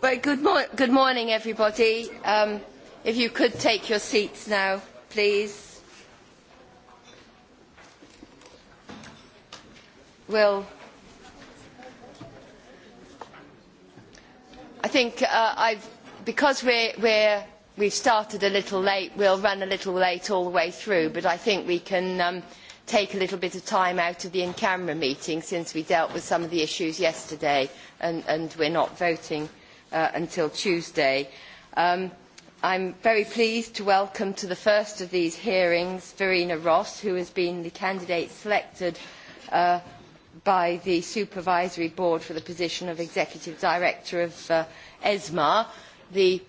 good morning everybody um, if you could take your seats now please we'll I think uh, I've because we're, we're we've started a little late we'll run a little late all the way through but I think we can um, take a little bit of time out of the in-camera meeting since we dealt with some of the issues yesterday and, and we're not voting uh, until Tuesday. Um, I'm very pleased to welcome to the first of these hearings Verena Ross, who has been the candidate selected uh, by the Supervisory Board for the position of Executive Director of uh, ESMAR. The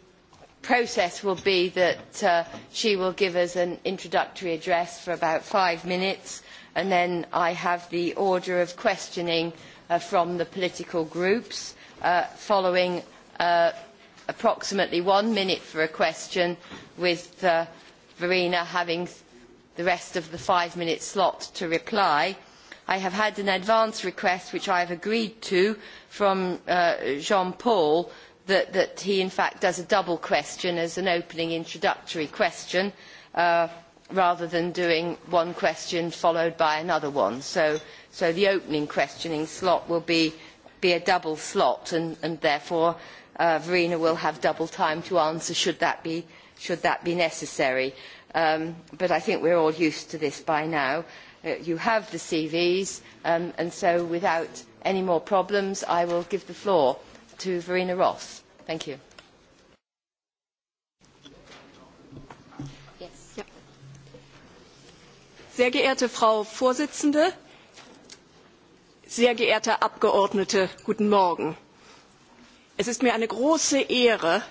process will be that uh, she will give us an introductory address for about five minutes, and then I have the order of questioning uh, from the political groups uh, following Uh, approximately one minute for a question with uh, verena having the rest of the five minute slot to reply. I have had an advance request which I have agreed to from uh, Jean-Paul that, that he in fact does a double question as an opening introductory question uh, rather than doing one question followed by another one. So, so the opening questioning slot will be, be a double slot and, and therefore uh, Verena will have double time to answer should that be, should that be necessary. Um, but I think we're all used to this by now. Uh, you have the CVs, um, and so without any more problems, I will give the floor to Verena Ross. Thank you. Yes. Yep. Sehr geehrte Frau Vorsitzende, sehr geehrte Abgeordnete, guten Morgen es ist mir eine große ehre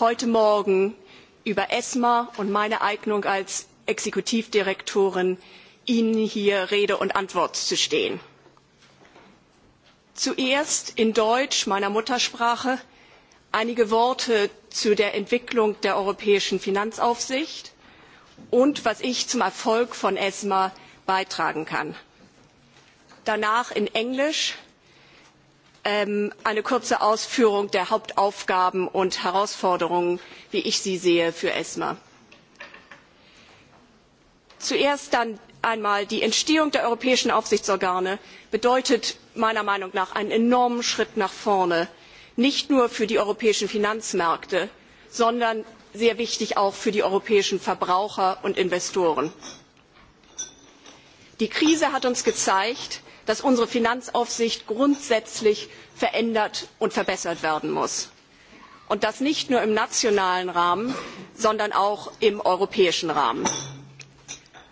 heute morgen über esma und meine eignung als exekutivdirektorin ihnen hier rede und antwort zu stehen. zuerst in deutsch meiner muttersprache einige worte zu der entwicklung der europäischen finanzaufsicht und was ich zum erfolg von esma beitragen kann. danach in englisch ähm, eine kurze Ausführung der Hauptaufgaben und Herausforderungen, wie ich sie sehe, für ESMA. Zuerst dann einmal die Entstehung der europäischen Aufsichtsorgane bedeutet meiner Meinung nach einen enormen Schritt nach vorne, nicht nur für die europäischen Finanzmärkte, sondern sehr wichtig auch für die europäischen Verbraucher und Investoren. Die Krise hat uns gezeigt, dass unsere finanzaufsicht grundsätzlich verändert und verbessert werden muss und das nicht nur im nationalen rahmen sondern auch im europäischen rahmen.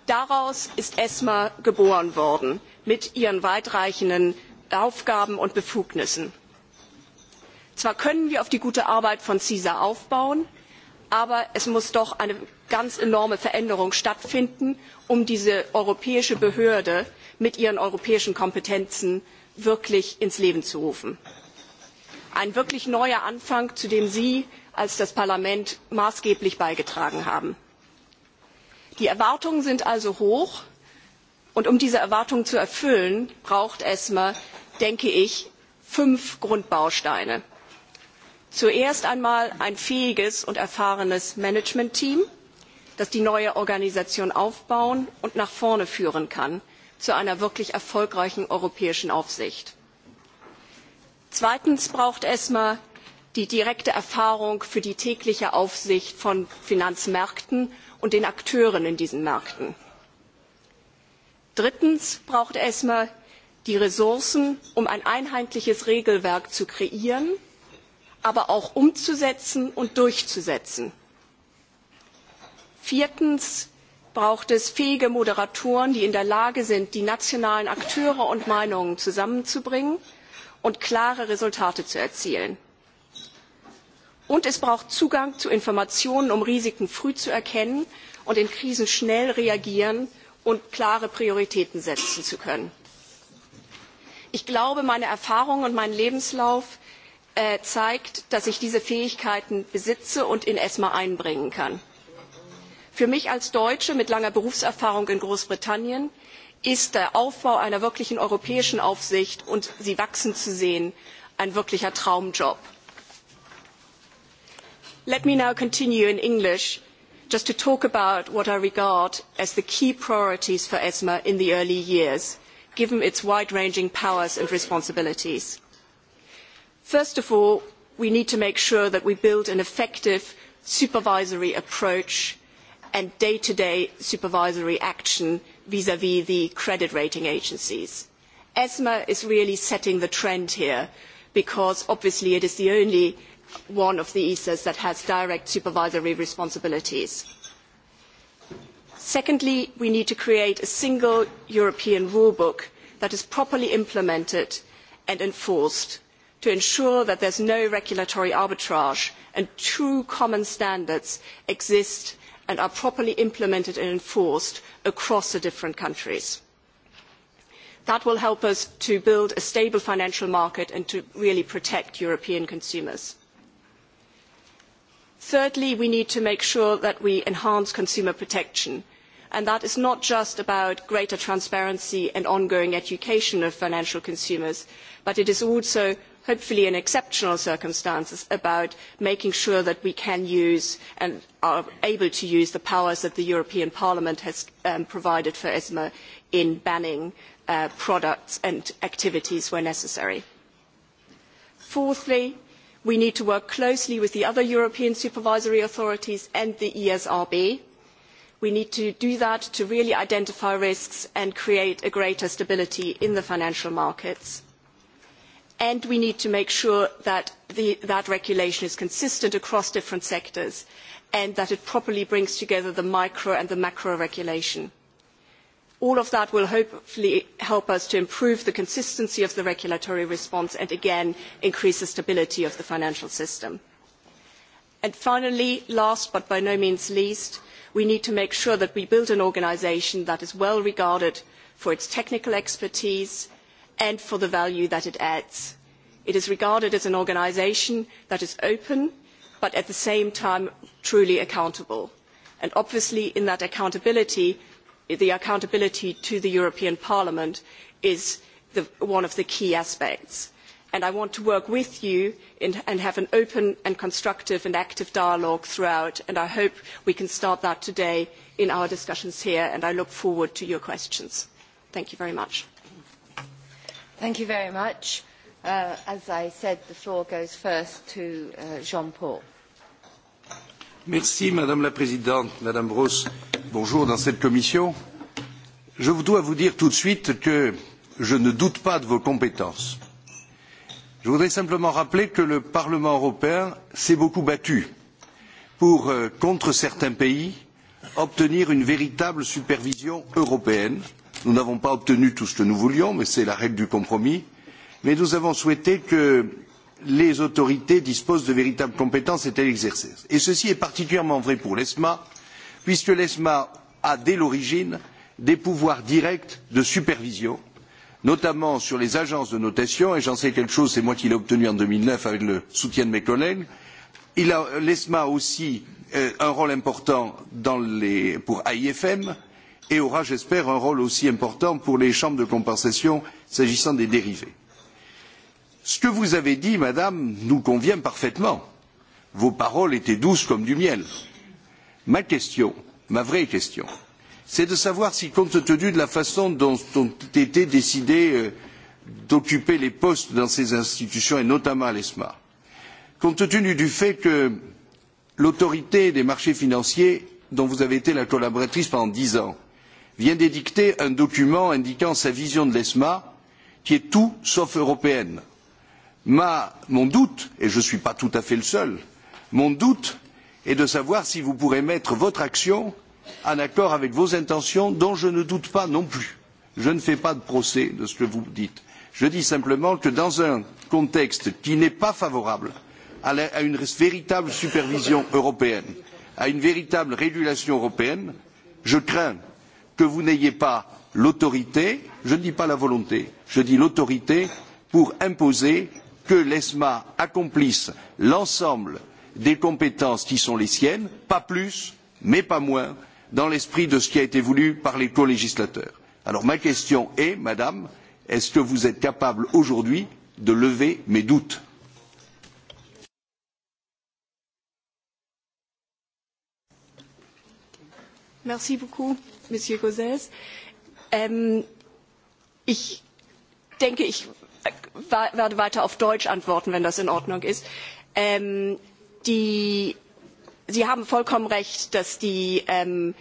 daraus ist esma geboren worden mit ihren weitreichenden aufgaben und befugnissen. zwar können wir auf die gute arbeit von cisa aufbauen aber es muss doch eine ganz enorme veränderung stattfinden um diese europäische behörde mit ihren europäischen Kompetenzen wirklich ins Leben zu rufen. Ein wirklich neuer Anfang, zu dem Sie als das Parlament maßgeblich beigetragen haben. Die Erwartungen sind also hoch. Und um diese Erwartungen zu erfüllen, braucht ESMA, denke ich, fünf Grundbausteine. Zuerst einmal ein fähiges und erfahrenes Managementteam, das die neue Organisation aufbauen und nach vorne führen kann zu einer wirklich erfolgreichen europäischen Aufsicht. Zweitens braucht ESMA die direkte Erfahrung für die tägliche Aufsicht von Finanzmärkten und den Akteuren in diesen Märkten. Drittens braucht ESMA die Ressourcen, um ein einheitliches Regelwerk zu kreieren, aber auch umzusetzen und durchzusetzen. Viertens braucht es fähige Moderatoren, die in der Lage sind, die nationalen Akteure und Meinungen zusammenzubringen und klare Resultate zu erzielen. Und es braucht Zugang zu Informationen, um Risiken früh zu erkennen und in Krisen schnell reagieren und klare Prioritäten setzen zu können. Ich glaube, meine Erfahrung und mein Lebenslauf äh, zeigt, dass ich diese Fähigkeiten besitze und in ESMA einbringen kann für mich als deutsche mit langer berufserfahrung in großbritannien ist der aufbau einer wirklichen europäischen aufsicht und sie wachsen zu sehen ein wirklicher traumjob. let me now continue in english just to talk about what i regard as the key priorities for esma in the early years given its wide ranging powers and responsibilities. first of all we need to make sure that we build an effective supervisory approach and day-to-day supervisory action vis-à-vis the credit rating agencies. ESMA is really setting the trend here because obviously it is the only one of the ESAs that has direct supervisory responsibilities. Secondly, we need to create a single European rulebook that is properly implemented and enforced to ensure that there's no regulatory arbitrage and true common standards exist and are properly implemented and enforced across the different countries. That will help us to build a stable financial market and to really protect European consumers. Thirdly, we need to make sure that we enhance consumer protection and that is not just about greater transparency and ongoing education of financial consumers but it is also hopefully in exceptional circumstances about making sure that we can use and are able to use the powers that the european parliament has um, provided for esma in banning uh, products and activities where necessary fourthly we need to work closely with the other european supervisory authorities and the esrb We need to do that to really identify risks and create a greater stability in the financial markets. And we need to make sure that the, that regulation is consistent across different sectors and that it properly brings together the micro and the macro regulation. All of that will hopefully help us to improve the consistency of the regulatory response and again increase the stability of the financial system. And finally, last but by no means least, we need to make sure that we build an organisation that is well regarded for its technical expertise and for the value that it adds. It is regarded as an organisation that is open, but at the same time truly accountable. And obviously, in that accountability, the accountability to the European Parliament is the, one of the key aspects and I want to work with you in, and have an open and constructive and active dialogue throughout, and I hope we can start that today in our discussions here, and I look forward to your questions. Thank you very much. Thank you very much. Uh, as I said, the floor goes first to uh, Jean-Paul. Merci, Madame la Présidente. Madame Rose, bonjour dans cette commission. Je dois vous dire tout de suite que je ne doute pas de vos compétences. Je voudrais simplement rappeler que le Parlement européen s'est beaucoup battu pour, euh, contre certains pays, obtenir une véritable supervision européenne. Nous n'avons pas obtenu tout ce que nous voulions, mais c'est la règle du compromis. Mais nous avons souhaité que les autorités disposent de véritables compétences et l'exercice. Et ceci est particulièrement vrai pour l'ESMA, puisque l'ESMA a dès l'origine des pouvoirs directs de supervision notamment sur les agences de notation et j'en sais quelque chose c'est moi qui l'ai obtenu en deux mille neuf avec le soutien de mes collègues l'esma a aussi euh, un rôle important dans les, pour aifm et aura j'espère un rôle aussi important pour les chambres de compensation s'agissant des dérivés. ce que vous avez dit madame nous convient parfaitement vos paroles étaient douces comme du miel. ma question ma vraie question c'est de savoir si compte tenu de la façon dont ont été décidés euh, d'occuper les postes dans ces institutions et notamment à l'ESMA, compte tenu du fait que l'autorité des marchés financiers dont vous avez été la collaboratrice pendant dix ans vient d'édicter un document indiquant sa vision de l'ESMA qui est tout sauf européenne. Ma, mon doute et je ne suis pas tout à fait le seul mon doute est de savoir si vous pourrez mettre votre action en accord avec vos intentions, dont je ne doute pas non plus. Je ne fais pas de procès de ce que vous dites. Je dis simplement que dans un contexte qui n'est pas favorable à, la, à une véritable supervision européenne, à une véritable régulation européenne, je crains que vous n'ayez pas l'autorité, je ne dis pas la volonté, je dis l'autorité pour imposer que l'ESMA accomplisse l'ensemble des compétences qui sont les siennes, pas plus, mais pas moins, dans l'esprit de ce qui a été voulu par les colégislateurs. alors ma question est madame est ce que vous êtes capable aujourd'hui de lever mes doutes? merci beaucoup monsieur gauzès. Ähm, ich denke ich werde weiter auf deutsch antworten wenn das in ordnung ist. Ähm, die Sie haben vollkommen recht, dass die ähm,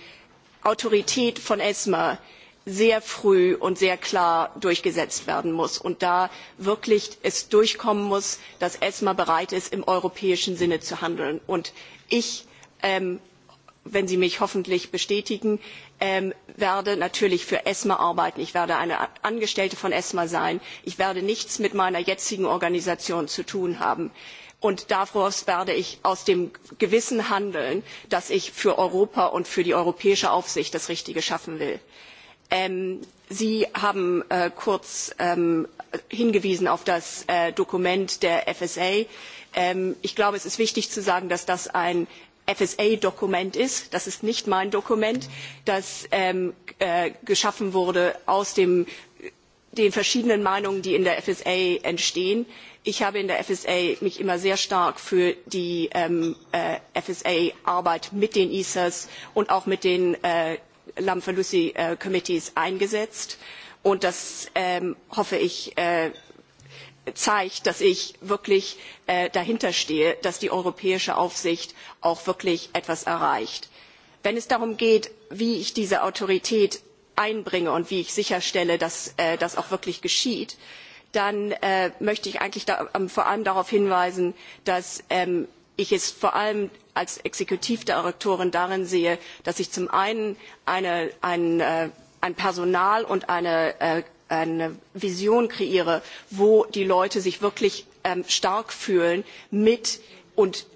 Autorität von ESMA sehr früh und sehr klar durchgesetzt werden muss und da wirklich es durchkommen muss, dass ESMA bereit ist, im europäischen Sinne zu handeln. Und ich, ähm, wenn Sie mich hoffentlich bestätigen, ähm, werde natürlich für ESMA arbeiten. Ich werde eine Angestellte von ESMA sein. Ich werde nichts mit meiner jetzigen Organisation zu tun haben und daraus werde ich aus dem gewissen handeln dass ich für europa und für die europäische aufsicht das richtige schaffen will. Ähm, sie haben äh, kurz ähm, hingewiesen auf das äh, dokument der fsa. Ähm, ich glaube es ist wichtig zu sagen dass das ein fsa dokument ist das ist nicht mein dokument das ähm, äh, geschaffen wurde aus dem, den verschiedenen meinungen die in der fsa entstehen ich habe mich in der fsa immer sehr stark für die ähm, äh, fsa arbeit mit den esas und auch mit den äh, lamfalussy äh, committees eingesetzt und das ähm, hoffe ich zeigt dass ich wirklich dahinter stehe dass die europäische aufsicht auch wirklich etwas erreicht. wenn es darum geht wie ich diese autorität einbringe und wie ich sicherstelle dass das auch wirklich geschieht dann äh, möchte ich eigentlich da, ähm, vor allem darauf hinweisen, dass ähm, ich es vor allem als Exekutivdirektorin darin sehe, dass ich zum einen eine, ein, äh, ein Personal und eine, äh, eine Vision kreiere, wo die Leute sich wirklich ähm, stark fühlen mit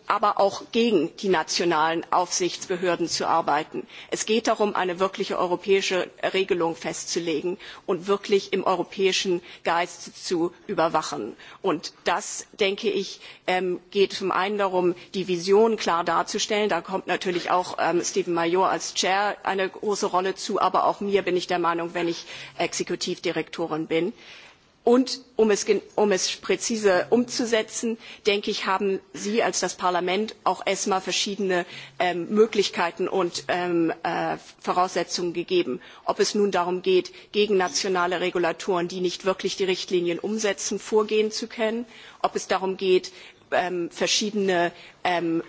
aber auch gegen die nationalen aufsichtsbehörden zu arbeiten. es geht darum eine wirkliche europäische regelung festzulegen und wirklich im europäischen geist zu überwachen. und das denke ich ähm, geht zum einen darum die vision klar darzustellen da kommt natürlich auch ähm, stephen mayor als vorsitzender eine große rolle zu aber auch mir bin ich der meinung wenn ich exekutivdirektorin bin und um, um es präzise umzusetzen denke ich haben sie als das parlament auch esma verschiedene ähm, möglichkeiten und ähm, äh, voraussetzungen gegeben ob es nun darum geht gegen nationale regulatoren die nicht wirklich die richtlinien umsetzen vorgehen zu können ob es darum geht ähm, verschiedene ähm,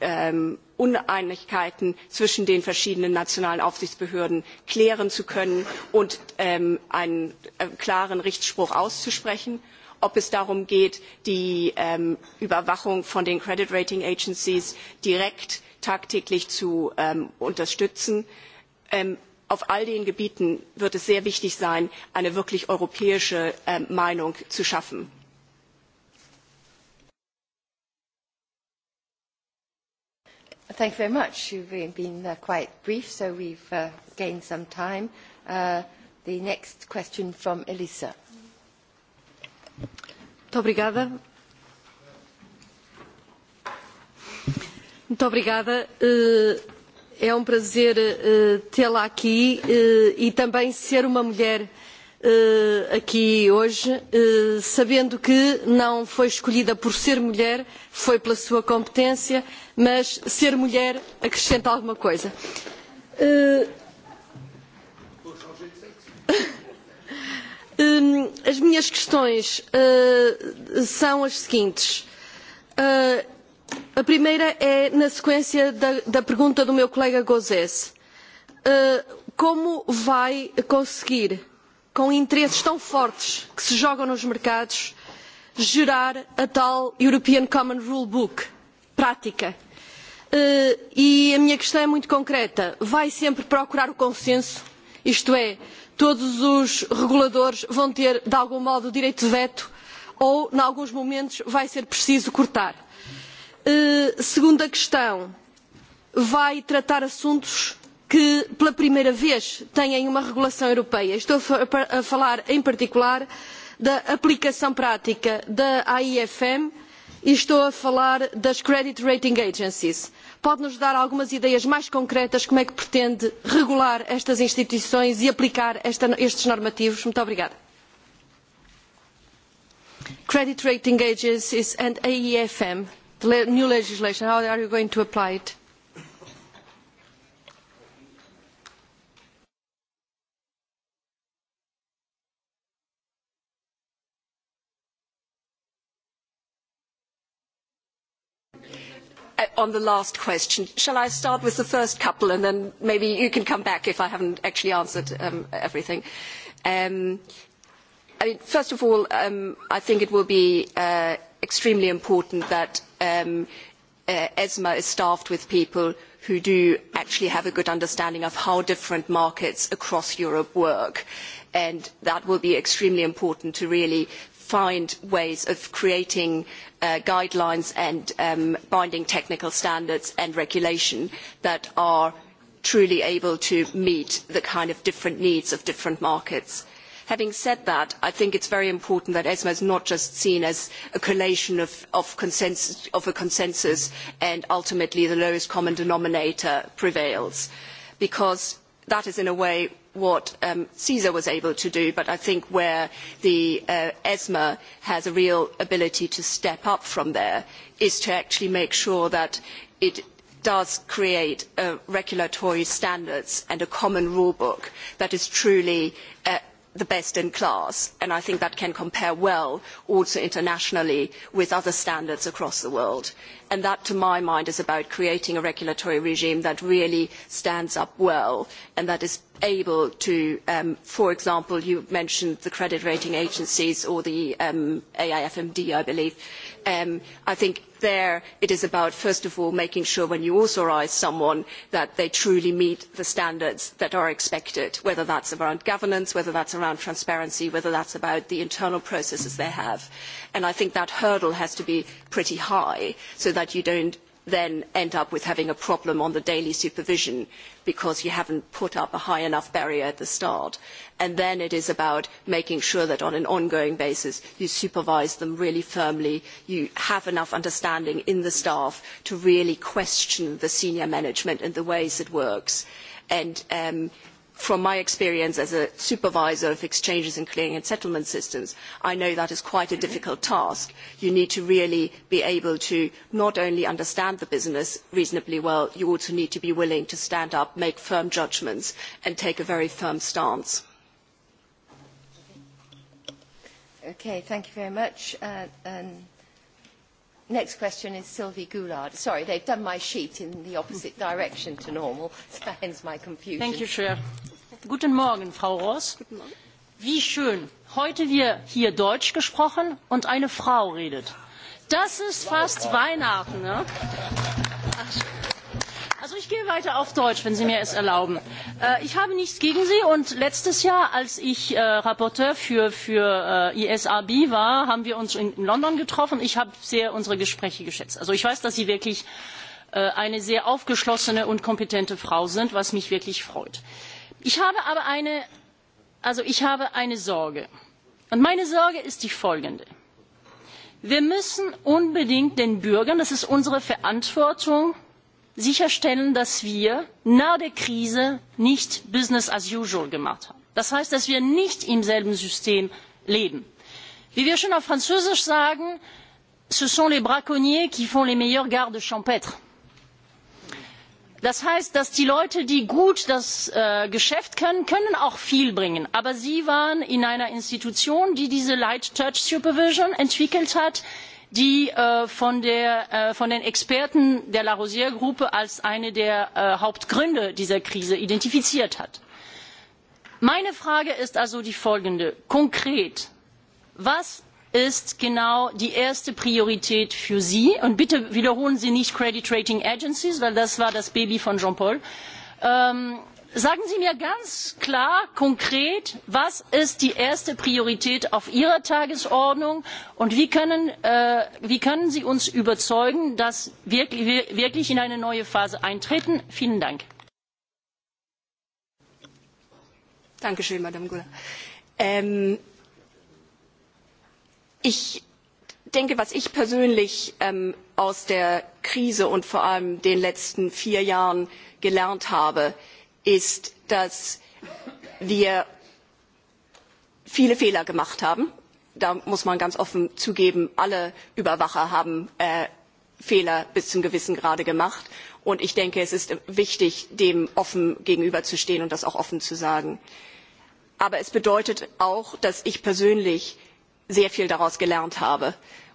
ähm, uneinigkeiten zwischen den verschiedenen nationalen aufsichtsbehörden klären zu können und ähm, einen äh, klaren Richtspruch auszusprechen. Ob es darum geht, die ähm, Überwachung von den Credit Rating Agencies direkt tagtäglich zu ähm, unterstützen. Ähm, auf all den Gebieten wird es sehr wichtig sein, eine wirklich europäische äh, Meinung zu schaffen. thank you very much. You've been uh, quite brief, so we've uh, gained some time. Uh, the next question from Elisa. Obrigada. Muito obrigada. Uh, é um prazer uh, tê-la aqui uh, e também ser uma mulher uh, aqui hoje, uh, sabendo que não foi escolhida por ser mulher, foi pela sua competência, mas ser mulher acrescenta alguma coisa. Uh, uh, as minhas questões uh, são as seguintes. Uh, a primeira é na sequência da, da pergunta do meu colega Gozes. Uh, como vai conseguir uh, com interesses tão fortes que se jogam nos mercados, gerar a tal European Common Rule Book, prática. Eh, e a minha questão é muito concreta. Vai sempre procurar o consenso? Isto é, todos os reguladores vão ter, de algum modo, o direito de veto? Ou, em alguns momentos, vai ser preciso cortar? Eh, segunda questão. Vai tratar assuntos que pela primeira vez têm uma regulação europeia. Estou a falar em particular da aplicação prática da AIFM e estou a falar das Credit Rating Agencies. Pode-nos dar algumas ideias mais concretas como é que pretende regular estas instituições e aplicar esta, estes normativos? Muito obrigada. Credit Rating Agencies and AIFM, the new legislation, how are you going to apply it? Uh, on the last question. Shall I start with the first couple and then maybe you can come back if I haven't actually answered um, everything? Um, I mean, first of all, um, I think it will be uh, extremely important that um, uh, ESMA is staffed with people who do actually have a good understanding of how different markets across Europe work. And that will be extremely important to really find ways of creating uh, guidelines and um, binding technical standards and regulation that are truly able to meet the kind of different needs of different markets. Having said that, I think it's very important that ESMA is not just seen as a collation of, of, consensus, of a consensus and ultimately the lowest common denominator prevails. Because that is in a way what um, CISA was able to do, but I think where the uh, ESMA has a real ability to step up from there is to actually make sure that it does create a uh, regulatory standards and a common rule book that is truly uh, the best in class, and I think that can compare well also internationally with other standards across the world. And that, to my mind, is about creating a regulatory regime that really stands up well and that is able to, um, for example, you mentioned the credit rating agencies or the um, AIFMD, I believe. Um, I think there it is about first of all making sure when you authorise someone that they truly meet the standards that are expected whether that is around governance whether that is around transparency whether that is about the internal processes they have and i think that hurdle has to be pretty high so that you don't then end up with having a problem on the daily supervision because you haven't put up a high enough barrier at the start and then it is about making sure that on an ongoing basis you supervise them really firmly, you have enough understanding in the staff to really question the senior management and the ways it works. And um, from my experience as a supervisor of exchanges and clearing and settlement systems, I know that is quite a difficult task. You need to really be able to not only understand the business reasonably well, you also need to be willing to stand up, make firm judgments, and take a very firm stance. Okay, thank you very much. Uh, and um, next question is Sylvie Goulard. Sorry, they've done my sheet in the opposite direction to normal. That my confusion. Thank you, Chair. Guten Morgen, Frau Ross. Guten Morgen. Wie schön, heute wir hier Deutsch gesprochen und eine Frau redet. Das ist fast Weihnachten. Ne? Also ich gehe weiter auf Deutsch, wenn Sie mir es erlauben. Äh, ich habe nichts gegen Sie und letztes Jahr, als ich äh, Rapporteur für, für äh, ISRB war, haben wir uns in, in London getroffen. Ich habe sehr unsere Gespräche geschätzt. Also ich weiß, dass Sie wirklich äh, eine sehr aufgeschlossene und kompetente Frau sind, was mich wirklich freut. Ich habe aber eine, also ich habe eine Sorge. Und meine Sorge ist die folgende. Wir müssen unbedingt den Bürgern, das ist unsere Verantwortung, sicherstellen dass wir nach der krise nicht business as usual gemacht haben das heißt dass wir nicht im selben system leben. wie wir schon auf französisch sagen ce sont les braconniers qui font les meilleurs gardes champtres. das heißt dass die leute die gut das äh, geschäft können können auch viel bringen aber sie waren in einer institution die diese light touch supervision entwickelt die äh, von der äh, von den experten der larosire gruppe als einen der äh, hauptgründe dieser krise identifiziert hat. meine frage ist also die folgende konkret was ist genau die erste priorität für sie und bitte wiederholen sie nicht credit rating agencies weil das war das baby von jean paul ähm, sagen Sie mir ganz klar, konkret, was ist die erste Priorität auf Ihrer Tagesordnung und wie können, äh, wie können Sie uns überzeugen, dass wir wirklich in eine neue Phase eintreten? Vielen Dank. Dankeschön, Madame Gula. Ähm, ich denke, was ich persönlich ähm, aus der Krise und vor allem den letzten vier Jahren gelernt habe, ist, dass wir viele Fehler gemacht haben. Da muss man ganz offen zugeben, alle Überwacher haben äh, Fehler bis zum gewissen Grade gemacht. Und ich denke, es ist wichtig, dem offen gegenüberzustehen und das auch offen zu sagen. Aber es bedeutet auch, dass ich persönlich sehr viel daraus gelernt habe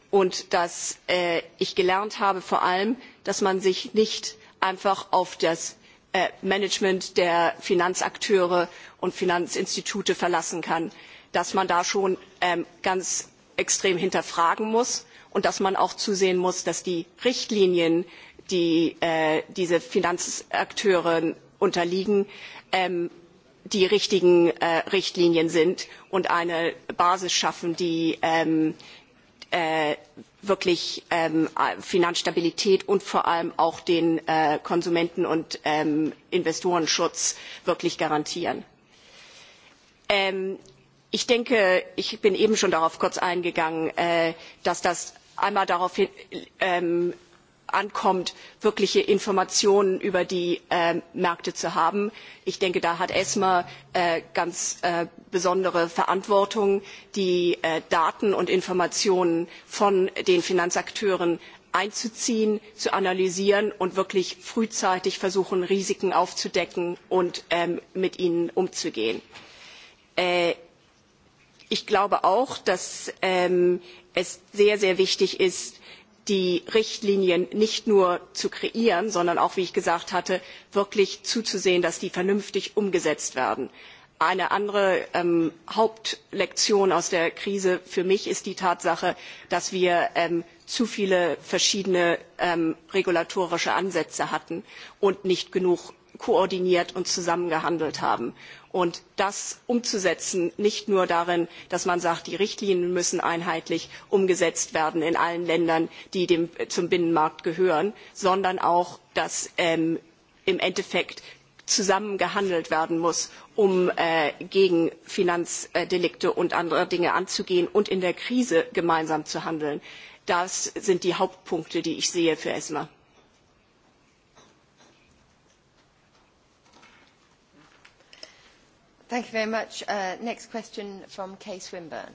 und dass äh, ich gelernt habe vor allem, dass man sich nicht einfach auf das Äh, Management der Finanzakteure und Finanzinstitute verlassen kann, dass man da schon ähm, ganz extrem hinterfragen muss und dass man auch zusehen muss, dass die Richtlinien, die äh, diese Finanzakteure unterliegen, ähm, die richtigen äh, Richtlinien sind und eine Basis schaffen, die ähm, äh, wirklich ähm, Finanzstabilität und vor allem auch den äh, Konsumenten- und ähm, Investorenschutz wirklich garantieren. Ähm, ich denke, ich bin eben schon darauf kurz eingegangen, äh, dass das einmal darauf hin, äh, ankommt, wirkliche Informationen über die äh, Märkte zu haben. Ich denke, da hat ESMA äh, ganz äh, besondere Verantwortung, die äh, Daten und Informationen von den Finanzakteuren einzuziehen, zu analysieren und wirklich frühzeitig versuchen, Risiken aufzudecken und ähm, mit ihnen umzugehen. Äh, ich glaube auch, dass ähm, es sehr, sehr wichtig ist, äh, die Richtlinien nicht nur zu kreieren, sondern auch, wie ich gesagt hatte, wirklich zuzusehen, dass die vernünftig umgesetzt werden. Eine andere ähm, Hauptlektion aus der Krise für mich ist die Tatsache, dass wir ähm, zu viele verschiedene ähm, regulatorische Ansätze hatten und nicht genug koordiniert und zusammengehandelt haben und das umzusetzen nicht nur darin dass man sagt die richtlinien müssen einheitlich umgesetzt werden in allen ländern die dem, zum binnenmarkt gehören sondern auch dass ähm, im endeffekt zusammen gehandelt werden muss um äh, gegen finanzdelikte und andere dinge anzugehen und in der krise gemeinsam zu handeln. das sind die hauptpunkte die ich sehe für esma. Thank you very much. Uh, next question from Kay Swinburne.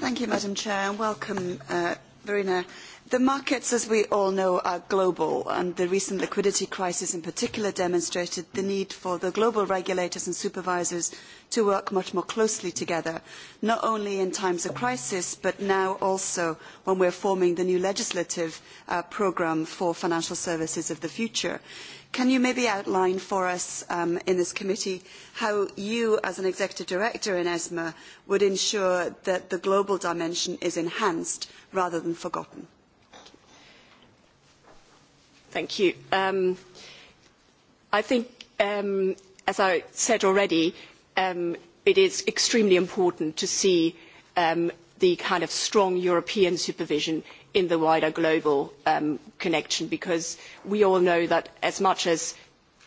Thank you, Madam Chair, and welcome, uh, Verena. The markets, as we all know, are global, and the recent liquidity crisis in particular demonstrated the need for the global regulators and supervisors to work much more closely together, not only in times of crisis, but now also when we're forming the new legislative uh, program for financial services of the future. Can you maybe outline for us um, in this committee how you, as an executive director in ESMA, would ensure that the global dimension is enhanced rather than forgotten? Thank you. Um, I think, um, as I said already, um, it is extremely important to see um, the kind of strong European supervision in the wider global um, connection because we all know that as much as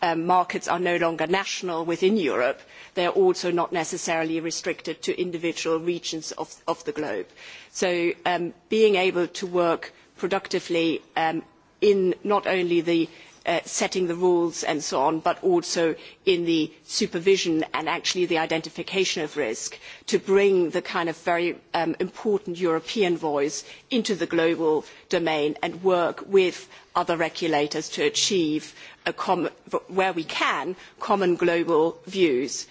um, markets are no longer national within Europe, they are also not necessarily restricted to individual regions of, of the globe. So um, being able to work productively um, in not only the Uh, setting the rules and so on, but also in the supervision and actually the identification of risk to bring the kind of very um, important European voice into the global domain and work with other regulators to achieve a common, where we can, common global views.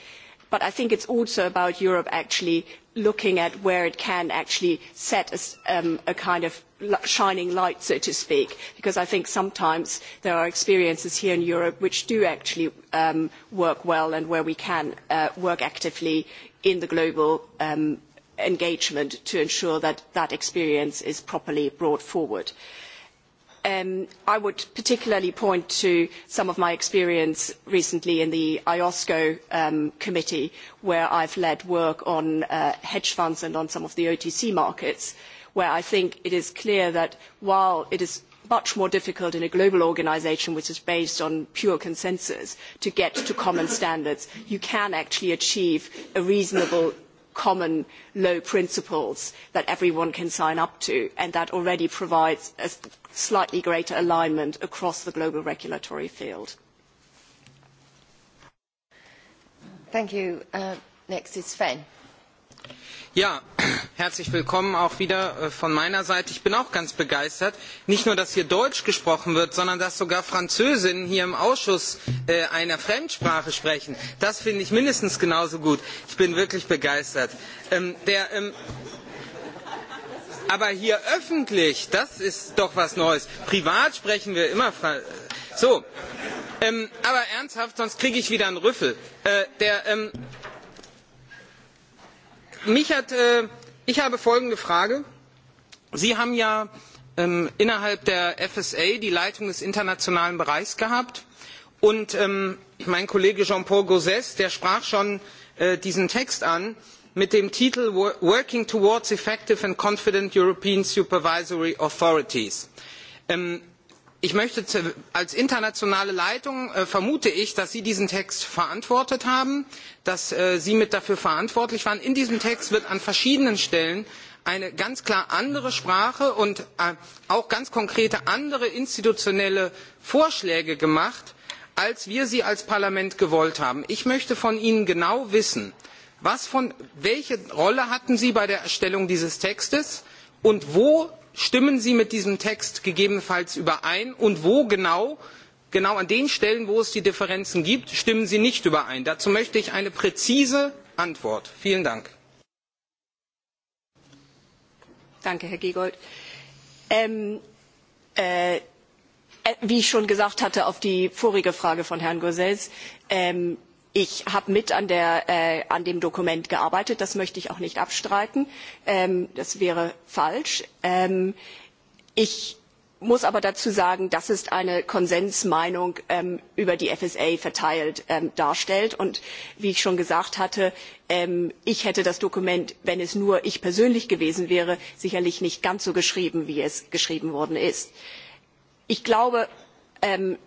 But I think it's also about Europe actually looking at where it can actually set a, um, a kind of shining light, so to speak, because I think sometimes there are experiences here in Europe which do actually um, work well and where we can uh, work actively in the global um, engagement to ensure that that experience is properly brought forward. Um, I would particularly point to some of my experience recently in the IOSCO um, committee, where I've led work on uh, hedge funds and on some of the OTC markets where I think it is clear that while it is much more difficult in a global organization which is based on pure consensus to get to common standards, you can actually achieve a reasonable common low principles that everyone can sign up to and that already provides a slightly greater alignment across the global regulatory field. Thank you. Uh, next is Fenn. Ja, herzlich willkommen auch wieder äh, von meiner seite. ich bin auch ganz begeistert nicht nur dass hier deutsch gesprochen wird sondern dass sogar französinnen hier im ausschuss äh, eine fremdsprache sprechen. das finde ich mindestens genauso gut. ich bin wirklich begeistert. Ähm, ähm, aber hier öffentlich das ist doch etwas neues. privat sprechen wir immer so. Ähm, aber ernsthaft sonst kriege ich wieder einen rüffel. Äh, der Äh, ich habe folgende Frage. Sie haben ja ähm, innerhalb der FSA die Leitung des internationalen Bereichs gehabt. Und ähm, mein Kollege Jean-Paul Gauzès, der sprach schon äh, diesen Text an mit dem Titel Working Towards Effective and Confident European Supervisory Authorities. Ähm, ich vermute als internationale leitung äh, dass sie diesen text verantwortet haben dass äh, sie mit dafür verantwortlich waren. in diesem text wird an verschiedenen stellen eine ganz klar andere sprache und äh, auch ganz konkrete andere institutionelle vorschläge gemacht als wir sie als parlament gewollt haben. ich möchte von ihnen genau wissen welche rolle hatten sie bei der erstellung dieses textes und wo stimmen Sie mit diesem Text gegebenenfalls überein und wo genau, genau an den Stellen, wo es die Differenzen gibt, stimmen Sie nicht überein? Dazu möchte ich eine präzise Antwort. Vielen Dank. Danke, Herr Giegold. Ähm, äh, äh wie ich schon gesagt hatte auf die vorige Frage von Herrn Gosels, ähm, Ich habe mit an, der, äh, an dem Dokument gearbeitet, das möchte ich auch nicht abstreiten. Ähm, das wäre falsch. Ähm, ich muss aber dazu sagen, dass es eine Konsensmeinung ähm, über die FSA verteilt ähm, darstellt. Und wie ich schon gesagt hatte, ähm, ich hätte das Dokument, wenn es nur ich persönlich gewesen wäre, sicherlich nicht ganz so geschrieben, wie es geschrieben worden ist. Ich glaube, ähm,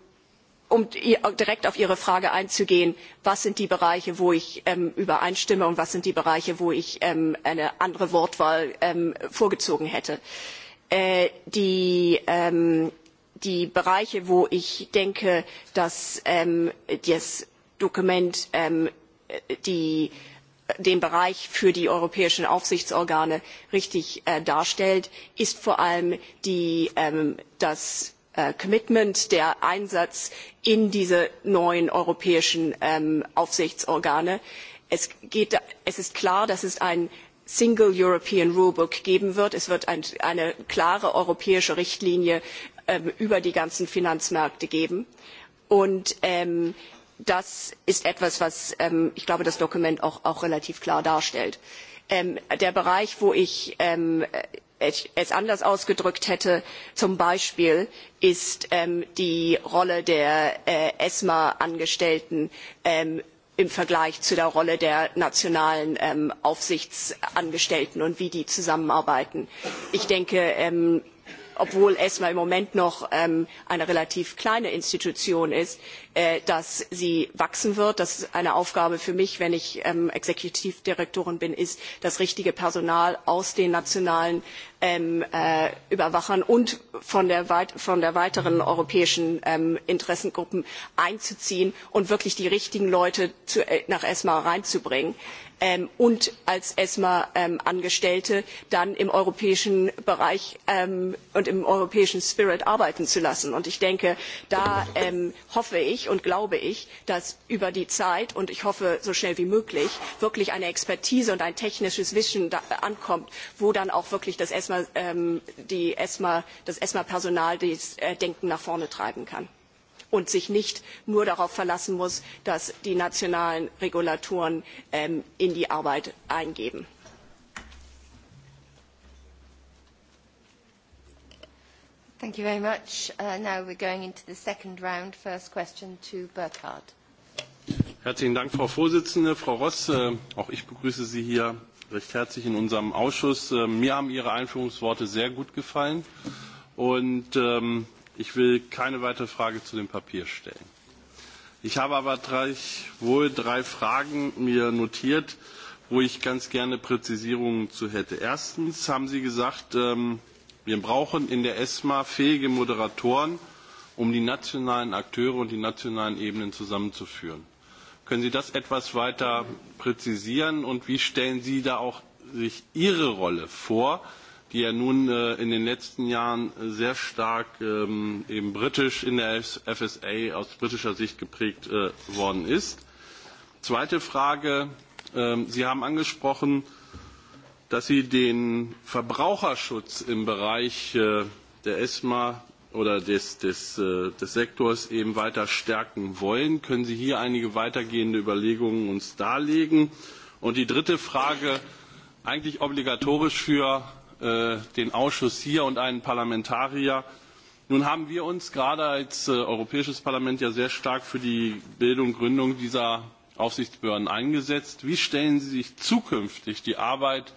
um direkt auf Ihre Frage einzugehen, was sind die Bereiche, wo ich ähm, übereinstimme und was sind die Bereiche, wo ich ähm, eine andere Wortwahl ähm, vorgezogen hätte. Äh, die, ähm, die Bereiche, wo ich denke, dass ähm, das Dokument ähm, die, den Bereich für die europäischen Aufsichtsorgane richtig äh, darstellt, ist vor allem die, ähm, das Äh, commitment der einsatz in diese neuen europäischen ähm, aufsichtsorgane. es ist klar dass es ein single european rulebook geben wird es wird eine klare europäische richtlinie ähm, über die ganzen finanzmärkte geben. Ähm, das ist etwas was ich glaube das dokument auch relativ klar darstellt. der bereich wo ich ich es anders ausgedrückt hätte, zum Beispiel ist ähm, die Rolle der äh, ESMA-Angestellten ähm, im Vergleich zu der Rolle der nationalen ähm, Aufsichtsangestellten und wie die zusammenarbeiten. Ich denke, ähm, obwohl esma im moment noch ähm, eine relativ kleine institution ist äh, dass sie wachsen wird. das ist eine aufgabe für mich wenn ich ähm, exekutivdirektorin bin das richtige personal aus den nationalen ähm, äh, überwachern und von den weiteren europäischen interessengruppen einzuziehen und wirklich die richtigen leute äh, nach esma hineinzubringen. Ähm, und als esma ähm, angestellte dann im europäischen bereich ähm, und im europäischen spirit arbeiten zu lassen. und ich denke da hoffe ich und glaube ich dass über die zeit und ich hoffe so schnell wie möglich wirklich eine expertise und ein technisches wissen äh, ankommt wo dann auch wirklich das esma personal das äh, denken nach vorne treiben kann und sich nicht nur darauf verlassen muss, dass die nationalen Regulatoren ähm, in die Arbeit eingeben. Thank you very much. Uh, now we're going into the second round. First question to Burkhard. Herzlichen Dank, Frau Vorsitzende. Frau Ross, äh, auch ich begrüße Sie hier recht herzlich in unserem Ausschuss. Äh, mir haben Ihre Einführungsworte sehr gut gefallen. Und ähm, Ich will keine weitere Frage zu dem Papier stellen. Ich habe aber drei, wohl drei Fragen mir notiert, wo ich ganz gerne Präzisierungen zu hätte. Erstens haben Sie gesagt, ähm, wir brauchen in der ESMA fähige Moderatoren, um die nationalen Akteure und die nationalen Ebenen zusammenzuführen. Können Sie das etwas weiter präzisieren und wie stellen Sie da auch sich Ihre Rolle vor? die er nun äh, in den letzten Jahren äh, sehr stark ähm, eben britisch in der FSA aus britischer Sicht geprägt äh, worden ist. Zweite Frage. Äh, Sie haben angesprochen, dass Sie den Verbraucherschutz im Bereich äh, der ESMA oder des, des, äh, des Sektors eben weiter stärken wollen. Können Sie hier einige weitergehende Überlegungen uns darlegen? Und die dritte Frage, eigentlich obligatorisch für Äh, den Ausschuss hier und einen Parlamentarier. Nun haben wir uns gerade als äh, Europäisches Parlament ja sehr stark für die Bildung und Gründung dieser Aufsichtsbehörden eingesetzt. Wie stellen Sie sich zukünftig die Arbeit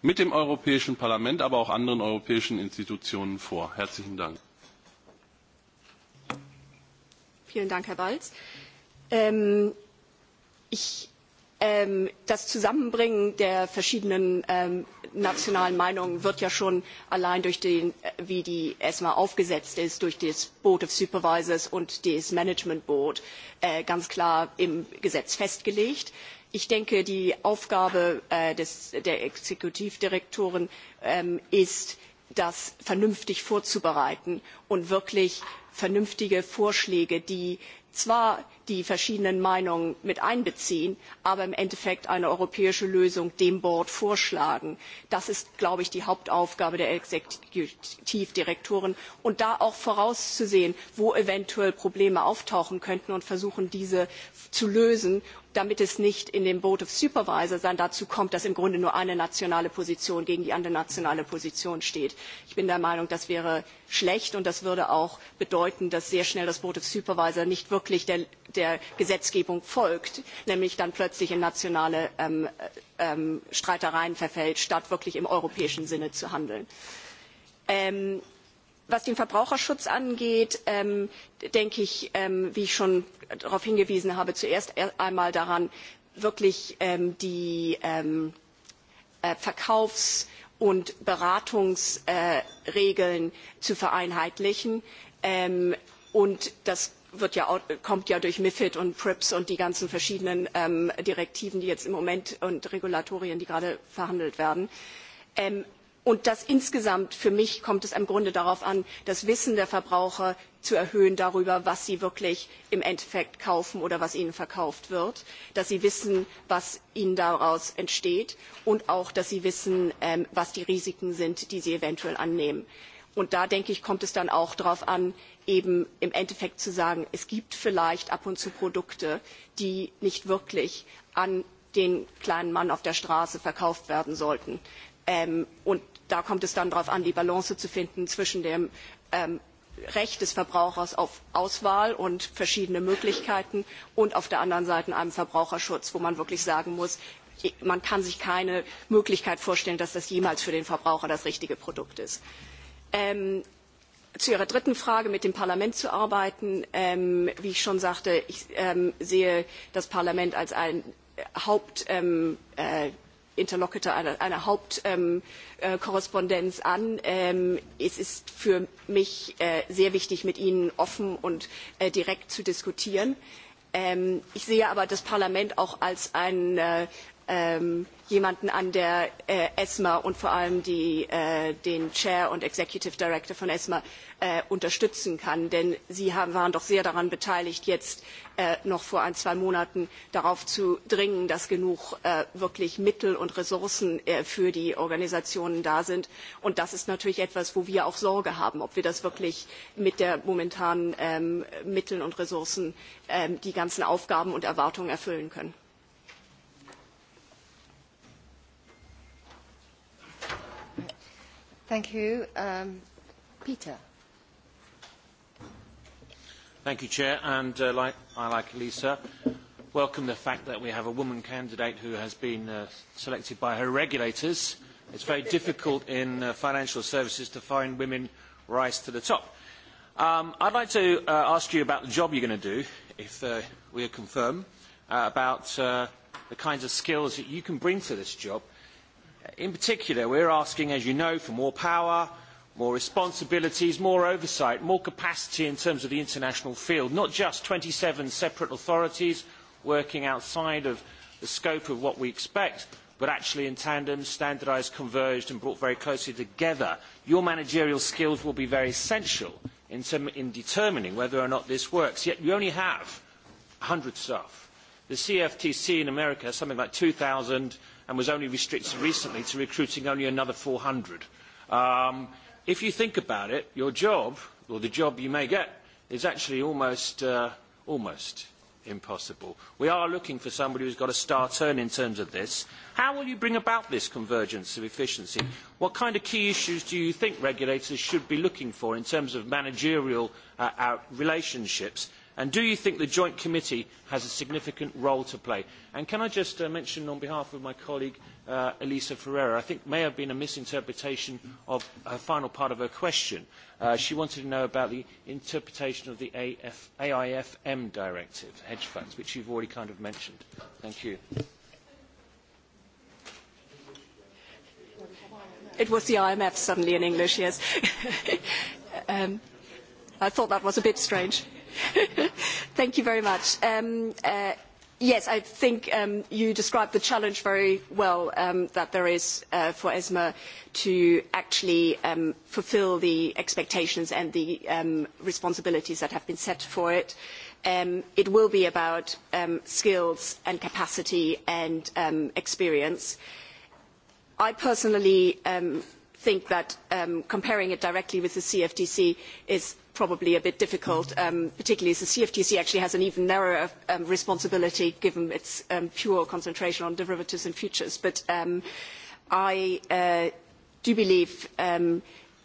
mit dem Europäischen Parlament, aber auch anderen europäischen Institutionen vor? Herzlichen Dank. Vielen Dank, Herr Walz. Ähm, ich, ähm, das Zusammenbringen der verschiedenen ähm, nationalen Meinung wird ja schon allein durch den, äh, wie die ESMA aufgesetzt ist, durch das Board of Supervisors und das Management Board äh, ganz klar im Gesetz festgelegt. Ich denke, die Aufgabe äh, des, der Exekutivdirektoren ähm, ist, das vernünftig vorzubereiten und wirklich vernünftige Vorschläge, die äh, zwar die verschiedenen Meinungen mit einbeziehen, aber im Endeffekt eine europäische Lösung dem Board vorschlagen. Das ist, glaube ich, die Hauptaufgabe der Exekutivdirektoren. Und da auch vorauszusehen, wo eventuell Probleme auftauchen könnten und versuchen, diese zu lösen damit es nicht in dem board of supervisors dann dazu kommt dass im grunde nur eine nationale position gegen die andere nationale position steht. ich bin der meinung das wäre schlecht und das würde auch bedeuten dass sehr schnell das board of supervisors nicht wirklich der gesetzgebung folgt nämlich dann plötzlich in nationale ähm, ähm, streitereien verfällt statt wirklich im europäischen sinne zu handeln. Ähm, Was den Verbraucherschutz angeht, ähm, denke ich, ähm, wie ich schon darauf hingewiesen habe, zuerst er-, einmal daran, wirklich ähm, die ähm, äh, Verkaufs- und Beratungsregeln äh, zu vereinheitlichen. Ähm, und das wird ja auch, kommt ja durch MIFID und PRIPS und die ganzen verschiedenen ähm, Direktiven, die jetzt im Moment und Regulatorien, die gerade verhandelt werden. Ähm, Und das insgesamt, für mich kommt es im Grunde darauf an, das Wissen der Verbraucher zu erhöhen darüber, was sie wirklich im Endeffekt kaufen oder was ihnen verkauft wird, dass sie wissen, was ihnen daraus entsteht und auch, dass sie wissen, ähm, was die Risiken sind, die sie eventuell annehmen. Und da, denke ich, kommt es dann auch darauf an, eben im Endeffekt zu sagen, es gibt vielleicht ab und zu Produkte, die nicht wirklich an den kleinen Mann auf der Straße verkauft werden sollten. Ähm, und da kommt es dann darauf an, die Balance zu finden zwischen dem ähm, Recht des Verbrauchers auf Auswahl und verschiedene Möglichkeiten und auf der anderen Seite einem Verbraucherschutz, wo man wirklich sagen muss, man kann sich keine Möglichkeit vorstellen, dass das jemals für den Verbraucher das richtige Produkt ist. Ähm, zu Ihrer dritten Frage, mit dem Parlament zu arbeiten. Ähm, wie ich schon sagte, ich ähm, sehe das Parlament als ein Haupt. Ähm, äh, Interlocutor einer, einer Hauptkorrespondenz ähm, äh, an. Ähm, es ist für mich äh, sehr wichtig, mit Ihnen offen und äh, direkt zu diskutieren. Ähm, ich sehe aber das Parlament auch als ein, äh, ähm, jemanden an, der äh, ESMA und vor allem die, äh, den Chair und Executive Director von ESMA äh, unterstützen kann. Denn Sie haben, waren doch sehr daran beteiligt, jetzt äh, noch vor ein, zwei Monaten darauf zu dringen, dass genug äh, wirklich Mittel und Ressourcen äh, für die Organisationen da sind. Und das ist natürlich etwas, wo wir auch Sorge haben, ob wir das wirklich mit der momentanen ähm, Mitteln und Ressourcen ähm, die ganzen Aufgaben und Erwartungen erfüllen können. madam um, president uh, i like elisa welcome the fact that we have a woman candidate who has been uh, selected by her regulators. it is very difficult in uh, financial services to find women rise to the top. Um, i would like to ask you about the job you are going to do if we are confirmed about the kinds of skills that you can bring to this job. In particular, we're asking, as you know, for more power, more responsibilities, more oversight, more capacity in terms of the international field, not just 27 separate authorities working outside of the scope of what we expect, but actually in tandem, standardized, converged, and brought very closely together. Your managerial skills will be very essential in, term, in determining whether or not this works. Yet you only have 100 staff. The CFTC in America has something like 2,000 staff and was only restricted recently to recruiting only another 400. Um, if you think about it, your job, or the job you may get, is actually almost, uh, almost impossible. We are looking for somebody who's got a star turn in terms of this. How will you bring about this convergence of efficiency? What kind of key issues do you think regulators should be looking for in terms of managerial uh, out relationships and do you think the joint committee has a significant role to play? And can I just uh, mention on behalf of my colleague uh, Elisa Ferreira, I think may have been a misinterpretation of her final part of her question. Uh, she wanted to know about the interpretation of the AF, AIFM directive, hedge funds, which you've already kind of mentioned. Thank you. It was the IMF suddenly in English, yes. um, I thought that was a bit strange thank you very much. Um, uh, yes, I think um, you described the challenge very well um, that there is uh, for ESMA to actually um, fulfill the expectations and the um, responsibilities that have been set for it. Um, it will be about um, skills and capacity and um, experience. I personally um, think that um, comparing it directly with the CFTC is probably a bit difficult, um, particularly as the CFTC actually has an even narrower um, responsibility given its um, pure concentration on derivatives and futures. But um, I uh, do believe um,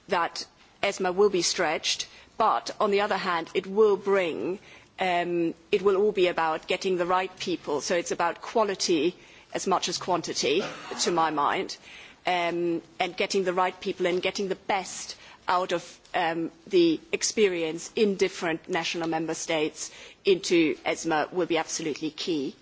that ESMA will be stretched, but on the other hand, it will bring, um, it will all be about getting the right people. So it's about quality as much as quantity, to my mind um, and getting the right people and getting the best out of um, the experience in different national member states into ESMA will be absolutely key.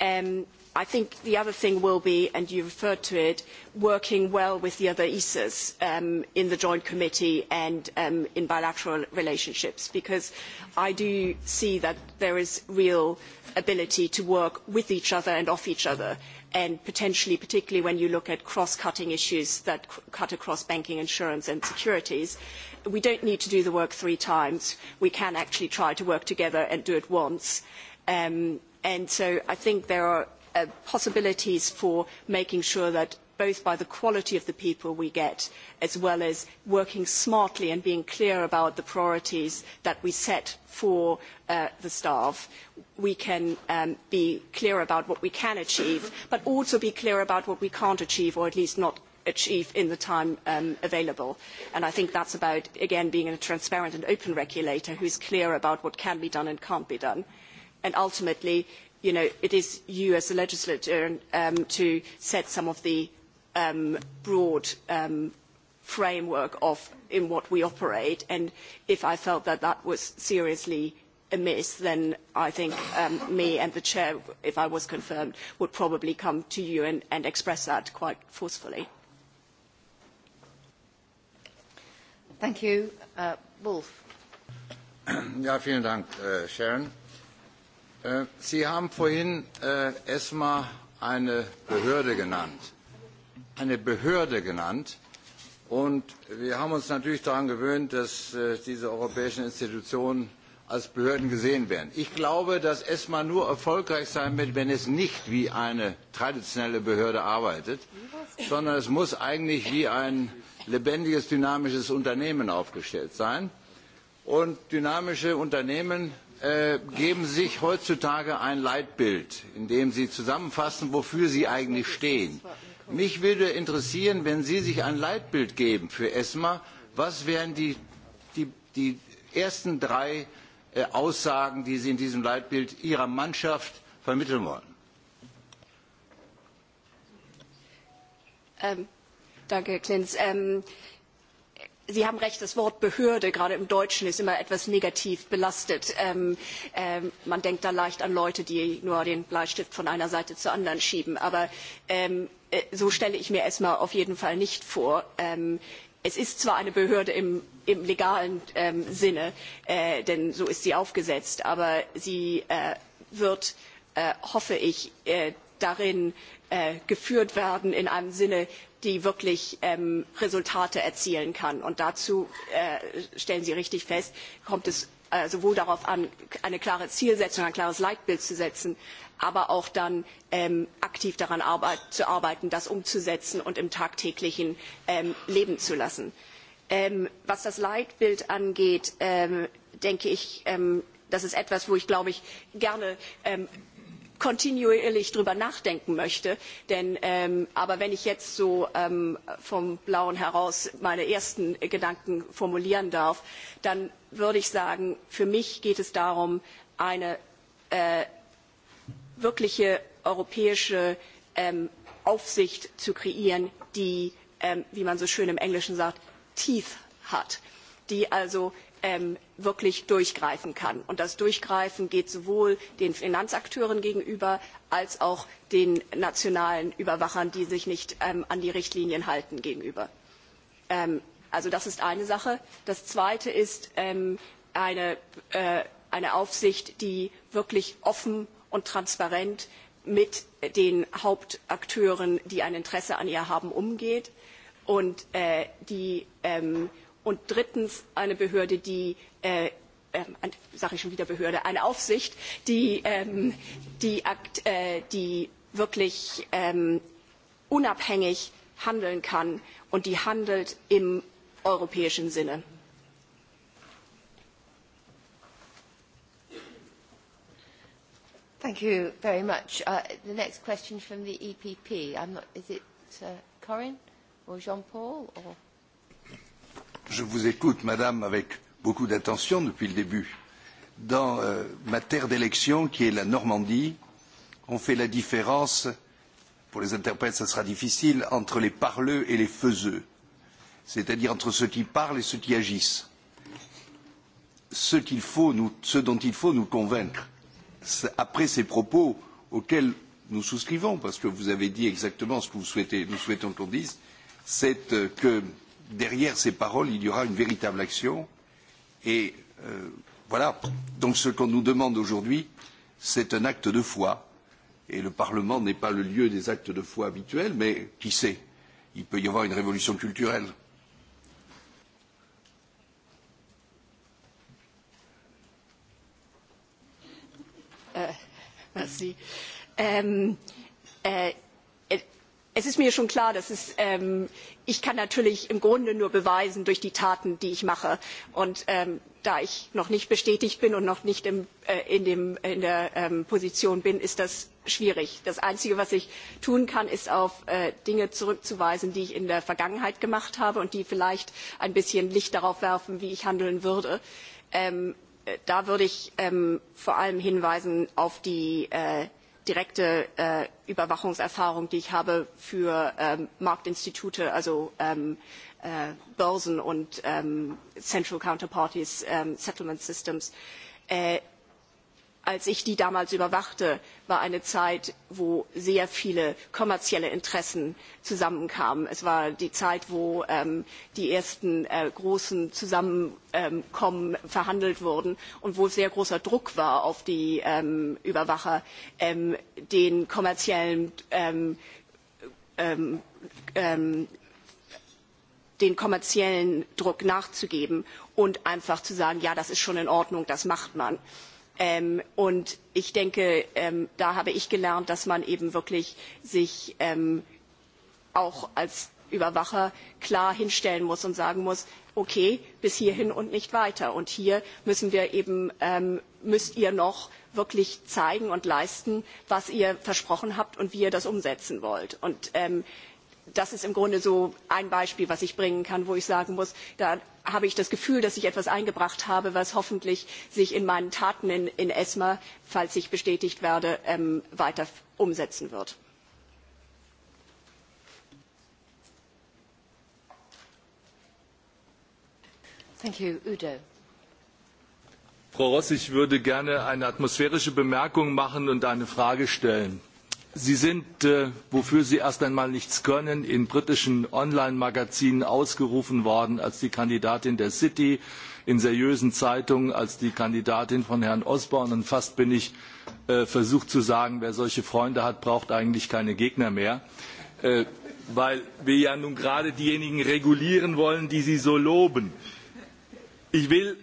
Um, I think the other thing will be, and you referred to it, working well with the other ESAs um, in the Joint Committee and um, in bilateral relationships, because I do see that there is real ability to work with each other and off each other and potentially, particularly when you look at cross-cutting issues that c- cut across banking, insurance, and securities, we don't need to do the work three times. We can actually try to work together and do it once. Um, and so I think there are uh, possibilities for making sure that both by the quality of the people we get, as well as working smartly and being clear about the priorities that we set for uh, the staff, we can um, be clear about what we can achieve, but also be clear about what we can't achieve, or at least not achieve in the time um, available. And I think that's about, again, being a transparent and open regulator who is clear about what can be done and can't be done. And ultimately, you know, it is you as a legislator um, to set some of the Um, broad um, framework of in what we operate. And if I felt that that was seriously amiss, then I think um, me and the chair, if I was confirmed, would probably come to you and, and express that quite forcefully. Thank you. Uh, Wolf. Ja, vielen Dank, äh, Sharon. Äh, Sie haben vorhin äh, ESMA eine Behörde genannt eine Behörde genannt. Und wir haben uns natürlich daran gewöhnt, dass äh, diese europäischen Institutionen als Behörden gesehen werden. Ich glaube, dass ESMA nur erfolgreich sein wird, wenn es nicht wie eine traditionelle Behörde arbeitet, sondern es muss eigentlich wie ein lebendiges, dynamisches Unternehmen aufgestellt sein. Und dynamische Unternehmen äh, geben sich heutzutage ein Leitbild, in dem sie zusammenfassen, wofür sie eigentlich stehen. Mich würde interessieren, wenn Sie sich ein Leitbild geben für ESMA, was wären die, die, die ersten drei äh, Aussagen, die Sie in diesem Leitbild Ihrer Mannschaft vermitteln wollen? Ähm, danke, Herr Klinz. Ähm, Sie haben recht, das Wort Behörde, gerade im Deutschen, ist immer etwas negativ belastet. Ähm, ähm, man denkt da leicht an Leute, die nur den Bleistift von einer Seite zur anderen schieben. Aber ähm, Äh, so stelle ich mir ESMA auf jeden Fall nicht vor. Ähm, es ist zwar eine Behörde im, im legalen ähm, Sinne, äh, denn so ist sie aufgesetzt, aber sie äh, wird, äh, hoffe ich, äh, darin äh, geführt werden in einem Sinne, die wirklich ähm, Resultate erzielen kann. Und dazu, äh, stellen Sie richtig fest, kommt es äh, sowohl darauf an, eine klare Zielsetzung, ein klares Leitbild zu setzen, aber auch dann ähm, aktiv daran arbeit zu arbeiten, das umzusetzen und im tagtäglichen ähm, Leben zu lassen. Ähm, was das Leitbild angeht, ähm, denke ich, ähm, das ist etwas, wo ich glaube ich gerne ähm, kontinuierlich darüber nachdenken möchte. Denn, ähm, aber wenn ich jetzt so ähm, vom Blauen heraus meine ersten Gedanken formulieren darf, dann würde ich sagen, für mich geht es darum, eine äh, wirkliche europäische ähm, Aufsicht zu kreieren, die, ähm, wie man so schön im Englischen sagt, Teeth hat, die also ähm, wirklich durchgreifen kann. Und das Durchgreifen geht sowohl den Finanzakteuren gegenüber als auch den nationalen Überwachern, die sich nicht ähm, an die Richtlinien halten, gegenüber. Ähm, also das ist eine Sache. Das Zweite ist ähm, eine, äh, eine Aufsicht, die wirklich offen und transparent mit den Hauptakteuren, die ein Interesse an ihr haben, umgeht und äh, die ähm, äh, und drittens eine Behörde, die, äh, äh, sage ich schon wieder Behörde, eine Aufsicht, die, ähm, die, Akt, äh, die wirklich ähm, unabhängig handeln kann und die handelt im europäischen Sinne. Thank you very much. Uh, the next question from the EPP. I'm not, is it uh, Corinne or Jean-Paul or je vous écoute, madame, avec beaucoup d'attention depuis le début. Dans euh, ma terre d'élection, qui est la Normandie, on fait la différence, pour les interprètes, ce sera difficile, entre les parleux et les faiseux, c'est-à-dire entre ceux qui parlent et ceux qui agissent. Ce, qu'il faut nous, ce dont il faut nous convaincre, après ces propos auxquels nous souscrivons, parce que vous avez dit exactement ce que vous souhaitez, nous souhaitons qu'on dise, c'est euh, que derrière ces paroles, il y aura une véritable action. Et euh, voilà. Donc ce qu'on nous demande aujourd'hui, c'est un acte de foi. Et le Parlement n'est pas le lieu des actes de foi habituels, mais qui sait Il peut y avoir une révolution culturelle. Euh, merci. Euh, euh, es ist mir schon klar dass es, ähm, ich kann natürlich im grunde nur beweisen durch die taten die ich mache und ähm, da ich noch nicht bestätigt bin und noch nicht im, äh, in, dem, in der ähm, position bin ist das schwierig. das einzige was ich tun kann ist auf äh, dinge zurückzuweisen die ich in der vergangenheit gemacht habe und die vielleicht ein bisschen licht darauf werfen wie ich handeln würde. Ähm, äh, da würde ich ähm, vor allem hinweisen auf die äh, direkte äh, Überwachungserfahrung, die ich habe für ähm, Marktinstitute, also ähm, äh, Börsen und ähm, Central Counterparties, ähm, Settlement Systems. Äh, als ich die damals überwachte, war eine Zeit, wo sehr viele kommerzielle Interessen zusammenkamen. Es war die Zeit, wo ähm, die ersten äh, großen Zusammenkommen ähm, verhandelt wurden und wo sehr großer Druck war auf die ähm, Überwacher, ähm, den kommerziellen ähm, ähm, ähm, den kommerziellen Druck nachzugeben und einfach zu sagen, ja, das ist schon in Ordnung, das macht man. Ähm, und ich denke, ähm, da habe ich gelernt, dass man eben wirklich sich ähm, auch als Überwacher klar hinstellen muss und sagen muss, okay, bis hierhin und nicht weiter. Und hier müssen wir eben, ähm, müsst ihr noch wirklich zeigen und leisten, was ihr versprochen habt und wie ihr das umsetzen wollt. Und ähm, das ist im Grunde so ein Beispiel, was ich bringen kann, wo ich sagen muss, da habe ich das Gefühl, dass ich etwas eingebracht habe, was hoffentlich sich in meinen Taten in, in ESMA, falls ich bestätigt werde, ähm, weiter umsetzen wird. Thank you, Udo. Frau Ross, ich würde gerne eine atmosphärische Bemerkung machen und eine Frage stellen sie sind äh, wofür sie erst einmal nichts können in britischen online magazinen ausgerufen worden als die kandidatin der city in seriösen zeitungen als die kandidatin von herrn osborne und fast bin ich äh, versucht zu sagen wer solche freunde hat braucht eigentlich keine gegner mehr äh, weil wir ja nun gerade diejenigen regulieren wollen die sie so loben. ich will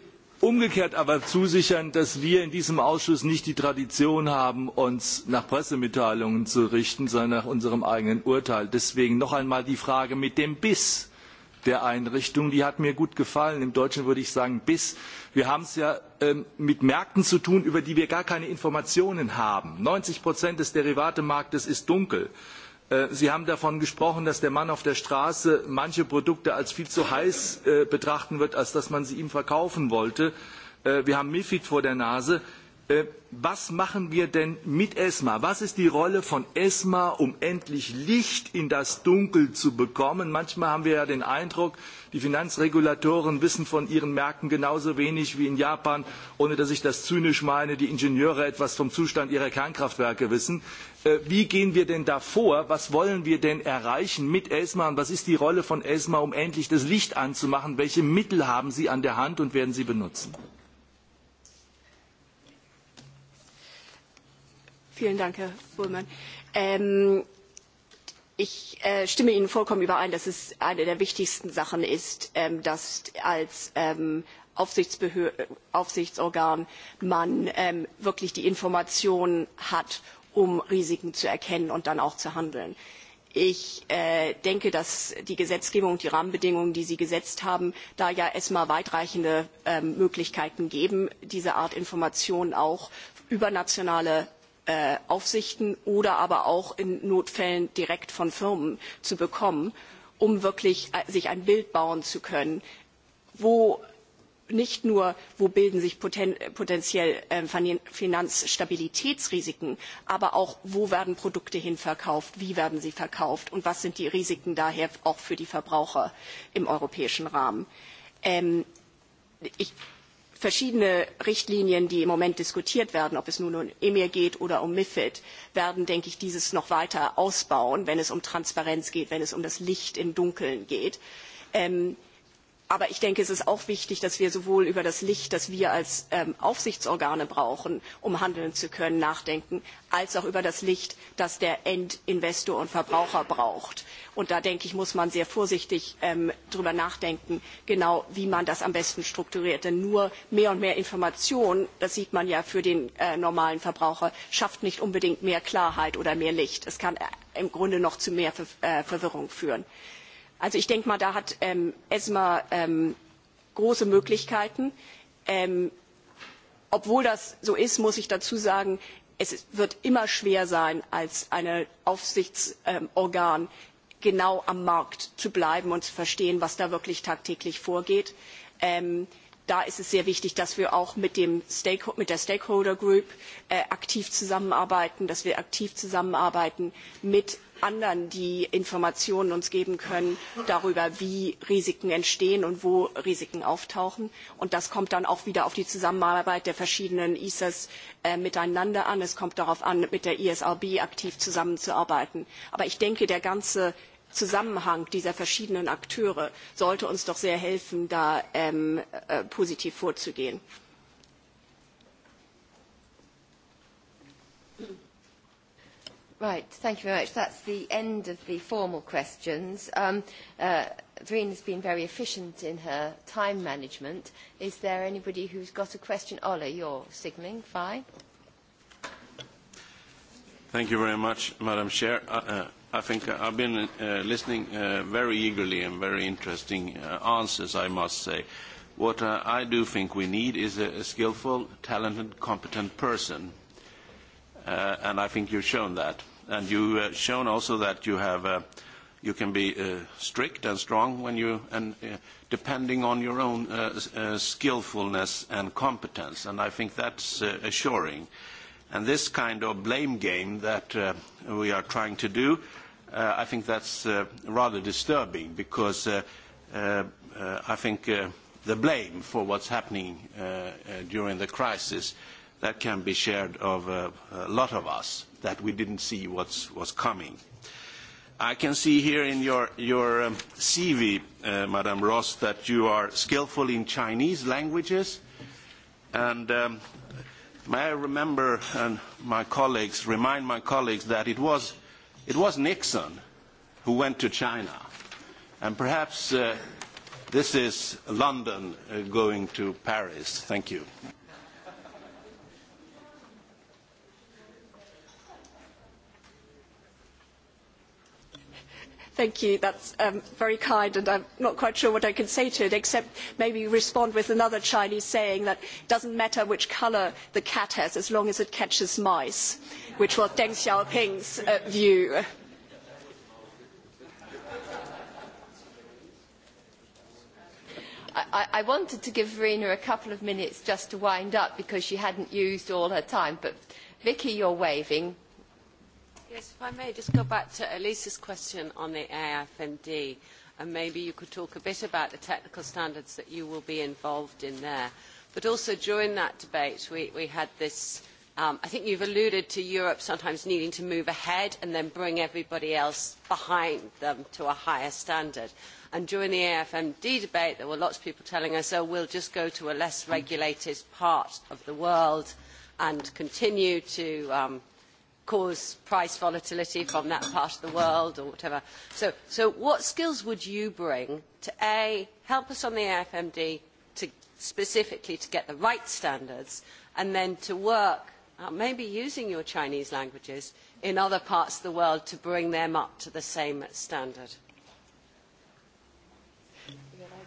umgekehrt aber zusichern dass wir in diesem ausschuss nicht die tradition haben uns nach pressemitteilungen zu richten sondern nach unserem eigenen urteil. deswegen noch einmal die frage mit dem bis der einrichtung die hat mir gut gefallen im deutschen würde ich sagen bis. wir haben es ja ähm, mit märkten zu tun über die wir gar keine informationen haben. neunzig des derivatemarktes ist dunkel. Äh, sie haben davon gesprochen dass der mann auf der straße manche produkte als viel zu heiß äh, betrachten wird als dass man sie ihm verkaufen wollte. Äh, wir haben mifid vor der nase. Äh, was machen wir denn mit ESMA? Was ist die Rolle von ESMA, um endlich Licht in das Dunkel zu bekommen? Manchmal haben wir ja den Eindruck, die Finanzregulatoren wissen von ihren Märkten genauso wenig wie in Japan, ohne dass ich das zynisch meine, die Ingenieure etwas vom Zustand ihrer Kernkraftwerke wissen. Äh, wie gehen wir denn da vor? Was wollen wir denn erreichen mit ESMA? Und was ist die Rolle von ESMA, um endlich das Licht anzumachen? Welche Mittel haben Sie an der Hand und werden Sie benutzen? Vielen Dank, Herr Bullmann. Ähm, ich äh, stimme Ihnen vollkommen überein, dass es eine der wichtigsten Sachen ist, ähm, dass als ähm, Aufsichtsbehör äh, Aufsichtsorgan man ähm, wirklich die Informationen hat, um Risiken zu erkennen und dann auch zu handeln. Ich äh, denke, dass die Gesetzgebung, die Rahmenbedingungen, die Sie gesetzt haben, da ja erstmal weitreichende ähm, Möglichkeiten geben, diese Art Informationen auch über nationale Äh, Aufsichten oder aber auch in Notfällen direkt von Firmen zu bekommen, um wirklich äh, sich ein Bild bauen zu können, wo nicht nur, wo bilden sich poten potenziell äh, Finanzstabilitätsrisiken, aber auch, wo werden Produkte hinverkauft, wie werden sie verkauft und was sind die Risiken daher auch für die Verbraucher im europäischen Rahmen. Ähm, ich verschiedene Richtlinien, die im Moment diskutiert werden, ob es nun um EMIR geht oder um MIFID, werden, denke ich, dieses noch weiter ausbauen, wenn es um Transparenz geht, wenn es um das Licht im Dunkeln geht. Ähm, Aber ich denke, es ist auch wichtig, dass wir sowohl über das Licht, das wir als ähm, Aufsichtsorgane brauchen, um handeln zu können, nachdenken, als auch über das Licht, das der Endinvestor und Verbraucher braucht. Und da denke ich, muss man sehr vorsichtig ähm, darüber nachdenken, genau wie man das am besten strukturiert. Denn nur mehr und mehr Information, das sieht man ja für den äh, normalen Verbraucher, schafft nicht unbedingt mehr Klarheit oder mehr Licht. Es kann äh, im Grunde noch zu mehr Ver äh, Verwirrung führen. Also ich denke mal, da hat ähm, ESMA ähm, große Möglichkeiten. Ähm, obwohl das so ist, muss ich dazu sagen, es wird immer schwer sein, als ein Aufsichtsorgan ähm, genau am Markt zu bleiben und zu verstehen, was da wirklich tagtäglich vorgeht. Ähm, da ist es sehr wichtig, dass wir auch mit, dem Stake mit der Stakeholder Group äh, aktiv zusammenarbeiten, dass wir aktiv zusammenarbeiten mit anderen, die Informationen uns geben können darüber, wie Risiken entstehen und wo Risiken auftauchen. Und das kommt dann auch wieder auf die Zusammenarbeit der verschiedenen ISAs äh, miteinander an. Es kommt darauf an, mit der ISRB aktiv zusammenzuarbeiten. Aber ich denke, der ganze Zusammenhang dieser verschiedenen Akteure sollte uns doch sehr helfen, da ähm, äh, positiv vorzugehen. Right, thank you very much. That's the end of the formal questions. Um, uh, Vreen has been very efficient in her time management. Is there anybody who's got a question? Ola, you're signalling. Fine. Thank you very much, Madam Chair. Uh, uh, I think uh, I've been uh, listening uh, very eagerly and very interesting uh, answers, I must say. What uh, I do think we need is a, a skillful, talented, competent person. Uh, and I think you've shown that and you uh, shown also that you have uh, you can be uh, strict and strong when you and depending on your own skillfulness and competence, and I think that's assuring. And this kind of blame game that we are trying to do, I think that's rather disturbing because I think the blame for what's happening during the crisis that can be shared of a, uh, a lot of us that we didn't see what's was coming. I can see here in your, your um, CV, uh, Madam Ross, that you are skillful in Chinese languages. And um, may I remember and my colleagues, remind my colleagues that it was, it was Nixon who went to China. And perhaps uh, this is London uh, going to Paris. Thank you. Thank you. That's um, very kind, and I'm not quite sure what I can say to it, except maybe respond with another Chinese saying that it doesn't matter which color the cat has as long as it catches mice, which was Deng Xiaoping's uh, view. I, I wanted to give Verena a couple of minutes just to wind up because she hadn't used all her time, but Vicky, you're waving. Yes, if I may just go back to Elisa's question on the AIFMD, and maybe you could talk a bit about the technical standards that you will be involved in there. But also during that debate, we, we had this, um, I think you've alluded to Europe sometimes needing to move ahead and then bring everybody else behind them to a higher standard. And during the AFMD debate, there were lots of people telling us, oh, we'll just go to a less regulated part of the world and continue to um, cause price volatility from that part of the world or whatever. So, so what skills would you bring to A, help us on the AFMD to specifically to get the right standards and then to work uh, maybe using your Chinese languages in other parts of the world to bring them up to the same standard?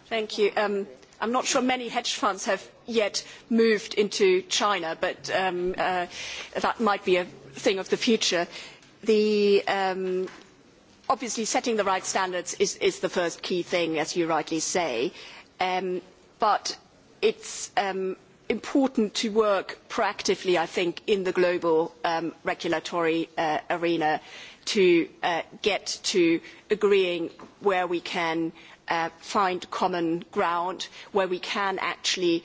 Thank you. Um, I'm not sure many hedge funds have yet moved into China, but um, uh, that might be a thing of the future. The, um, obviously, setting the right standards is, is the first key thing, as you rightly say. Um, but it's um, important to work proactively, I think, in the global um, regulatory uh, arena to uh, get to agreeing where we can uh, find common ground, where we can actually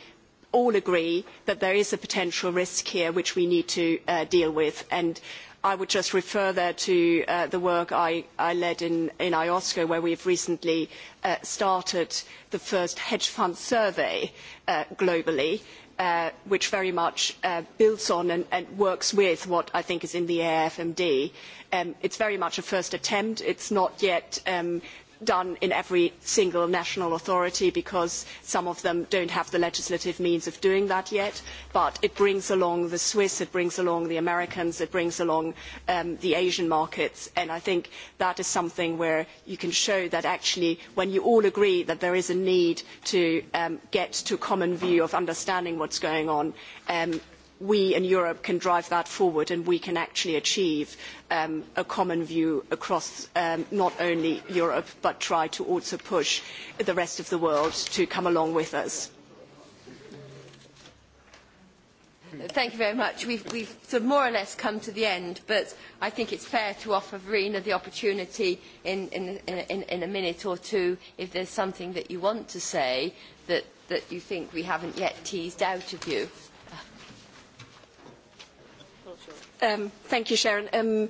all agree that there is a potential risk here which we need to uh, deal with. And I would just refer there to uh, the work I, I led in, in IOSCO, where we've recently uh, started the first hedge fund survey uh, globally, uh, which very much uh, builds on and, and works with what I think is in the AFMD. Um, it's very much a first attempt. It's not yet um, done in every single national authority because some of them don't have the legislative means of doing that yet. But it brings along the Swiss, it brings along the Americans, it brings along um, the Asian markets. And I think that is something where you can show that actually when you all agree that there is a need to um, get to a common view of understanding what's going on, um, we in Europe can drive that forward and we can actually achieve um, a common view across um, not only Europe but try to also push the rest of the world to come along with us. Thank you very much. We've, we've sort of more or less come to the end, but I think it's fair to offer Verena the opportunity in, in, in, in, in a minute or two, if there's something that you want to say that, that you think we haven't yet teased out of you. Um, thank you, Sharon. Um,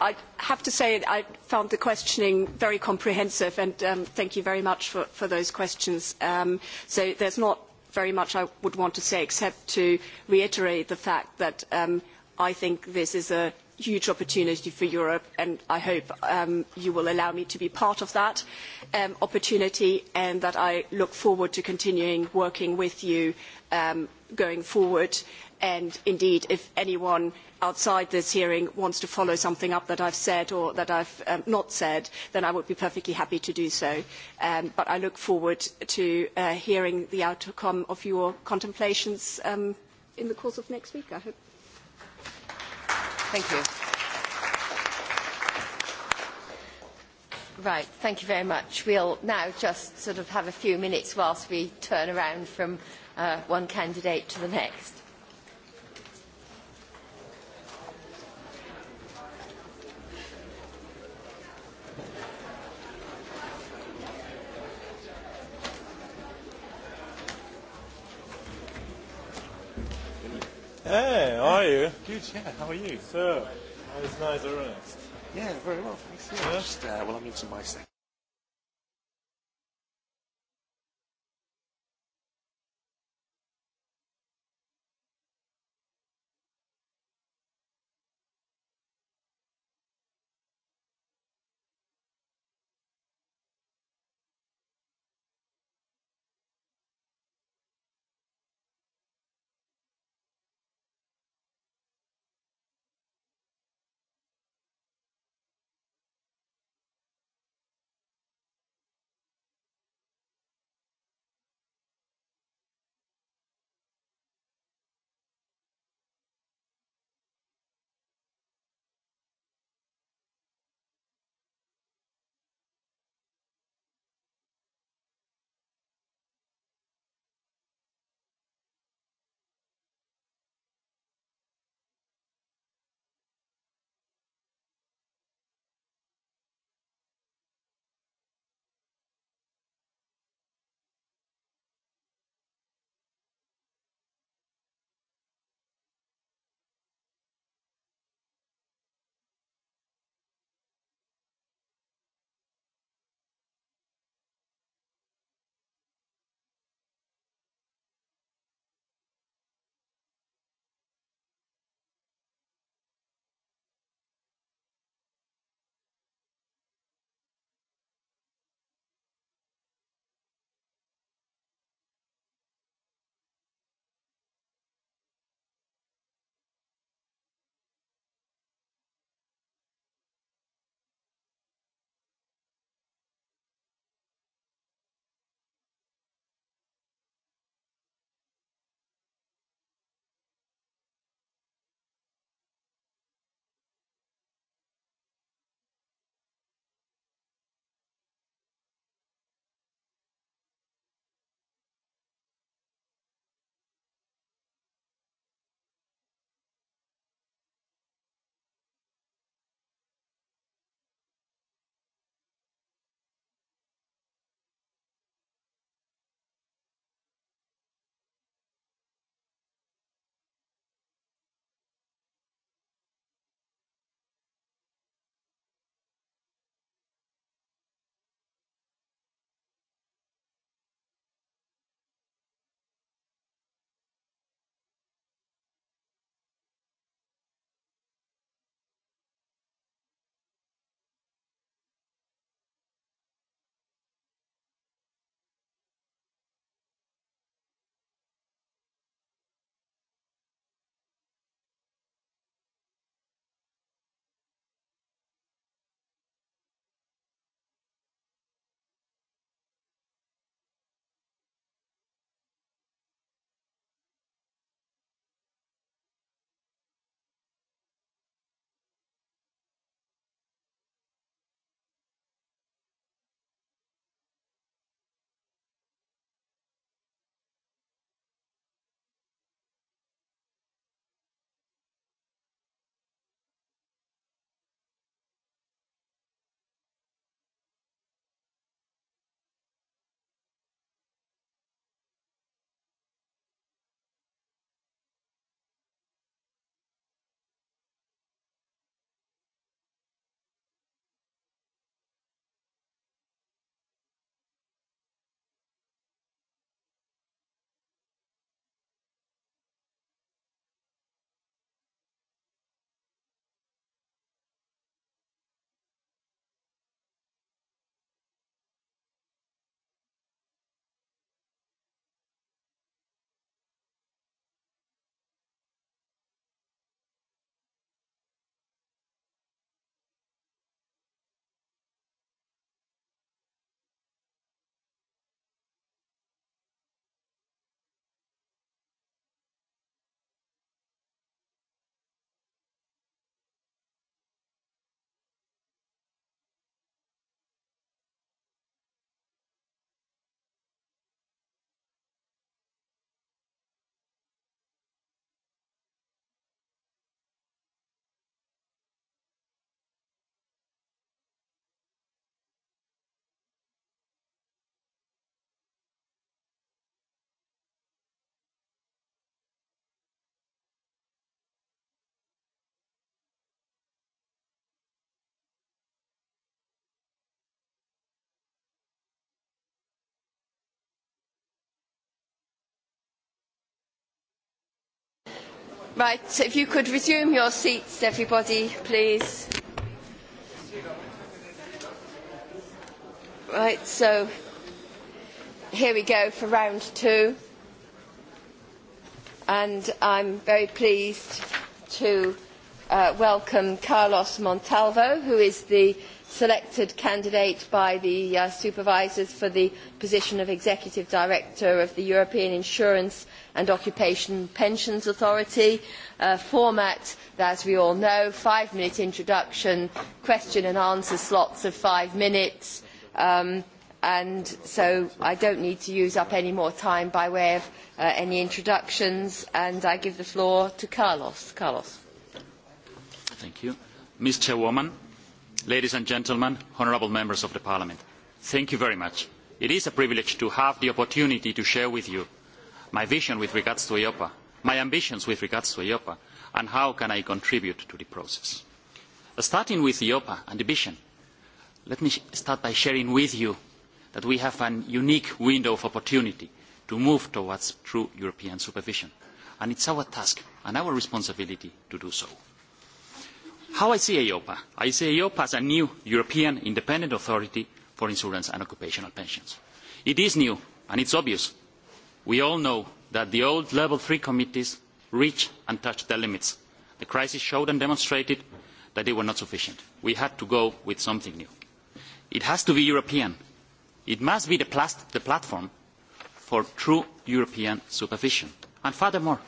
I have to say I found the questioning very comprehensive, and um, thank you very much for, for those questions. Um, so there's not very much I would want to say except to reiterate the fact that um, I think this is a huge opportunity for Europe, and I hope um, you will allow me to be part of that um, opportunity, and that I look forward to continuing working with you um, going forward and indeed if anyone outside this hearing wants to follow something up that I've said or that I've um, not said, then I would be perfectly happy to do so. Um, but I look forward to uh, hearing the outcome of your contemplations um, in the course of next week, I hope. Thank you. Right, thank you very much. We'll now just sort of have a few minutes whilst we turn around from uh, one candidate to the next. Hey, how are you? Good, yeah, how are you? So, it's nice, isn't it? Yeah, very well, thanks. Yeah. Yeah. Just, uh, well, I'm into my second. Right, if you could resume your seats, everybody, please. Right, so here we go for round two. And I'm very pleased to uh, welcome Carlos Montalvo, who is the selected candidate by the uh, supervisors for the position of executive director of the European Insurance and Occupation Pensions Authority. A format that, as we all know, five-minute introduction, question and answer slots of five minutes. Um, and so I don't need to use up any more time by way of uh, any introductions. And I give the floor to Carlos. Carlos. Thank you. Ms. Chairwoman ladies and gentlemen honourable members of the parliament thank you very much. it is a privilege to have the opportunity to share with you my vision with regards to eiopa my ambitions with regards to eiopa and how can i contribute to the process. starting with eiopa and the vision let me start by sharing with you that we have a unique window of opportunity to move towards true european supervision and it is our task and our responsibility to do so how i see eiopa i see eiopa as a new european independent authority for insurance and occupational pensions. it is new and it is obvious. we all know that the old level three committees reached and touched their limits. the crisis showed and demonstrated that they were not sufficient. we had to go with something new. it has to be european. it must be the, plas- the platform for true european supervision. and furthermore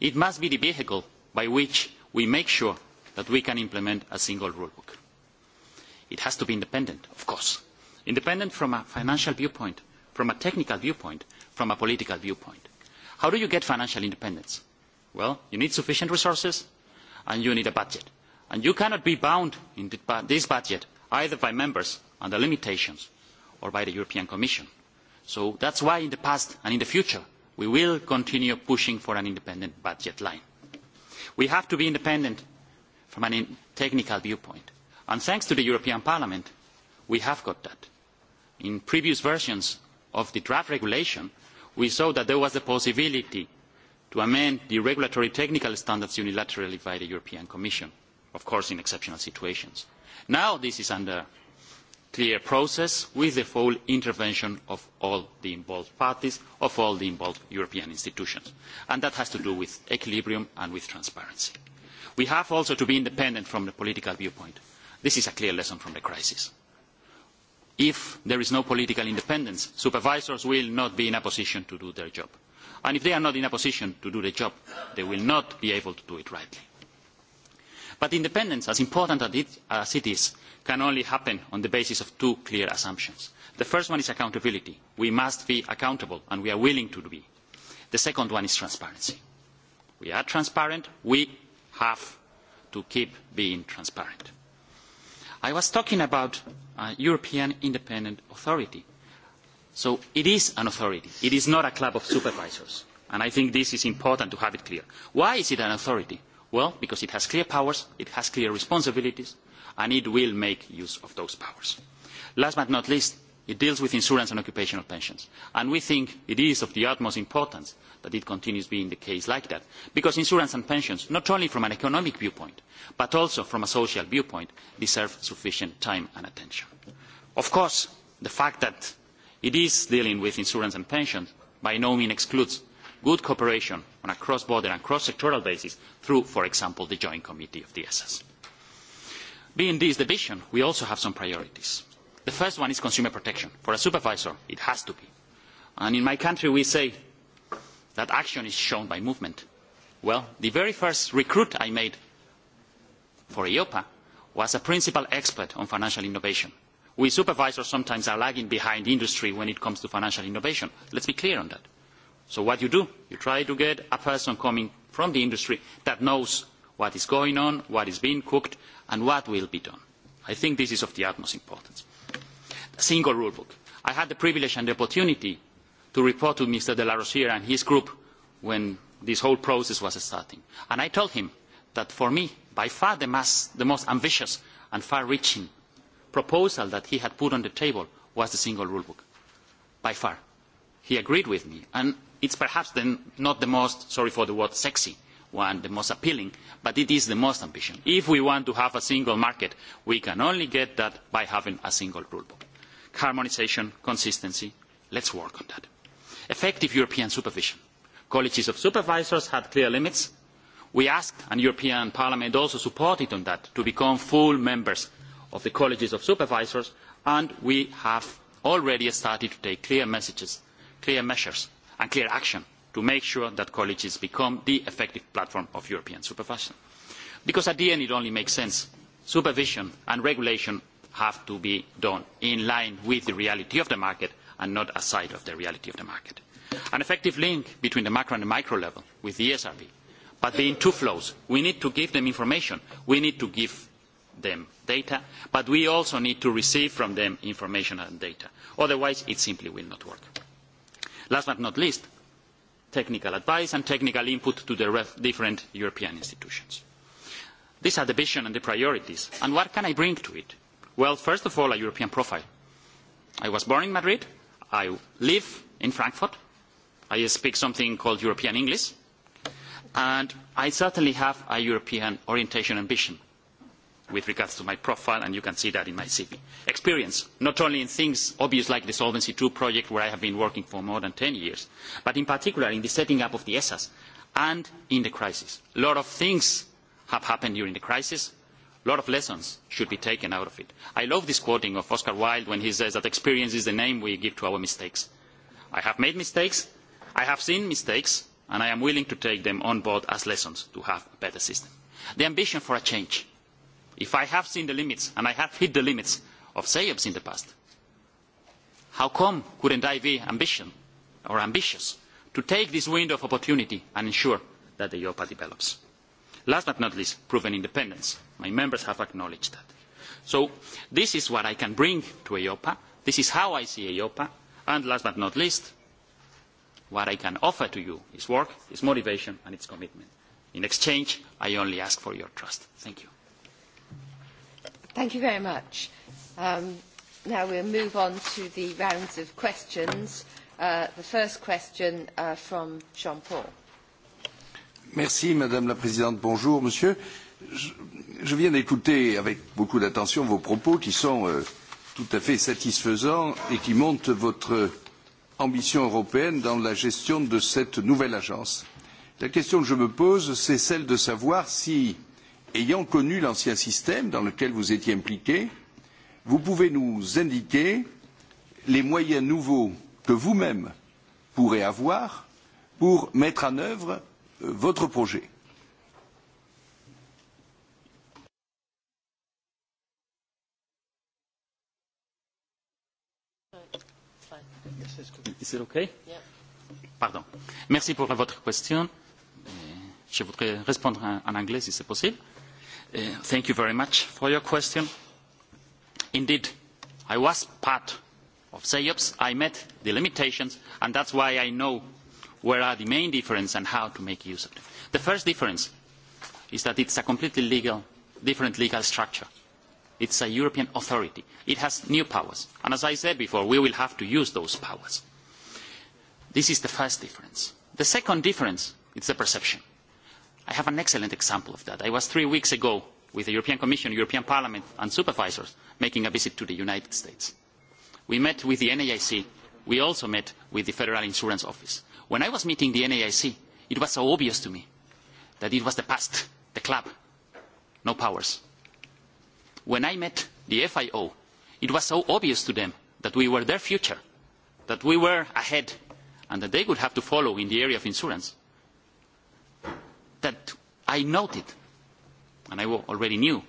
it must be the vehicle by which we make sure that we can implement a single rule book. It has to be independent, of course. Independent from a financial viewpoint, from a technical viewpoint, from a political viewpoint. How do you get financial independence? Well, you need sufficient resources and you need a budget. And you cannot be bound in this budget either by members and the limitations or by the European Commission. So that's why in the past and in the future we will continue pushing for an independent budget line. We have to be independent from a technical viewpoint. And thanks to the European Parliament, we have got that. In previous versions of the draft regulation, we saw that there was a possibility to amend the regulatory technical standards unilaterally by the European Commission, of course in exceptional situations. Now this is under clear process with the full intervention of all the involved parties, of all the involved European institutions. And that has to do with equilibrium and with transparency. We have also to be independent from the political viewpoint. This is a clear lesson from the crisis. If there is no political independence, supervisors will not be in a position to do their job. And if they are not in a position to do the job, they will not be able to do it rightly. But independence, as important as it is, can only happen on the basis of two clear assumptions. The first one is accountability. We must be accountable, and we are willing to be. The second one is transparency. We are transparent. We have to keep being transparent. I was talking about a European independent authority. So it is an authority. It is not a club of supervisors. And I think this is important to have it clear. Why is it an authority? Well, because it has clear powers, it has clear responsibilities, and it will make use of those powers. Last but not least, it deals with insurance and occupational pensions. we think it is of the utmost importance that it continues being the case like that because insurance and pensions not only from an economic viewpoint but also from a social viewpoint deserve sufficient time and attention. of course the fact that it is dealing with insurance and pensions by no means excludes good cooperation on a cross border and cross sectoral basis through for example the joint committee of the ss. being this division we also have some priorities. The first one is consumer protection. For a supervisor, it has to be. And in my country, we say that action is shown by movement. Well, the very first recruit I made for EOPA was a principal expert on financial innovation. We supervisors sometimes are lagging behind industry when it comes to financial innovation. Let's be clear on that. So what you do? You try to get a person coming from the industry that knows what is going on, what is being cooked, and what will be done. I think this is of the utmost importance single rule book. I had the privilege and the opportunity to report to Mr. De La Rosier and his group when this whole process was starting. And I told him that for me, by far the, mass, the most ambitious and far-reaching proposal that he had put on the table was the single rule book. By far. He agreed with me. And it's perhaps the, not the most, sorry for the word, sexy one, the most appealing, but it is the most ambitious. If we want to have a single market, we can only get that by having a single rule book harmonisation, consistency. Let's work on that. Effective European supervision. Colleges of supervisors had clear limits. We asked, and European Parliament also supported on that, to become full members of the Colleges of Supervisors, and we have already started to take clear messages, clear measures, and clear action to make sure that colleges become the effective platform of European supervision. Because at the end, it only makes sense. Supervision and regulation have to be done in line with the reality of the market and not aside of the reality of the market. An effective link between the macro and the micro level with the SRB, but being two flows. We need to give them information. We need to give them data, but we also need to receive from them information and data. Otherwise, it simply will not work. Last but not least, technical advice and technical input to the ref different European institutions. These are the vision and the priorities. And what can I bring to it? Well, first of all, a European profile. I was born in Madrid. I live in Frankfurt. I speak something called European English. And I certainly have a European orientation ambition with regards to my profile, and you can see that in my CV. Experience, not only in things obvious like the Solvency II project, where I have been working for more than 10 years, but in particular in the setting up of the ESAS and in the crisis. A lot of things have happened during the crisis, lot of lessons should be taken out of it. I love this quoting of Oscar Wilde when he says that experience is the name we give to our mistakes. I have made mistakes, I have seen mistakes, and I am willing to take them on board as lessons to have a better system. The ambition for a change. If I have seen the limits and I have hit the limits of SAYOPS in the past, how come couldn't I be ambition or ambitious to take this window of opportunity and ensure that the EOPA develops? last but not least proven independence. my members have acknowledged that. so this is what i can bring to eiopa this is how i see eiopa and last but not least what i can offer to you is work is motivation and is commitment. in exchange i only ask for your trust. thank you. thank you very much. Um, now we'll move on to the rounds of questions. Uh, the first question uh, from jean paul madame la présidente bonjour monsieur je viens d'écouter avec beaucoup d'attention vos propos qui sont euh, tout à fait satisfaisants et qui montrent votre ambition européenne dans la gestion de cette nouvelle agence. la question que je me pose c'est celle de savoir si ayant connu l'ancien système dans lequel vous étiez impliqué vous pouvez nous indiquer les moyens nouveaux que vous même pourrez avoir pour mettre en œuvre votre projet. Is it okay? yeah. Pardon. Merci pour votre question. Euh, je voudrais répondre en anglais si c'est possible. Euh, thank you very much for your question. Indeed, I was part of SEIOPS. I met the limitations, and that's why I know where are the main difference and how to make use of them. The first difference is that it's a completely legal, different legal structure. It's a European authority. It has new powers. And as I said before, we will have to use those powers. This is the first difference. The second difference is the perception. I have an excellent example of that. I was three weeks ago with the European Commission, European Parliament and supervisors making a visit to the United States. We met with the NAIC. We also met with the Federal Insurance Office. When I was meeting the NAIC, it was so obvious to me that it was the past, the club, no powers. When I met the FIO, it was so obvious to them that we were their future, that we were ahead, and that they would have to follow in the area of insurance, that I noted, and I already knew,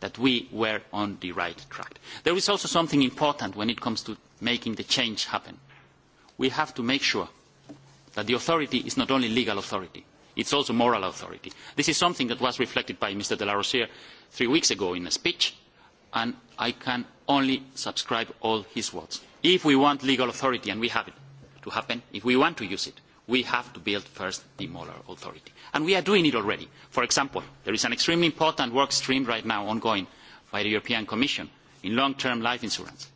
that we were on the right track. There is also something important when it comes to making the change happen. We have to make sure that the authority is not only legal authority, it's also moral authority. This is something that was reflected by Mr. De La Rosier three weeks ago in a speech, and I can only subscribe all his words. If we want legal authority, and we have it to happen, if we want to use it, we have to build first the moral authority. And we are doing it already. For example, there is an extremely important work stream right now ongoing by the European Commission in long-term life insurance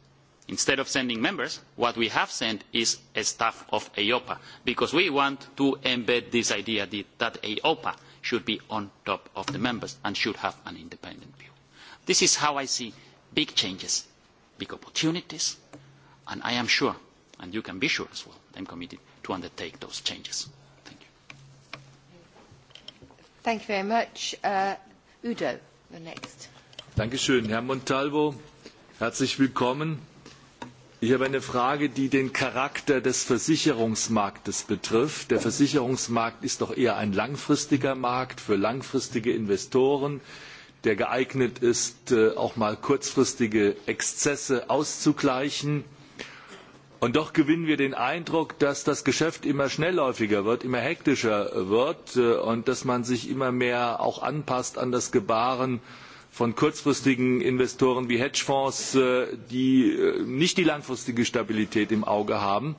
instead of sending members what we have sent is a staff of aopa because we want to embed this idea that aopa should be on top of the members and should have an independent view this is how i see big changes big opportunities and i am sure and you can be sure as well i'm committed to undertake those changes thank you thank you very much uh, udo the next danke schön herr montalvo herzlich willkommen Ich habe eine Frage, die den Charakter des Versicherungsmarktes betrifft. Der Versicherungsmarkt ist doch eher ein langfristiger Markt für langfristige Investoren, der geeignet ist, äh, auch mal kurzfristige Exzesse auszugleichen. Und doch gewinnen wir den Eindruck, dass das Geschäft immer schnellläufiger wird, immer hektischer wird äh, und dass man sich immer mehr auch anpasst an das Gebaren anpasst von kurzfristigen investoren wie hedgefonds äh, die äh, nicht die langfristige stabilität im auge haben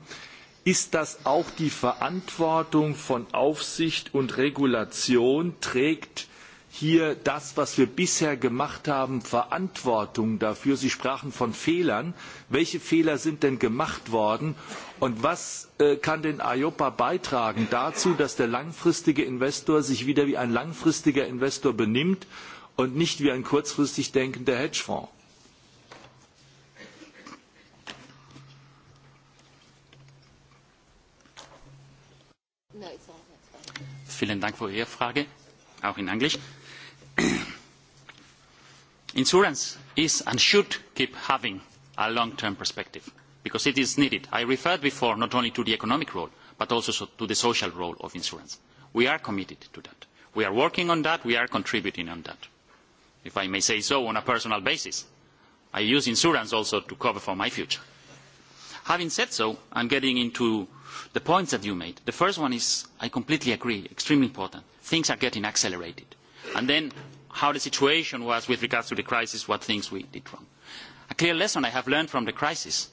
ist das auch die verantwortung von aufsicht und regulation trägt hier das was wir bisher gemacht haben verantwortung dafür sie sprachen von fehlern welche fehler sind denn gemacht worden und was äh, kann denn eiopa dazu beitragen dass der langfristige investor sich wieder wie ein langfristiger investor benimmt und nicht wie ein kurzfristig denkender Hedgefonds. Vielen Dank für Ihre Frage, auch in Englisch. Insurance is and should keep having a long-term perspective because it is needed. I referred before not only to the economic role but also to the social role of insurance. We are committed to that. We are working on that. We are contributing on that if I may say so, on a personal basis. I use insurance also to cover for my future. Having said so, I'm getting into the points that you made. The first one is, I completely agree, extremely important. Things are getting accelerated. And then how the situation was with regards to the crisis, what things we did wrong. A clear lesson I have learned from the crisis,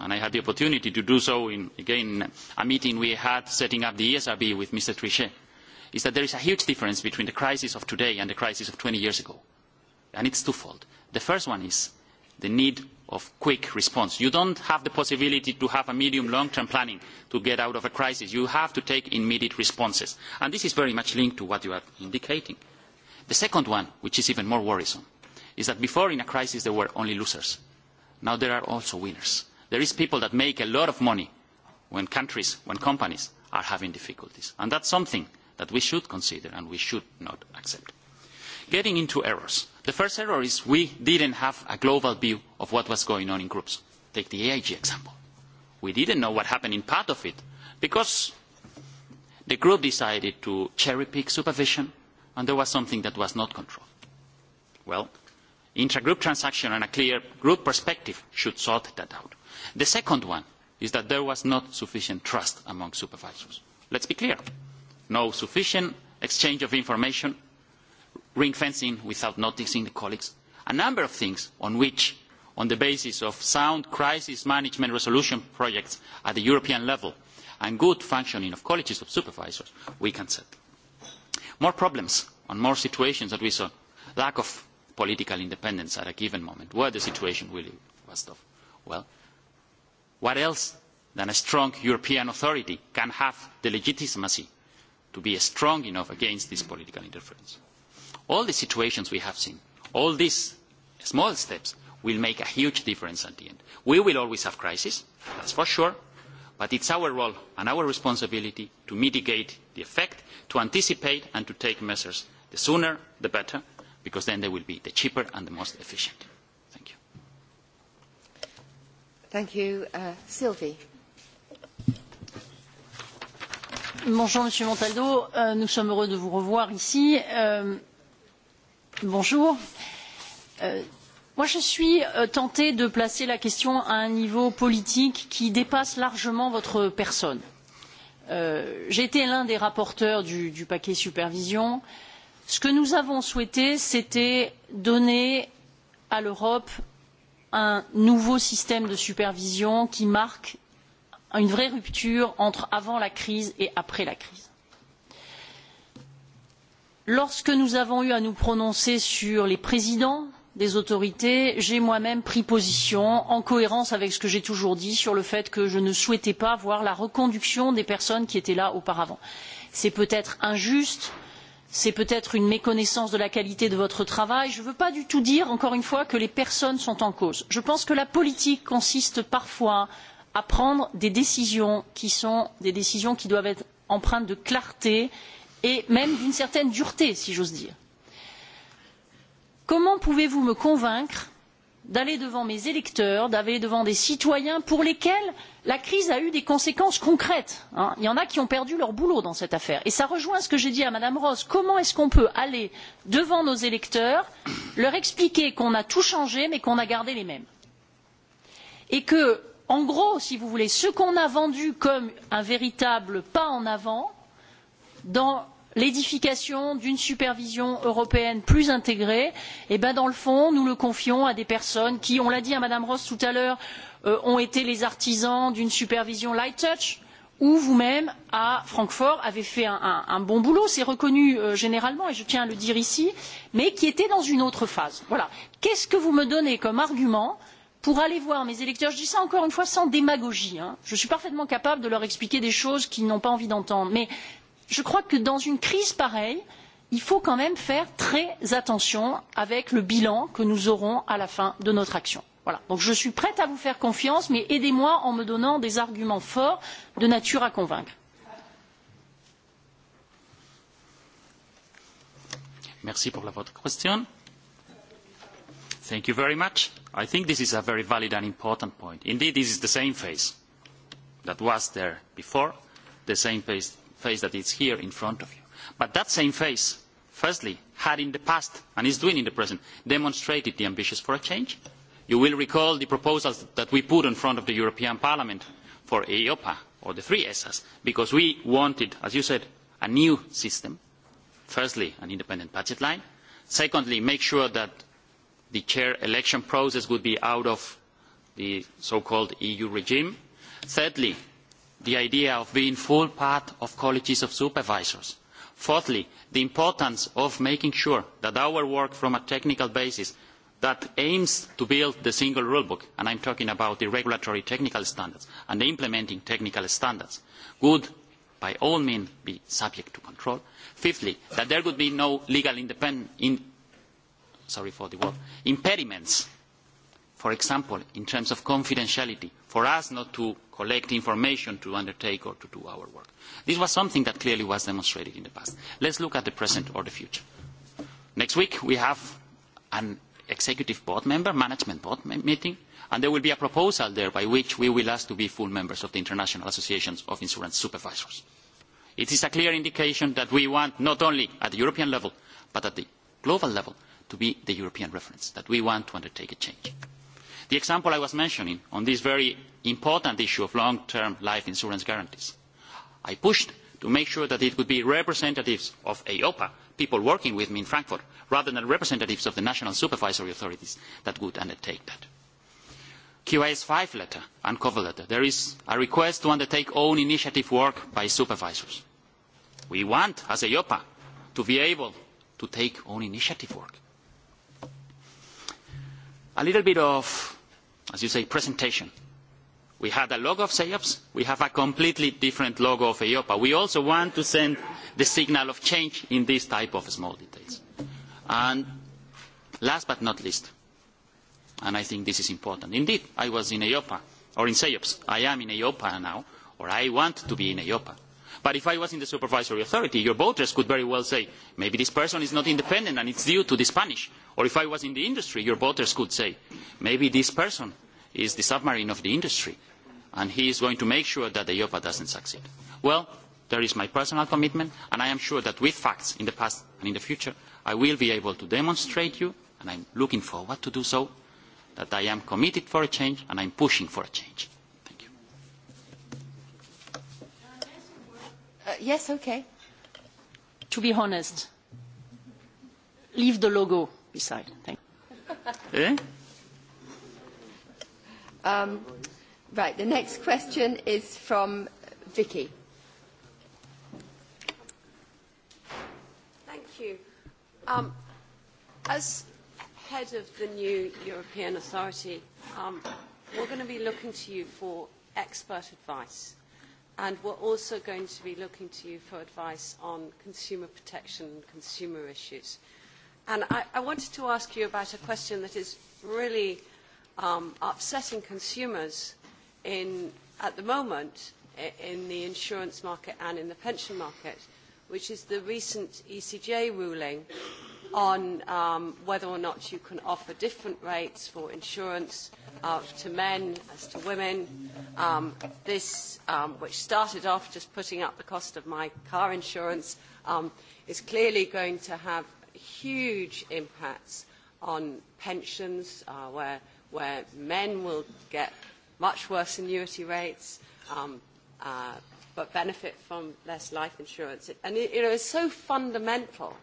and I had the opportunity to do so in, again, a meeting we had setting up the ESRB with Mr. Trichet, is that there is a huge difference between the crisis of today and the crisis of 20 years ago and it's twofold. The first one is the need of quick response. You don't have the possibility to have a medium long-term planning to get out of a crisis. You have to take immediate responses. And this is very much linked to what you are indicating. The second one, which is even more worrisome, is that before in a crisis there were only losers. Now there are also winners. There is people that make a lot of money when countries, when companies are having difficulties. And that's something that we should consider and we should not accept. Getting into errors. The first error is we didn't have a global view of what was going on in groups. Take the AIG example. We didn't know what happened in part of it because the group decided to cherry pick supervision and there was something that was not controlled. Well, intra-group transaction and a clear group perspective should sort that out. The second one is that there was not sufficient trust among supervisors. Let's be clear. No sufficient exchange of information ring fencing without noticing the colleagues, a number of things on which, on the basis of sound crisis management resolution projects at the European level and good functioning of colleges of supervisors, we can settle. More problems on more situations that we saw, lack of political independence at a given moment, where the situation really was tough. Well, what else than a strong European authority can have the legitimacy to be strong enough against this political interference? all the situations we have seen, all these small steps will make a huge difference at the end. We will always have crises, that's for sure, but it's our role and our responsibility to mitigate the effect, to anticipate and to take measures. The sooner, the better, because then they will be the cheaper and the most efficient. Thank you. Thank you. Uh, Sylvie. Bonjour Monsieur Montaldo, euh, nous sommes heureux de vous revoir ici. Euh, bonjour. Euh, je suis euh, tentée de placer la question à un niveau politique qui dépasse largement votre personne. Euh, j'ai été l'un des rapporteurs du paquet supervision. ce que nous avons souhaité c'était donner à l'europe un nouveau système de supervision qui marque une vraie rupture entre avant la crise et après la crise lorsque nous avons eu à nous prononcer sur les présidents des autorités j'ai moi même pris position en cohérence avec ce que j'ai toujours dit sur le fait que je ne souhaitais pas voir la reconduction des personnes qui étaient là auparavant. c'est peut être injuste c'est peut être une méconnaissance de la qualité de votre travail je ne veux pas du tout dire encore une fois que les personnes sont en cause. je pense que la politique consiste parfois à prendre des décisions qui sont des décisions qui doivent être empreintes de clarté et et même d'une certaine dureté, si j'ose dire. Comment pouvez vous me convaincre d'aller devant mes électeurs, d'aller devant des citoyens pour lesquels la crise a eu des conséquences concrètes hein Il y en a qui ont perdu leur boulot dans cette affaire. Et ça rejoint ce que j'ai dit à madame Ross comment est ce qu'on peut aller devant nos électeurs, leur expliquer qu'on a tout changé mais qu'on a gardé les mêmes et que, en gros, si vous voulez, ce qu'on a vendu comme un véritable pas en avant dans l'édification d'une supervision européenne plus intégrée, et eh ben dans le fond, nous le confions à des personnes qui, on l'a dit à Madame Ross tout à l'heure, euh, ont été les artisans d'une supervision light touch, où vous-même, à Francfort, avez fait un, un, un bon boulot, c'est reconnu euh, généralement, et je tiens à le dire ici, mais qui était dans une autre phase. Voilà. Qu'est-ce que vous me donnez comme argument pour aller voir mes électeurs, je dis ça encore une fois sans démagogie, hein. je suis parfaitement capable de leur expliquer des choses qu'ils n'ont pas envie d'entendre, mais je crois que dans une crise pareille, il faut quand même faire très attention avec le bilan que nous aurons à la fin de notre action. Voilà. Donc je suis prête à vous faire confiance, mais aidez-moi en me donnant des arguments forts de nature à convaincre. Merci pour la, votre question. Thank you very much. I think this is a very valid and important point. Indeed, this is the same phase that was there before, the same phase face that is here in front of you. But that same face, firstly, had in the past and is doing in the present, demonstrated the ambitions for a change. You will recall the proposals that we put in front of the European Parliament for EIOPA or the three ESAs, because we wanted, as you said, a new system. Firstly, an independent budget line. Secondly, make sure that the chair election process would be out of the so-called EU regime. Thirdly, the idea of being full part of colleges of supervisors. Fourthly, the importance of making sure that our work from a technical basis that aims to build the single rulebook, and I'm talking about the regulatory technical standards and the implementing technical standards, would by all means be subject to control. Fifthly, that there would be no legal independent in, sorry for the word, impediments, for example, in terms of confidentiality, for us not to collect information to undertake or to do our work. This was something that clearly was demonstrated in the past. Let's look at the present or the future. Next week, we have an executive board member, management board meeting, and there will be a proposal there by which we will ask to be full members of the International Association of Insurance Supervisors. It is a clear indication that we want not only at the European level, but at the global level, to be the European reference, that we want to undertake a change the example I was mentioning on this very important issue of long-term life insurance guarantees. I pushed to make sure that it would be representatives of AOPA, e people working with me in Frankfurt, rather than representatives of the national supervisory authorities that would undertake that. QIS 5 letter and cover letter, there is a request to undertake own initiative work by supervisors. We want, as AOPA, e to be able to take own initiative work. A little bit of as you say, presentation. We had a logo of SEOPS, we have a completely different logo of EIOPA. We also want to send the signal of change in this type of small details. And last but not least, and I think this is important. Indeed, I was in EIOPA, or in SEOPS. I am in EIOPA now, or I want to be in EIOPA but if i was in the supervisory authority your voters could very well say maybe this person is not independent and it's due to the spanish or if i was in the industry your voters could say maybe this person is the submarine of the industry and he is going to make sure that the IOPA e doesn't succeed. Well, there is my personal commitment, and I am sure that with facts in the past and in the future, I will be able to demonstrate you, and I'm looking forward to do so, that I am committed for a change and I'm pushing for a change. Uh, yes okay to be honest leave the logo beside thank you eh? um, right the next question is from vicky thank you um, as head of the new european authority um, we're going to be looking to you for expert advice And we're also going to be looking to you for advice on consumer protection and consumer issues. And I, I wanted to ask you about a question that is really um, upsetting consumers in, at the moment in the insurance market and in the pension market, which is the recent ECJ ruling on um, whether or not you can offer different rates for insurance uh, to men as to women. Um, this, um, which started off just putting up the cost of my car insurance, um, is clearly going to have huge impacts on pensions, uh, where, where men will get much worse annuity rates. Um, uh, but benefit from less life insurance. And, you know, it's so fundamental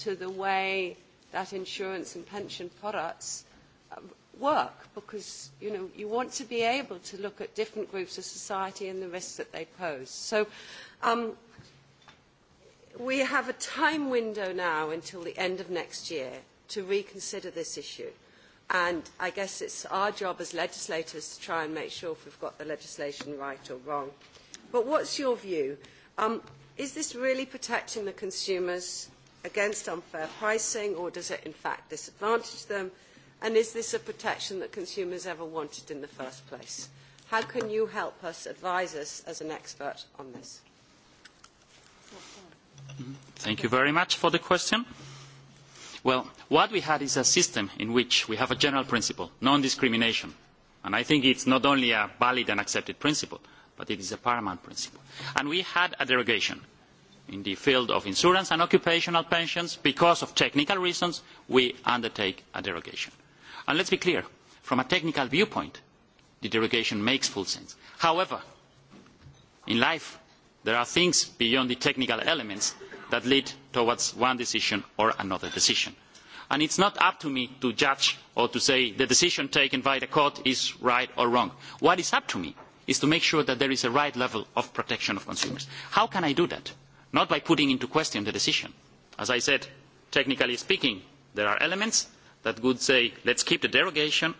to the way that insurance and pension products uh, work because you know you want to be able to look at different groups of society and the risks that they pose so um, we have a time window now until the end of next year to reconsider this issue and I guess it's our job as legislators to try and make sure if we've got the legislation right or wrong but what's your view um, is this really protecting the consumers against unfair pricing or does it in fact disadvantage them? And is this a protection that consumers ever wanted in the first place? How can you help us advise us as an expert on this? Thank you very much for the question. Well, what we had is a system in which we have a general principle, non-discrimination. And I think it's not only a valid and accepted principle, but it is a paramount principle. And we had a derogation in the field of insurance and occupational pensions because of technical reasons we undertake a derogation. And let's be clear, from a technical viewpoint, the derogation makes full sense. However, in life, there are things beyond the technical elements that lead towards one decision or another decision. And it's not up to me to judge or to say the decision taken by the court is right or wrong. What is up to me is to make sure that there is a right level of protection of consumers. How can I do that? not by putting into question the decision. As I said, technically speaking, there are elements that would say, let's keep the derogation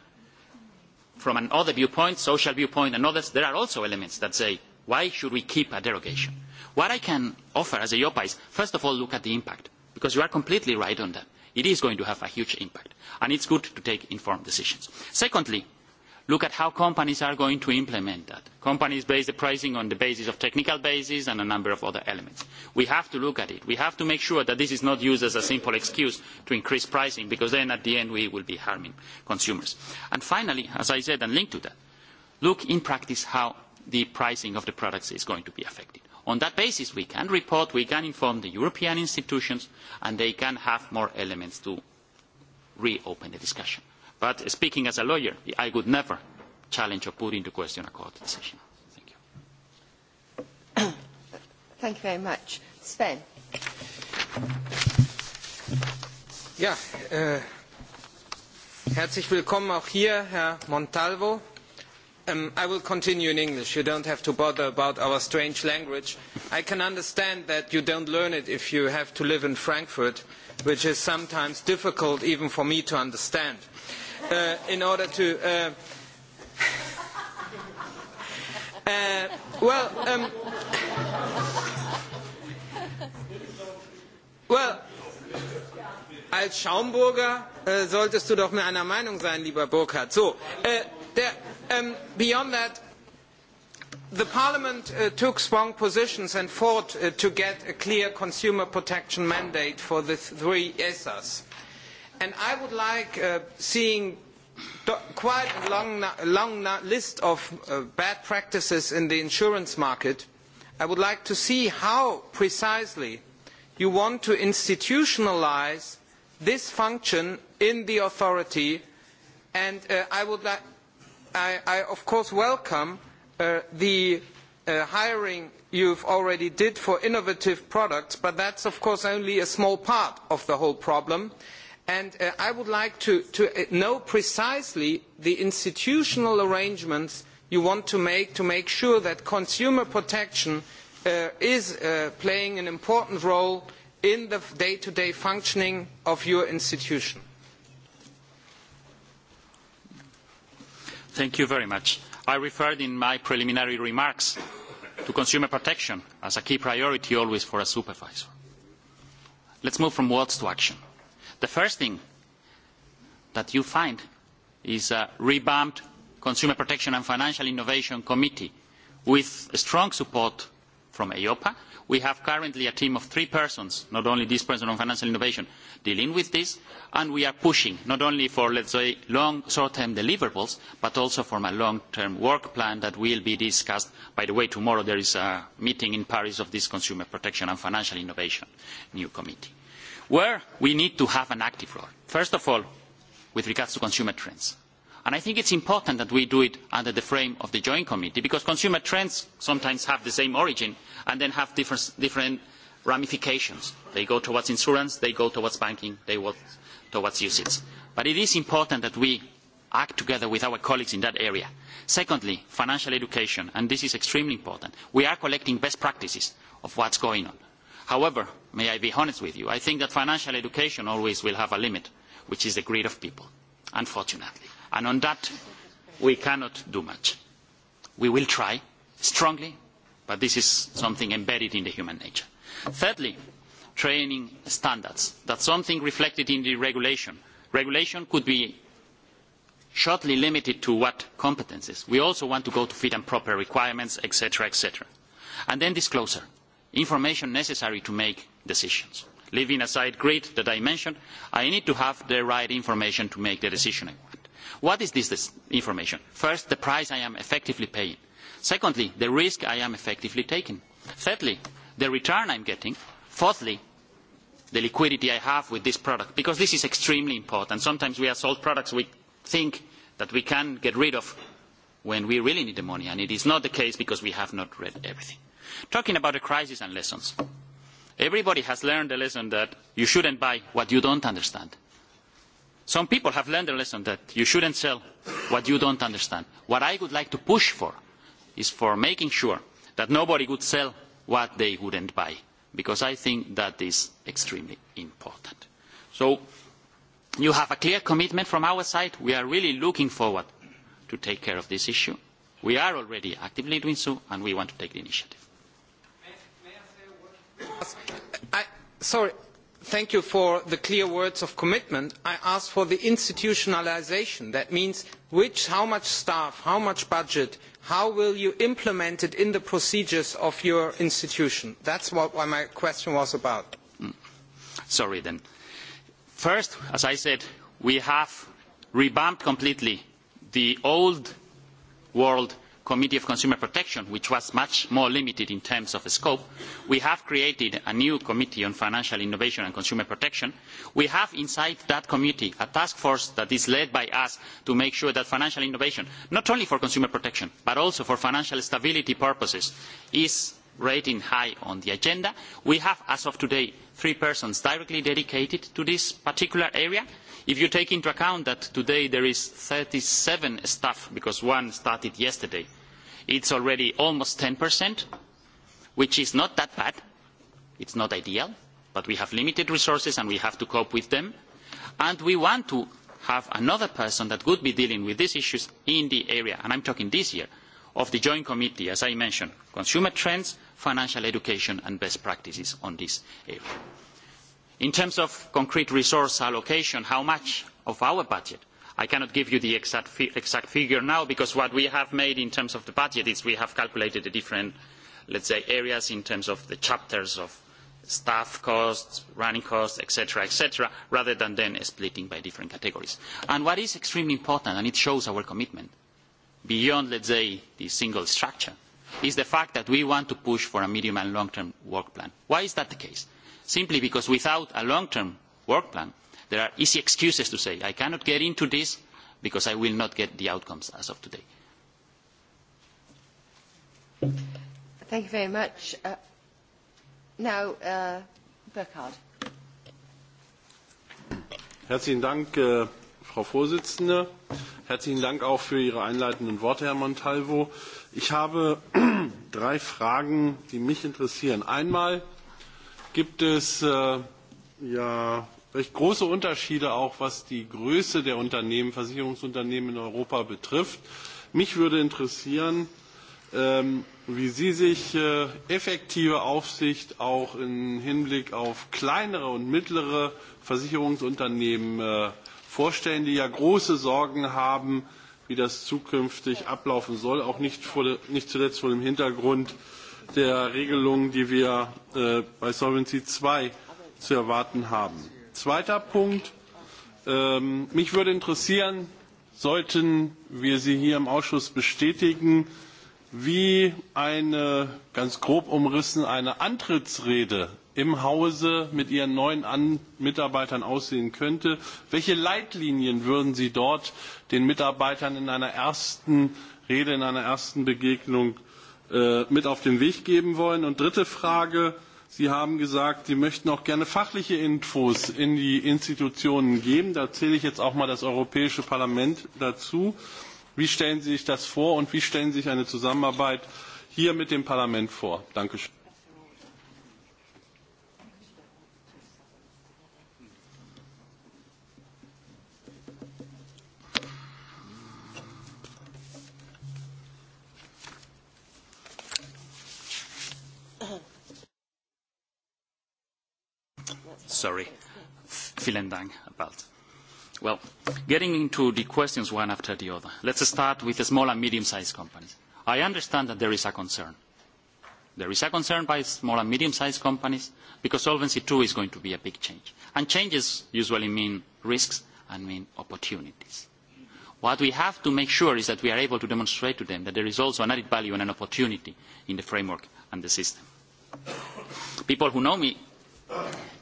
from another viewpoint, social viewpoint and others. There are also elements that say, why should we keep a derogation? What I can offer as a EIOPA is, first of all, look at the impact, because you are completely right on that. It is going to have a huge impact, and it's good to take informed decisions. Secondly, look at how companies are going to implement that. Companies base the pricing on the basis of technical basis and a number of other elements. We have to look at it. We have to make sure that this is not used as a simple excuse to increase pricing, because then at the end we will be harming consumers. And finally, as I said and linked to that, look in practice how the pricing of the products is going to be affected. On that basis, we can report, we can inform the European institutions, and they can have more elements to reopen the discussion but speaking as a lawyer, I would never challenge or put into question a court decision. Thank you. Thank you very much. Sven. Ja, äh, herzlich willkommen auch hier, Herr Montalvo. Um, I will continue in English. You don't have to bother about our strange language. I can understand that you don't learn it if you have to live in Frankfurt, which is sometimes difficult even for me to understand. Uh, Uh, in order to. Uh, uh, well, um, well, als Schaumburger äh, solltest du doch mit einer Meinung sein, lieber Burkhard. So, äh, der, um, beyond that, the Parliament uh, took strong positions and fought uh, to get a clear consumer protection mandate for the three ESAs and I would like uh, seeing quite a long, long list of uh, bad practices in the insurance market. I would like to see how precisely you want to institutionalize this function in the authority. And uh, I would like, I, I of course welcome uh, the uh, hiring you've already did for innovative products, but that's of course only a small part of the whole problem and uh, I would like to, to uh, know precisely the institutional arrangements you want to make to make sure that consumer protection uh, is uh, playing an important role in the day-to-day -day functioning of your institution. Thank you very much. I referred in my preliminary remarks to consumer protection as a key priority always for a supervisor. Let's move from words to action the first thing that you find is a revamped consumer protection and financial innovation committee with strong support from EIOPA. We have currently a team of three persons, not only this person on financial innovation, dealing with this, and we are pushing not only for, let's say, long short-term deliverables, but also for a long-term work plan that will be discussed. By the way, tomorrow there is a meeting in Paris of this Consumer Protection and Financial Innovation new committee where we need to have an active role. First of all, with regards to consumer trends. And I think it's important that we do it under the frame of the Joint Committee, because consumer trends sometimes have the same origin and then have different, different ramifications. They go towards insurance, they go towards banking, they go towards usage. But it is important that we act together with our colleagues in that area. Secondly, financial education, and this is extremely important. We are collecting best practices of what's going on. However, may I be honest with you, I think that financial education always will have a limit, which is the greed of people, unfortunately. And on that, we cannot do much. We will try strongly, but this is something embedded in the human nature. Thirdly, training standards. That's something reflected in the regulation. Regulation could be shortly limited to what competences. We also want to go to fit and proper requirements, etc., etc. And then disclosure, information necessary to make decisions. Leaving aside grid that I mentioned, I need to have the right information to make the decision I want. What is this, this information? First, the price I am effectively paying. Secondly, the risk I am effectively taking. Thirdly, the return I'm getting. Fourthly, the liquidity I have with this product, because this is extremely important. Sometimes we are sold products we think that we can get rid of when we really need the money, and it is not the case because we have not read everything. Talking about the crisis and lessons, everybody has learned the lesson that you should not buy what you do not understand. some people have learned the lesson that you should not sell what you do not understand. what i would like to push for is for making sure that nobody would sell what they would not buy because i think that is extremely important. so you have a clear commitment from our side. we are really looking forward to taking care of this issue. we are already actively doing so and we want to take the initiative thank you for the clear words of commitment. i asked for the institutionalisation that means how much staff how much budget how will you implement it in the procedures of your institution? that is what my question was about. Mm. sorry then. first as i said we have revamped completely the old world Committee of Consumer Protection, which was much more limited in terms of scope. We have created a new Committee on Financial Innovation and Consumer Protection. We have inside that committee a task force that is led by us to make sure that financial innovation, not only for consumer protection, but also for financial stability purposes, is rating high on the agenda. We have, as of today, three persons directly dedicated to this particular area. If you take into account that today there is 37 staff, because one started yesterday, it's already almost 10%, which is not that bad. It's not ideal, but we have limited resources, and we have to cope with them. We want to have another person that would be dealing with these issues in the area, and I'm talking this year, of the joint committee, as I mentioned, consumer trends, financial education, and best practices on this area. In terms of concrete resource allocation, how much of our budget i cannot give you the exact figure now because what we have made in terms of the budget is we have calculated the different let's say areas in terms of the chapters of staff costs, running costs, etc., etc., rather than then splitting by different categories. And what is extremely important, and it shows our commitment, beyond, let's say, the single structure, is the fact that we want to push for a medium and long-term work plan. Why is that the case? Simply because without a long-term work plan, there are easy excuses to say, I cannot get into this because I will not get the outcomes as of today. Thank you very much. Uh, now, uh, Burkhard. Herzlichen Dank, äh, Frau Vorsitzende. Herzlichen Dank auch für Ihre einleitenden Worte, Herr Montalvo. Ich habe drei Fragen, die mich interessieren. Einmal gibt es äh, ja recht große Unterschiede auch, was die Größe der Unternehmen, Versicherungsunternehmen in Europa betrifft. Mich würde interessieren, ähm, wie Sie sich äh, effektive Aufsicht auch im Hinblick auf kleinere und mittlere Versicherungsunternehmen äh, vorstellen, die ja große Sorgen haben, wie das zukünftig ablaufen soll, auch nicht, vor, nicht zuletzt vor dem Hintergrund der Regelungen, die wir äh, bei Solvency II zu erwarten haben. Zweiter Punkt. Ähm, mich würde interessieren, sollten wir Sie hier im Ausschuss bestätigen, wie eine ganz grob umrissen eine Antrittsrede im Hause mit Ihren neuen An Mitarbeitern aussehen könnte. Welche Leitlinien würden Sie dort den Mitarbeitern in einer ersten Rede, in einer ersten Begegnung äh, mit auf den Weg geben wollen? Und dritte Frage. Sie haben gesagt, Sie möchten auch gerne fachliche Infos in die Institutionen geben. Da zähle ich jetzt auch mal das Europäische Parlament dazu. Wie stellen Sie sich das vor und wie stellen Sie sich eine Zusammenarbeit hier mit dem Parlament vor? Dankeschön. Sorry. Vielen Dank, Bald. Well, getting into the questions one after the other, let's start with the small and medium-sized companies. I understand that there is a concern. There is a concern by small and medium-sized companies because Solvency II is going to be a big change. Changes usually mean risks and mean opportunities. What we have to make sure is that we are able to demonstrate to them that there is also an added value and an opportunity in the framework and the system. People who know me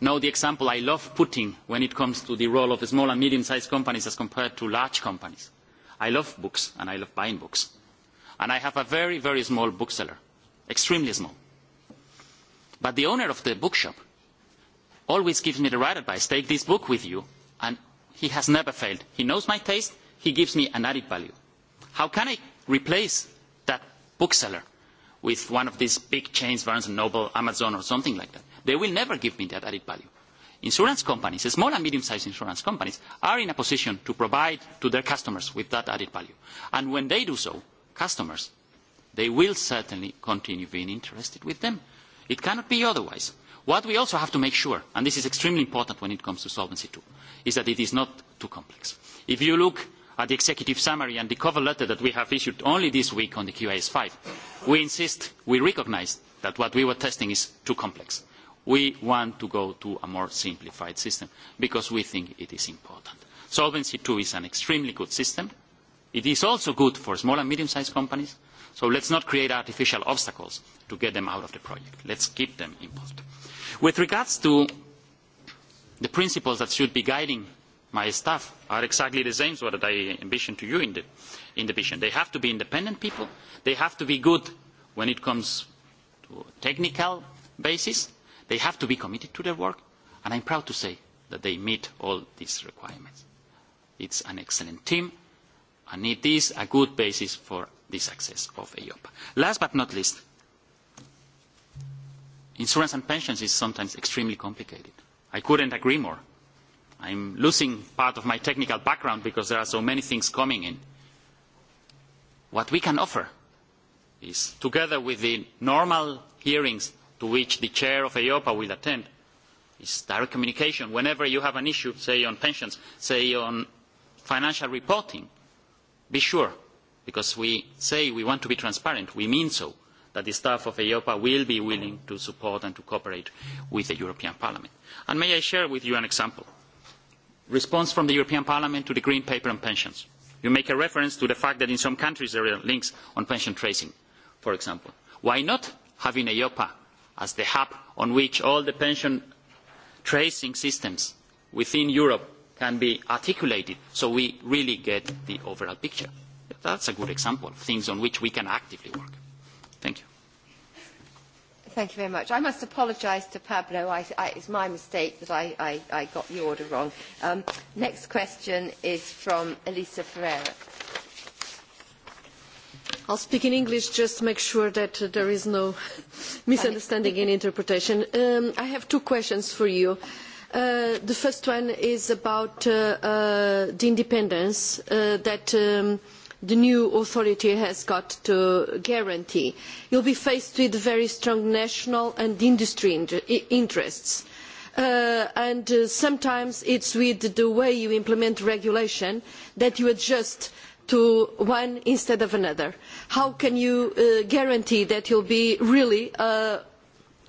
know the example i love putting when it comes to the role of small and medium sized companies as compared to large companies. i love books and i love buying books and i have a very very small bookseller extremely small but the owner of the bookshop always gives me the right advice take this book with you and he has never failed he knows my taste he gives me an added value how can i replace that bookseller with one of these big chains barnes and noble amazon or something like that they will never give me that added value. Insurance companies, small and medium-sized insurance companies, are in a position to provide to their customers with that added value. And when they do so, customers, they will certainly continue being interested with them. It cannot be otherwise. What we also have to make sure, and this is extremely important when it comes to Solvency II, is that it is not too complex. If you look at the executive summary and the cover letter that we have issued only this week on the QIS 5, we insist, we recognize that what we were testing is too complex we want to go to a more simplified system because we think it is important. Solvency II is an extremely good system. It is also good for small and medium-sized companies. So let's not create artificial obstacles to get them out of the project. Let's keep them involved. With regards to the principles that should be guiding my staff are exactly the same as what I envisioned to you in the, in the vision. They have to be independent people. They have to be good when it comes to technical basis they have to be committed to their work, and I'm proud to say that they meet all these requirements. It's an excellent team, and it is a good basis for the success of AOPA. Last but not least, insurance and pensions is sometimes extremely complicated. I couldn't agree more. I'm losing part of my technical background because there are so many things coming in. What we can offer is, together with the normal hearings to which the chair of AOPA will attend is direct communication. Whenever you have an issue, say on pensions, say on financial reporting, be sure, because we say we want to be transparent, we mean so, that the staff of AOPA will be willing to support and to cooperate with the European Parliament. And may I share with you an example? Response from the European Parliament to the Green Paper on Pensions. You make a reference to the fact that in some countries there are links on pension tracing, for example. Why not having AOPA as the hub on which all the pension tracing systems within Europe can be articulated so we really get the overall picture. That's a good example of things on which we can actively work. Thank you. Thank you very much. I must apologise to Pablo. I, I, it's my mistake that I, I, I got the order wrong. Um, next question is from Elisa Ferreira. I'll speak in English just to make sure that uh, there is no misunderstanding in interpretation. Um, I have two questions for you. Uh, the first one is about uh, uh, the independence uh, that um, the new authority has got to guarantee. You'll be faced with very strong national and industry inter interests. Uh, and uh, sometimes it's with the way you implement regulation that you adjust to one instead of another how can you uh, guarantee that you'll be really uh,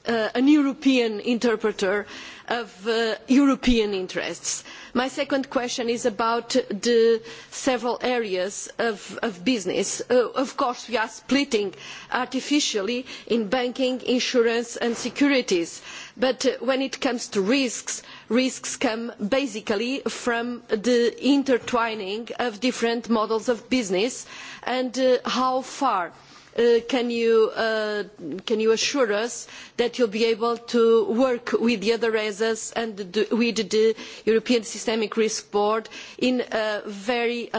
uh, an European interpreter of uh, European interests? My second question is about the several areas of, of business. Uh, of course, we are splitting artificially in banking, insurance and securities. Uh, but uh, when it comes to risks risks come basically from the intertwining of different models of business and uh, how far uh, can you assure us that you will be able to work with the other esas and with the european systemic risk board in a very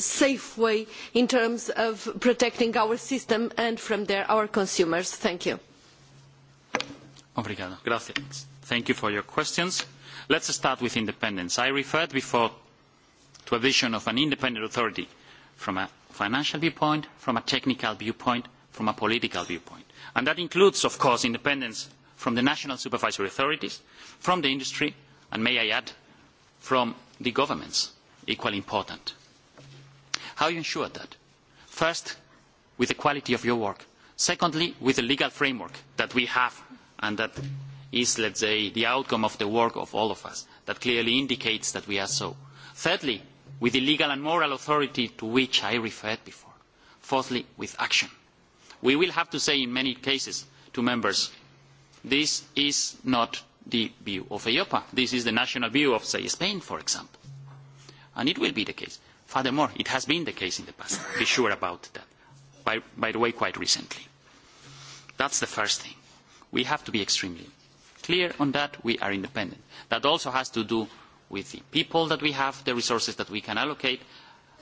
safe way in terms of protecting our system and from there our consumers? thank you let us start with independence. i referred before to the addition of an independent authority from a financial viewpoint from a technical viewpoint from a political viewpoint and that includes of course independence from the national supervisory authorities from the industry and may i add from the governments equally important. how do you ensure that? first with the quality of your work secondly with the legal framework that we have and that is, let's say, the outcome of the work of all of us, that clearly indicates that we are so. Thirdly, with the legal and moral authority to which I referred before. Fourthly, with action. We will have to say in many cases to members, this is not the view of EIOPA. This is the national view of, say, Spain, for example. And it will be the case. Furthermore, it has been the case in the past. Be sure about that. By, by the way, quite recently. That's the first thing we have to be extremely clear on that we are independent. That also has to do with the people that we have, the resources that we can allocate,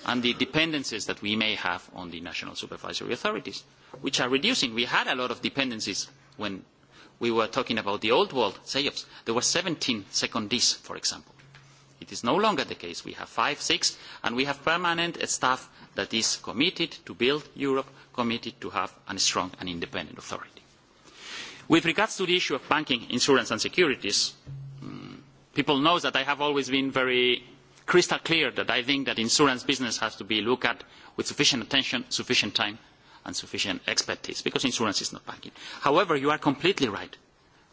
and the dependencies that we may have on the national supervisory authorities, which are reducing. We had a lot of dependencies when we were talking about the old world sales. There were 17 secondees, for example. It is no longer the case. We have five, six, and we have permanent staff that is committed to build Europe, committed to have a strong and independent authority. With regards to the issue of banking, insurance and securities, mm, people know that I have always been very crystal clear that I think that insurance business has to be looked at with sufficient attention, sufficient time and sufficient expertise, because insurance is not banking. However, you are completely right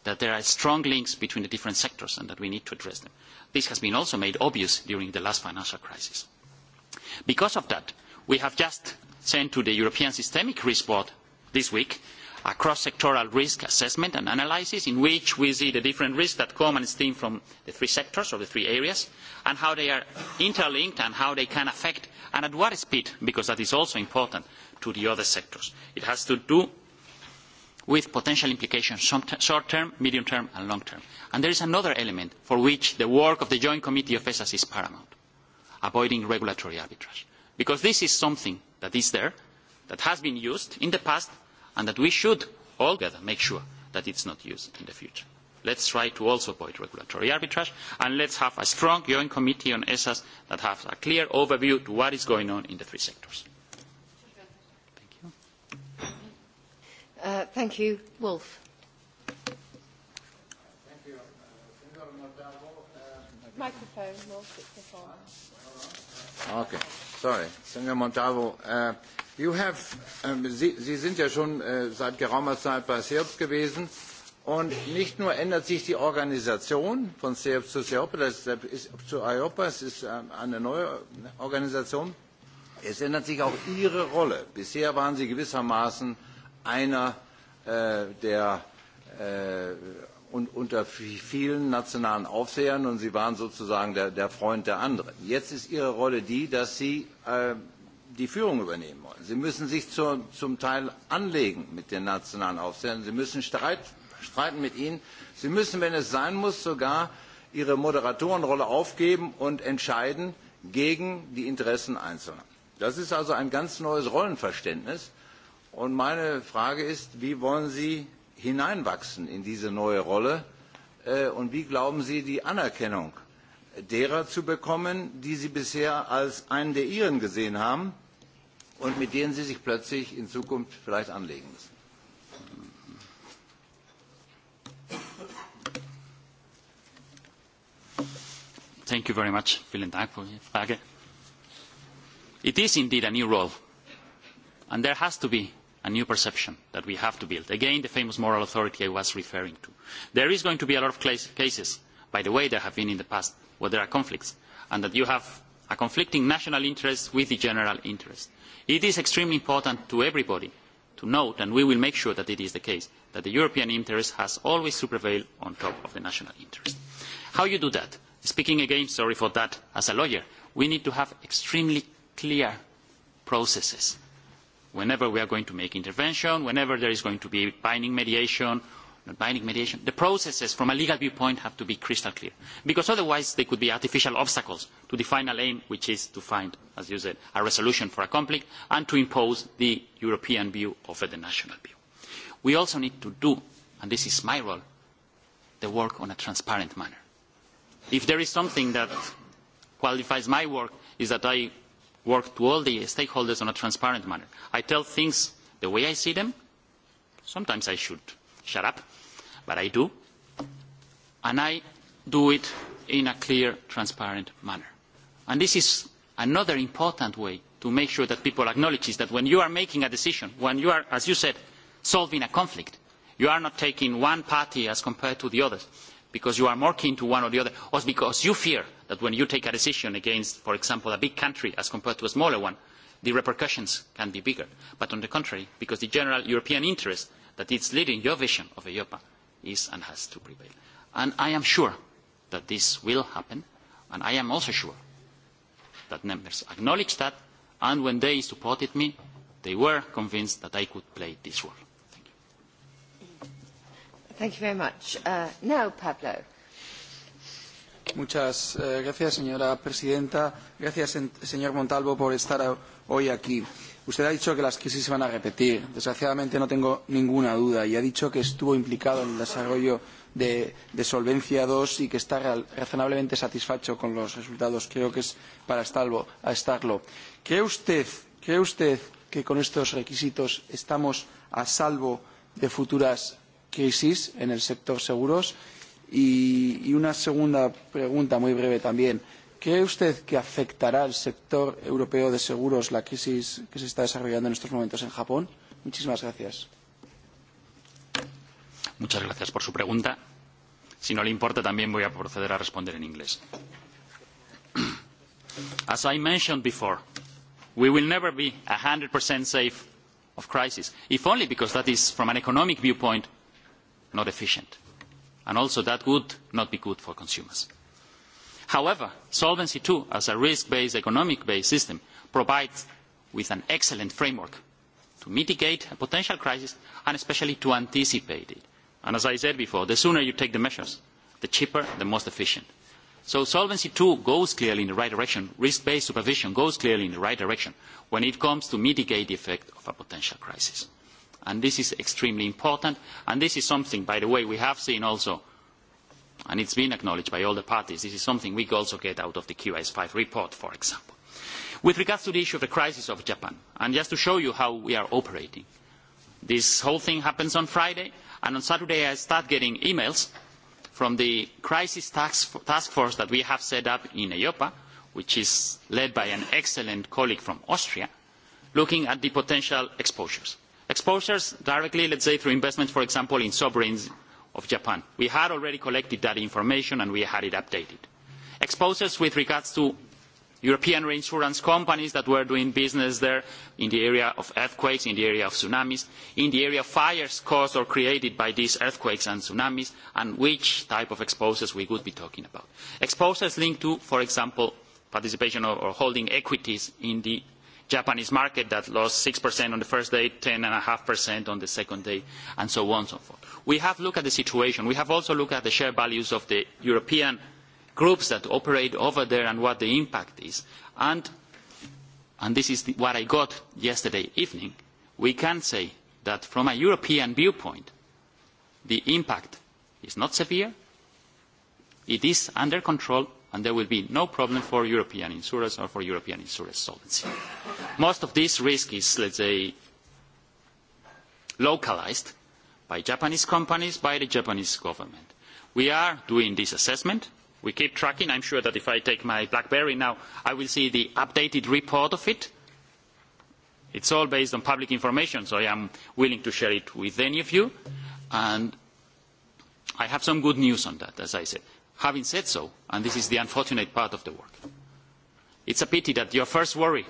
that there are strong links between the different sectors and that we need to address them. This has been also made obvious during the last financial crisis. Because of that, we have just sent to the European Systemic Risk Board this week a cross-sectoral risk assessment and analysis in which we see the different risks that come and stem from the three sectors or the three areas and how they are interlinked and how they can affect and at what speed, because that is also important, to the other sectors. It has to do with potential implications short-term, medium-term and long-term. And there is another element for which the work of the Joint Committee of ESAS is paramount, avoiding regulatory arbitrage. Because this is something that is there, that has been used in the past, and that we should all together make sure that it is not used in the future. Let us try to also avoid regulatory arbitrage and let us have a strong joint committee on ESAS that has a clear overview to what is going on in the three sectors. Thank you. Uh, thank you. Wolf. Microphone, more Okay, sorry. Senor Montalvo, uh, Ähm, sie sind ja schon äh, seit geraumer zeit bei ceeb gewesen und nicht nur ändert sich die organisation von ceeb zu ceiop zu eiopa es ist ähm, eine neue organisation es ändert sich auch ihre rolle. bisher waren sie gewissermaßen einer äh, der äh, unter vielen nationalen aufsehern und sie waren sozusagen der freund der anderen. jetzt ist ihre rolle die dass sie ähm, die Führung übernehmen wollen. Sie müssen sich zu, zum Teil anlegen mit den nationalen Aufsehern. Sie müssen Streit, streiten mit ihnen. Sie müssen, wenn es sein muss, sogar ihre Moderatorenrolle aufgeben und entscheiden gegen die Interessen Einzelner. Das ist also ein ganz neues Rollenverständnis. Und meine Frage ist, wie wollen Sie hineinwachsen in diese neue Rolle? Äh, und wie glauben Sie, die Anerkennung derer zu bekommen, die Sie bisher als einen der Ihren gesehen haben? und mit denen Sie sich plötzlich in Zukunft vielleicht anlegen müssen. Thank you very much. Vielen Dank für Ihre Frage. It is indeed a new role. And there has to be a new perception that we have to build. Again, the famous moral authority I was referring to. There is going to be a lot of cases, by the way, there have been in the past, where there are conflicts, and that you have a conflicting national interest with the general interest. It is extremely important to everybody to note, and we will make sure that it is the case, that the European interest has always to prevail on top of the national interest. How you do that? Speaking again, sorry for that, as a lawyer, we need to have extremely clear processes whenever we are going to make intervention, whenever there is going to be binding mediation, not binding mediation, the processes from a legal viewpoint have to be crystal clear. Because otherwise there could be artificial obstacles to the final aim, which is to find, as you said, a resolution for a conflict and to impose the European view over the national view. We also need to do, and this is my role, the work on a transparent manner. If there is something that qualifies my work is that I work to all the stakeholders on a transparent manner. I tell things the way I see them. Sometimes I should shut up but I do, and I do it in a clear, transparent manner. And this is another important way to make sure that people acknowledge is that when you are making a decision, when you are, as you said, solving a conflict, you are not taking one party as compared to the others because you are more keen to one or the other, or because you fear that when you take a decision against, for example, a big country as compared to a smaller one, the repercussions can be bigger. But on the contrary, because the general European interest that is leading your vision of Europa is and has to prevail. And I am sure that this will happen, and I am also sure that members acknowledge that, and when they supported me, they were convinced that I could play this role. Thank you. Thank you very much. Uh, now, Pablo. Muchas eh, gracias, señora presidenta. Gracias, en, señor Montalvo, por estar hoy aquí. Usted ha dicho que las crisis se van a repetir. Desgraciadamente no tengo ninguna duda y ha dicho que estuvo implicado en el desarrollo de, de Solvencia II y que está real, razonablemente satisfecho con los resultados. Creo que es para estarlo. A estarlo. ¿Cree, usted, ¿Cree usted que con estos requisitos estamos a salvo de futuras crisis en el sector seguros? Y, y una segunda pregunta muy breve también cree usted que afectará al sector europeo de seguros la crisis que se está desarrollando en estos momentos en Japón? Muchísimas gracias. Muchas gracias por su pregunta. Si no le importa, también voy a proceder a responder en inglés. As I mentioned before, we will never be 100% safe of crisis, if only because that is, from an economic viewpoint, not efficient. And also, that would not be good for consumers however solvency ii as a risk based economic based system provides an excellent framework to mitigate a potential crisis and especially to anticipate it. And as I said before, the sooner you take the measures, the cheaper, the most efficient. So Solvency II goes clearly in the right direction. Risk-based supervision goes clearly in the right direction when it comes to mitigate the effect of a potential crisis. And this is extremely important. And this is something, by the way, we have seen also and it's been acknowledged by all the parties, this is something we also get out of the QIS5 report, for example. With regards to the issue of the crisis of Japan, and just to show you how we are operating, this whole thing happens on Friday, and on Saturday I start getting emails from the crisis task, task force that we have set up in EIOPA, which is led by an excellent colleague from Austria, looking at the potential exposures. Exposures directly, let's say, through investments, for example, in sovereigns of Japan. We had already collected that information, and we had it updated. Exposures with regards to European reinsurance companies that were doing business there in the area of earthquakes, in the area of tsunamis, in the area of fires caused or created by these earthquakes and tsunamis, and which type of exposures we would be talking about. Exposures linked to, for example, participation or holding equities in the Japanese market that lost 6% on the first day, 10.5% on the second day, and so on and so forth we have looked at the situation. We have also looked at the share values of the European groups that operate over there and what the impact is. And, and this is the, what I got yesterday evening. We can say that from a European viewpoint, the impact is not severe, it is under control, and there will be no problem for European insurers or for European insurers' solvency. Most of this risk is, let's say, localized by Japanese companies, by the Japanese government. We are doing this assessment. We keep tracking. I'm sure that if I take my BlackBerry now, I will see the updated report of it. It's all based on public information, so I am willing to share it with any of you. And I have some good news on that, as I said. Having said so, and this is the unfortunate part of the work, it's a pity that your first worry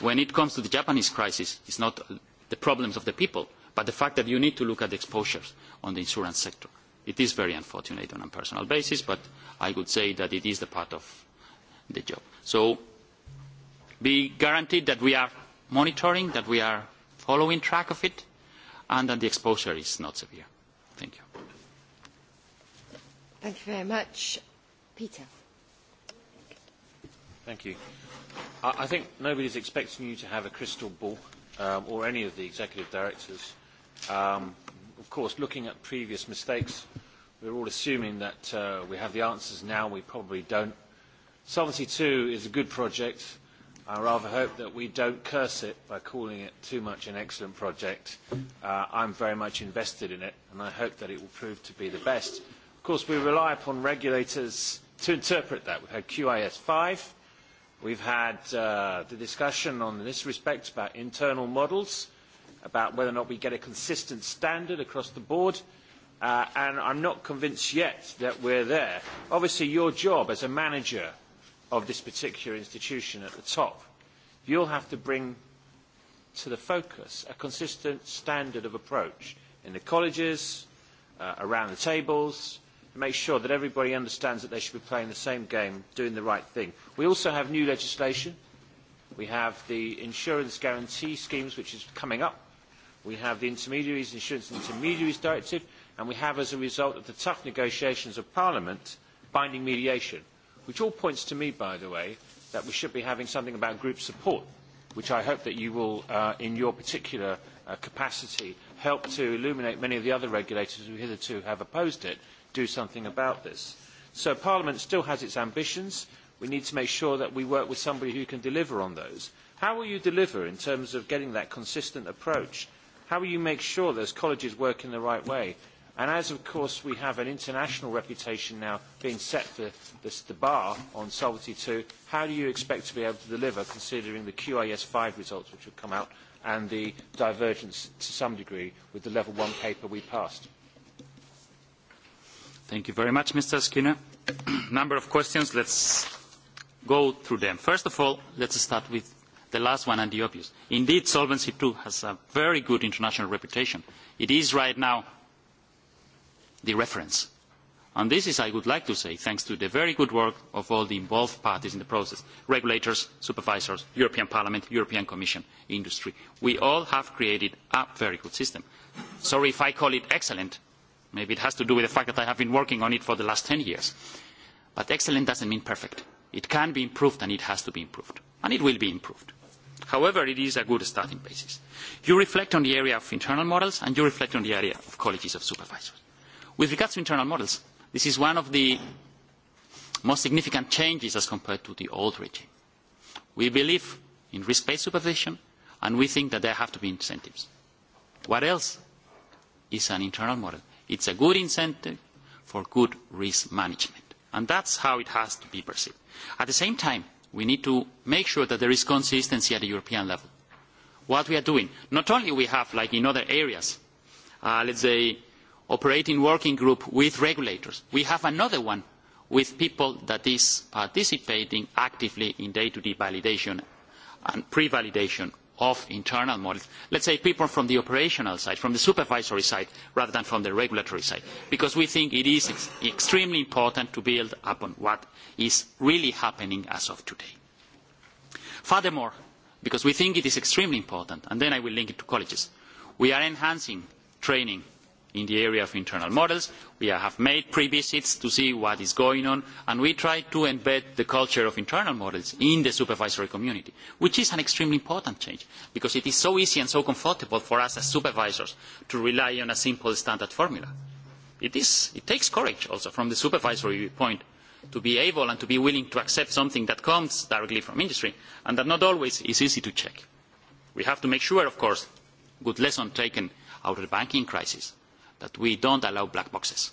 when it comes to the Japanese crisis is not the problems of the people, but the fact that you need to look at the exposures on the insurance sector. It is very unfortunate on a personal basis, but I would say that it is the part of the job. So be guaranteed that we are monitoring, that we are following track of it, and that the exposure is not severe. Thank you. Thank you very much. Peter. Thank you. I think nobody is expecting you to have a crystal ball um, or any of the executive directors. Um, of course, looking at previous mistakes, we're all assuming that uh, we have the answers now. We probably don't. Solvency 2 is a good project. I rather hope that we don't curse it by calling it too much an excellent project. Uh, I'm very much invested in it, and I hope that it will prove to be the best. Of course, we rely upon regulators to interpret that. We've had QIS 5. We've had uh, the discussion on this respect about internal models about whether or not we get a consistent standard across the board, uh, and I'm not convinced yet that we're there. Obviously, your job as a manager of this particular institution at the top, you'll have to bring to the focus a consistent standard of approach in the colleges, uh, around the tables, to make sure that everybody understands that they should be playing the same game, doing the right thing. We also have new legislation. We have the insurance guarantee schemes, which is coming up We have the intermediaries, Insurance Intermediaries Directive, and we have, as a result of the tough negotiations of Parliament, binding mediation, which all points to me, by the way, that we should be having something about group support, which I hope that you will, uh, in your particular uh, capacity, help to illuminate many of the other regulators who hitherto have opposed it, do something about this. So Parliament still has its ambitions. We need to make sure that we work with somebody who can deliver on those. How will you deliver in terms of getting that consistent approach how will you make sure those colleges work in the right way? And as, of course, we have an international reputation now being set for this, the bar on Solvity 2, how do you expect to be able to deliver, considering the QIS 5 results which have come out and the divergence to some degree with the Level 1 paper we passed? Thank you very much, Mr. Skinner. Number of questions. Let's go through them. First of all, let's start with the last one and the obvious. Indeed, Solvency II has a very good international reputation. It is right now the reference. And this is, I would like to say, thanks to the very good work of all the involved parties in the process, regulators, supervisors, European Parliament, European Commission, industry. We all have created a very good system. Sorry if I call it excellent. Maybe it has to do with the fact that I have been working on it for the last 10 years. But excellent doesn't mean perfect. It can be improved and it has to be improved. And it will be improved. However, it is a good starting basis. You reflect on the area of internal models, and you reflect on the area of colleges of supervisors. With regards to internal models, this is one of the most significant changes as compared to the old regime. We believe in risk-based supervision, and we think that there have to be incentives. What else is an internal model? It's a good incentive for good risk management. And that's how it has to be perceived. At the same time, we need to make sure that there is consistency at the European level. What we are doing, not only we have, like in other areas, uh, let's say, operating working group with regulators, we have another one with people that is participating actively in day-to-day -day validation and pre-validation of internal models. Let's say people from the operational side, from the supervisory side, rather than from the regulatory side. Because we think it is ex extremely important to build upon what is really happening as of today. Furthermore, because we think it is extremely important, and then I will link it to colleges, we are enhancing training in the area of internal models we have made pre visits to see what is going on and we try to embed the culture of internal models in the supervisory community which is an extremely important change because it is so easy and so comfortable for us as supervisors to rely on a simple standard formula it, is, it takes courage also from the supervisory point to be able and to be willing to accept something that comes directly from industry and that not always is easy to check. We have to make sure, of course, good lesson taken out of the banking crisis that we don't allow black boxes.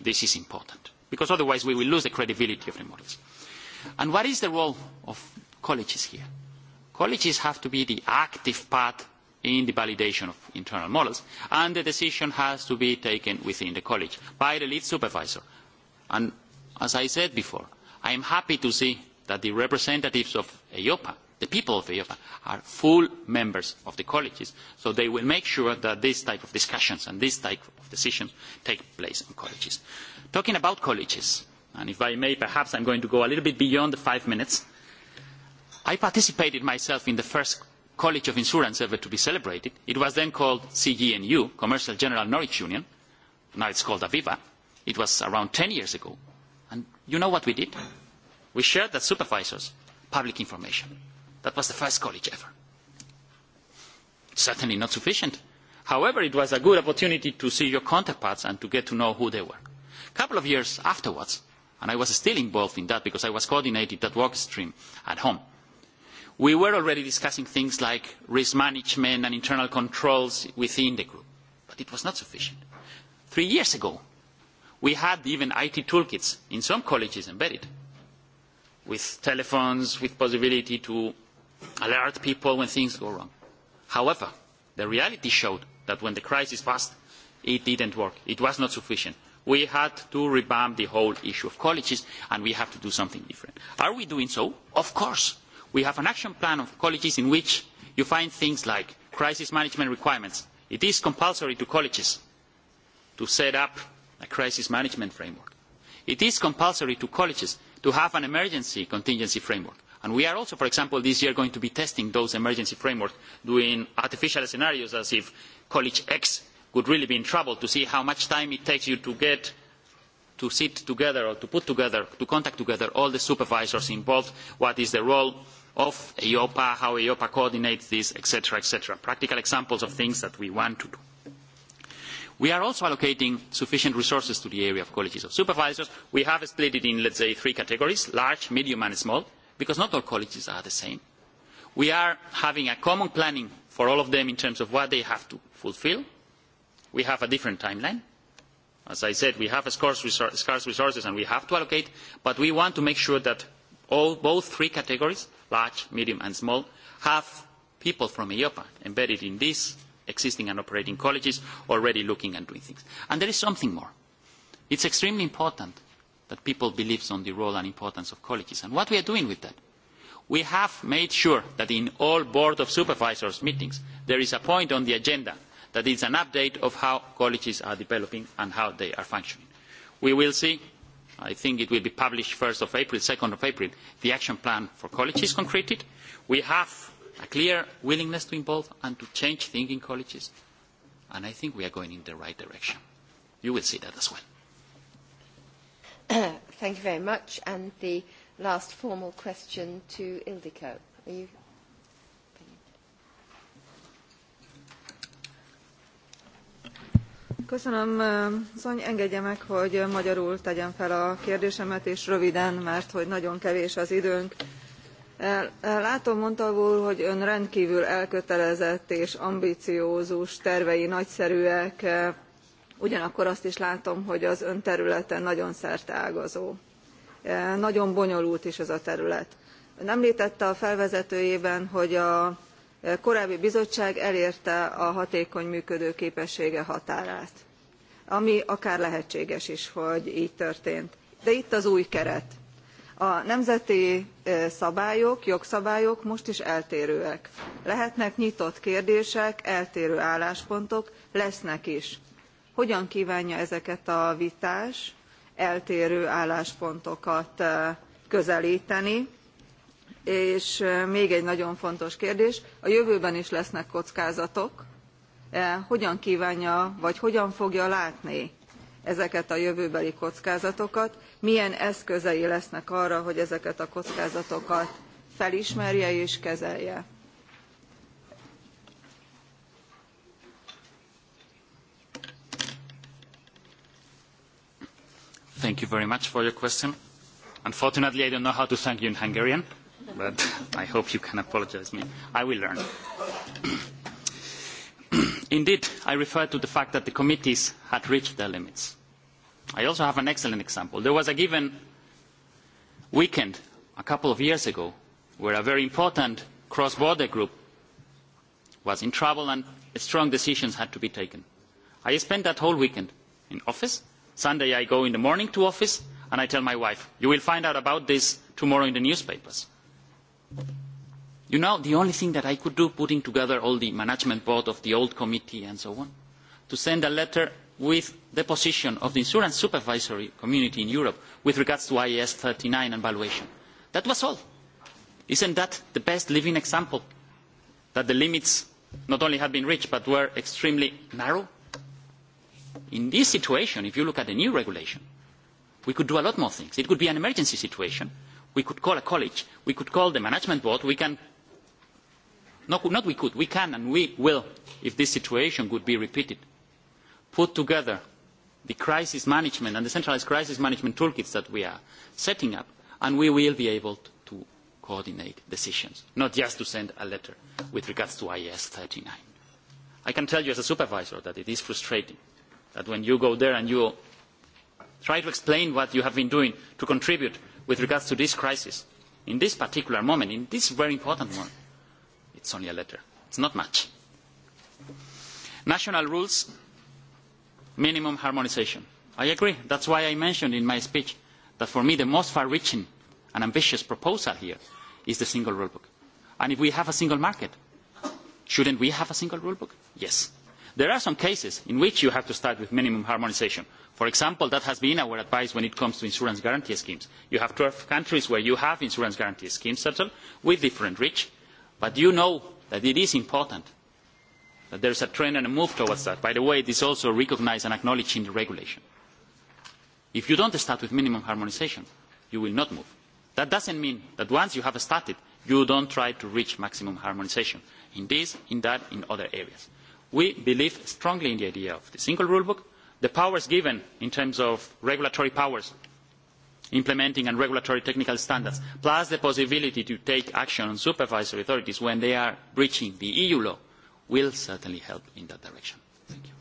This is important, because otherwise we will lose the credibility of the models. And what is the role of colleges here? Colleges have to be the active part in the validation of internal models, and the decision has to be taken within the college by the lead supervisor. And as I said before, I am happy to see that the representatives of EIOPA the people of IOFA are full members of the colleges, so they will make sure that this type of discussions and this type of decisions take place in colleges. Talking about colleges, and if I may, perhaps I'm going to go a little bit beyond the five minutes. I participated myself in the first college of insurance ever to be celebrated. It was then called CGNU, Commercial General Norwich Union. Now it's called Aviva. It was around 10 years ago. And you know what we did? We shared the supervisors public information. That was the first college ever. Certainly not sufficient. However, it was a good opportunity to see your counterparts and to get to know who they were. A couple of years afterwards, and I was still involved in that because I was coordinating that work stream at home, we were already discussing things like risk management and internal controls within the group. But it was not sufficient. Three years ago, we had even IT toolkits in some colleges embedded with telephones, with possibility to alert people when things go wrong. However, the reality showed that when the crisis passed, it didn't work. It was not sufficient. We had to revamp the whole issue of colleges, and we have to do something different. Are we doing so? Of course. We have an action plan of colleges in which you find things like crisis management requirements. It is compulsory to colleges to set up a crisis management framework. It is compulsory to colleges to have an emergency contingency framework and we are also for example this year going to be testing those emergency frameworks doing artificial scenarios as if college x would really be in trouble to see how much time it takes you to get to sit together or to put together to contact together all the supervisors involved what is the role of EOPA, how EOPA coordinates this, etc., etc. Practical examples of things that we want to do. We are also allocating sufficient resources to the area of colleges of supervisors. We have split it in, let's say, three categories, large, medium, and small because not all colleges are the same. We are having a common planning for all of them in terms of what they have to fulfill. We have a different timeline. As I said, we have a scarce resources and we have to allocate, but we want to make sure that all, both three categories, large, medium and small, have people from EIOPA embedded in these existing and operating colleges already looking and doing things. And there is something more. It's extremely important that people believe on the role and importance of colleges. And what we are doing with that? We have made sure that in all Board of Supervisors meetings there is a point on the agenda that is an update of how colleges are developing and how they are functioning. We will see, I think it will be published 1st of April, 2nd of April, the action plan for colleges concreted. We have a clear willingness to involve and to change thinking colleges, and I think we are going in the right direction. You will see that as well. Thank you very much. And the last formal question to Ildiko. Are you? Köszönöm, Szony, engedje meg, hogy magyarul tegyem fel a kérdésemet, és röviden, mert hogy nagyon kevés az időnk. Látom, mondta úr, hogy ön rendkívül elkötelezett és ambiciózus tervei nagyszerűek, ugyanakkor azt is látom hogy az ön területe nagyon szerteágazó e, nagyon bonyolult is ez a terület. ön emltette a felvezetőjében hogy a e, korábbi bizottság elérte a hatékony működő képessége határát ami akár lehetséges is hogy gy történt de itt az új keret a nemzeti e, szabályok jogszabályok most is eltérőek lehetnek nyitott kérdések eltérő álláspontok lesznek is hogyan kvánja ezeket a vitás eltérő álláspontokat közelteni és még egy nagyon fontos kérdés a jövőben is lesznek kockázatok hogyan kvánja vagy hogyan fogja látni ezeket a jövőbeli kockázatokat milyen eszközei lesznek arra hogy ezeket a kockázatokat felismerje és kezelje? Thank you very much for your question. Unfortunately, I don't know how to thank you in Hungarian, but I hope you can apologize me. I will learn. Indeed, I refer to the fact that the committees had reached their limits. I also have an excellent example. There was a given weekend a couple of years ago where a very important cross-border group was in trouble and strong decisions had to be taken. I spent that whole weekend in office sunday i go in the morning to the office and i tell my wife you will find out about this tomorrow in the newspapers. you know the only thing that i could do putting together all the management board of the old committee and so on to send a letter with the position of the insurance supervisory community in europe with regards to ias 39 and valuation that was all isn't that the best living example that the limits not only had been reached but were extremely narrow? in this situation, if you look at the new regulation, we could do a lot more things. It could be an emergency situation. We could call a college. We could call the management board. We can, not, not we could, we can and we will, if this situation could be repeated, put together the crisis management and the centralized crisis management toolkits that we are setting up, and we will be able to coordinate decisions, not just to send a letter with regards to IS e 39. I can tell you as a supervisor that it is frustrating that when you go there and you try to explain what you have been doing to contribute with regards to this crisis, in this particular moment, in this very important one, it's only a letter. It's not much. National rules, minimum harmonization. I agree. That's why I mentioned in my speech that for me the most far-reaching and ambitious proposal here is the single rule book. And if we have a single market, shouldn't we have a single rule book? Yes there are some cases in which you have to start with minimum harmonisation. for example, that has been our advice when it comes to insurance guarantee schemes. you have 12 countries where you have insurance guarantee schemes settled with different reach, but you know that it is important that there is a trend and a move towards that. by the way, it is also recognised and acknowledged in the regulation. if you don't start with minimum harmonisation, you will not move. that doesn't mean that once you have started, you don't try to reach maximum harmonisation in this, in that, in other areas we believe strongly in the idea of the single rule book the powers given in terms of regulatory powers implementing and regulatory technical standards plus the possibility to take action on supervisory authorities when they are breaching the eu law will certainly help in that direction thank you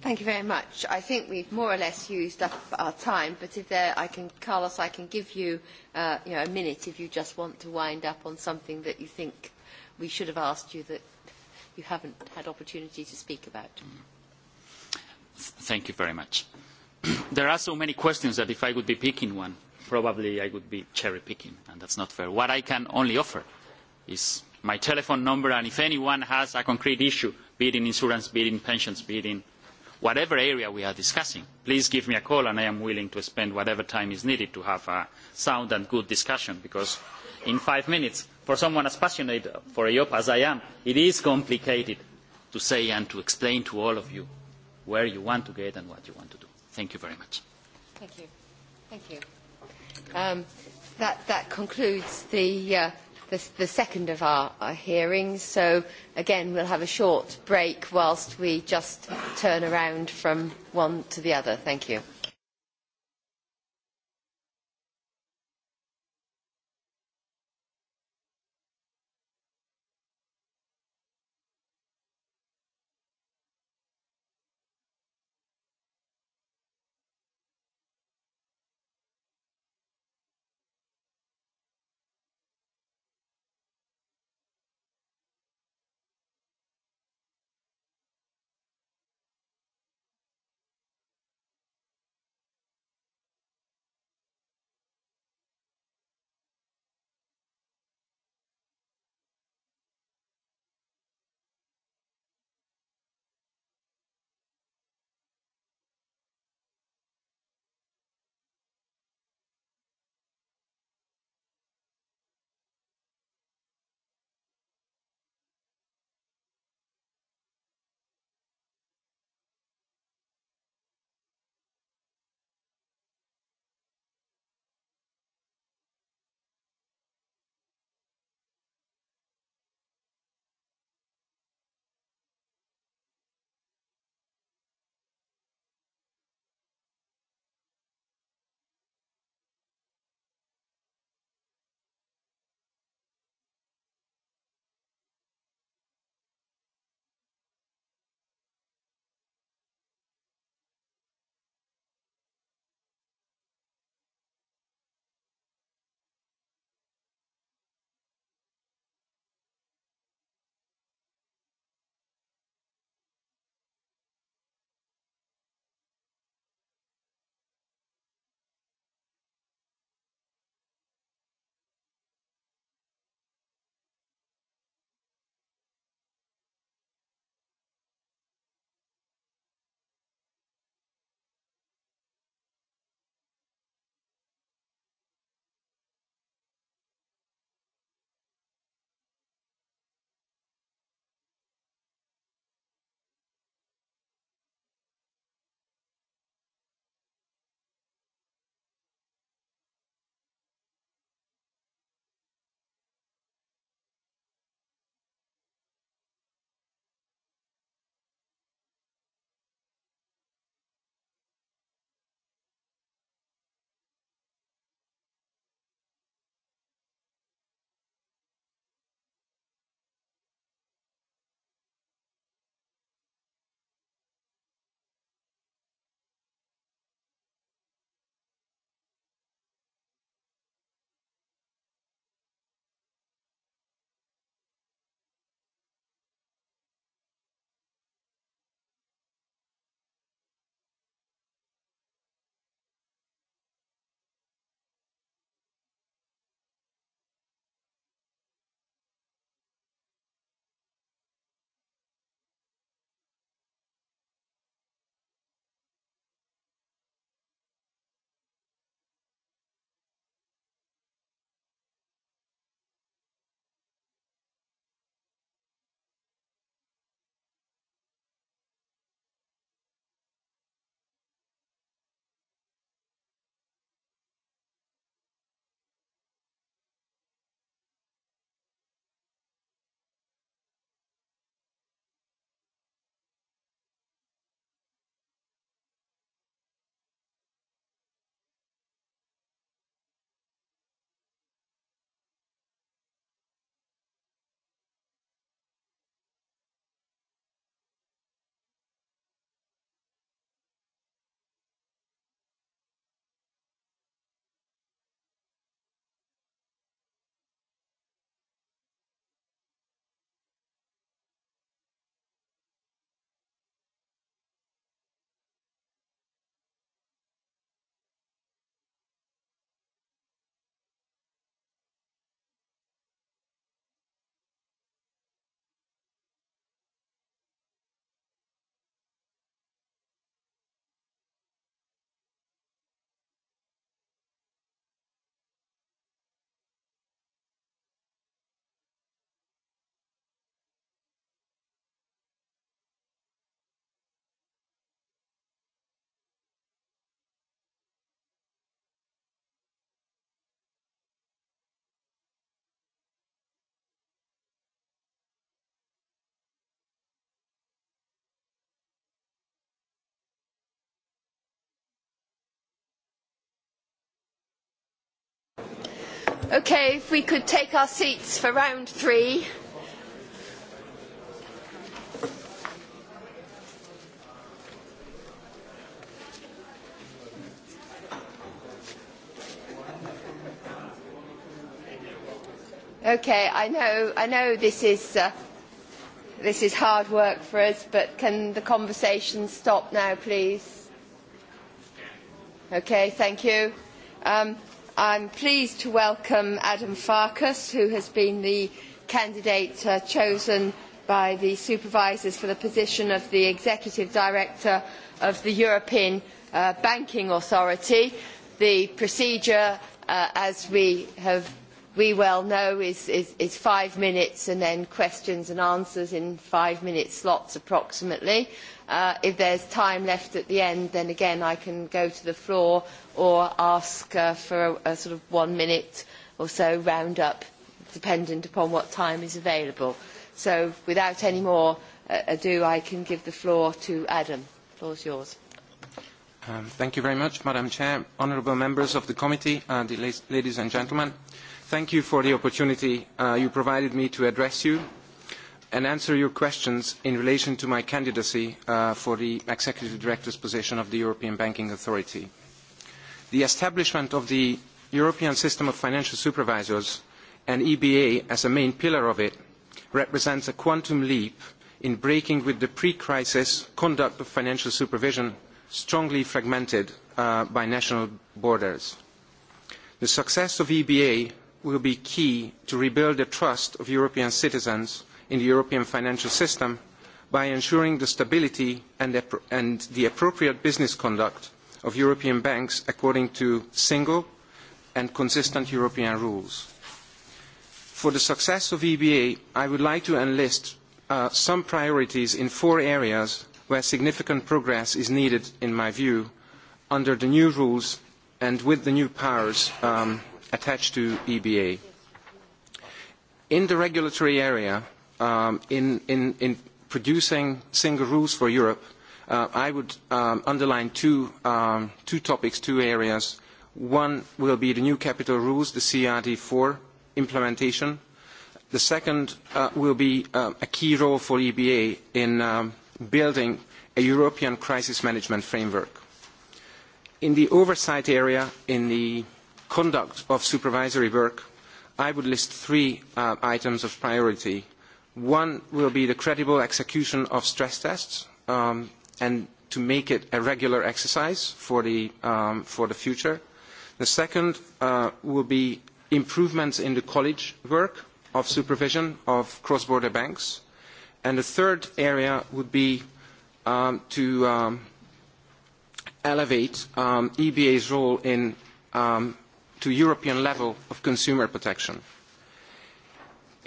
thank you very much i think we've more or less used up our time but if there i can carlos i can give you uh, you know a minute if you just want to wind up on something that you think we should have asked you that you haven't had opportunity to speak about. Thank you very much. there are so many questions that if I would be picking one, probably I would be cherry picking, and that's not fair. What I can only offer is my telephone number, and if anyone has a concrete issue, be it in insurance, be it in pensions, be it in whatever area we are discussing, please give me a call and I am willing to spend whatever time is needed to have a sound and good discussion because in five minutes, for someone as passionate for EOP as I am, it is complicated to say and to explain to all of you where you want to get and what you want to do. Thank you very much. Thank you. Thank you. Um, that, that concludes the... Uh, the second of our, our hearings. So again, we'll have a short break whilst we just turn around from one to the other. Thank you. Okay, if we could take our seats for round three. Okay, I know, I know this, is, uh, this is hard work for us, but can the conversation stop now, please? Okay, thank you. Um, I am pleased to welcome Adam Farkas, who has been the candidate uh, chosen by the supervisors for the position of the Executive Director of the European uh, Banking Authority. The procedure, uh, as we, have, we well know, is, is, is five minutes and then questions and answers in five minute slots approximately. Uh, if there is time left at the end, then again I can go to the floor or ask uh, for a, a sort of one minute or so round up, dependent upon what time is available. So without any more uh, ado, I can give the floor to Adam. The floor is yours. Um, thank you very much, Madam Chair, honourable members of the committee, uh, the la ladies and gentlemen. Thank you for the opportunity uh, you provided me to address you and answer your questions in relation to my candidacy uh, for the Executive Director's position of the European Banking Authority. The establishment of the European System of Financial Supervisors and EBA as a main pillar of it represents a quantum leap in breaking with the pre-crisis conduct of financial supervision strongly fragmented uh, by national borders. The success of EBA will be key to rebuild the trust of European citizens in the european financial system by ensuring the stability and the appropriate business conduct of european banks according to single and consistent european rules. for the success of the eba i would like to enlist uh, some priorities in four areas where significant progress is needed in my view under the new rules and with the new powers um, attached to eba. in the regulatory area um, in, in, in producing single rules for Europe, uh, I would um, underline two, um, two topics, two areas. One will be the new capital rules, the CRD4 implementation. The second uh, will be uh, a key role for EBA in um, building a European crisis management framework. In the oversight area, in the conduct of supervisory work, I would list three uh, items of priority. One will be the credible execution of stress tests um, and to make it a regular exercise for the, um, for the future. The second uh, will be improvements in the college work of supervision of cross-border banks. And the third area would be um, to um, elevate um, EBA's role in, um, to European level of consumer protection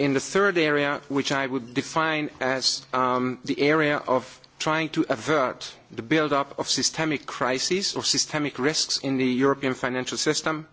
in the third area, which I would define as um, the area of trying to avert the build-up of systemic crises or systemic risks in the European financial system,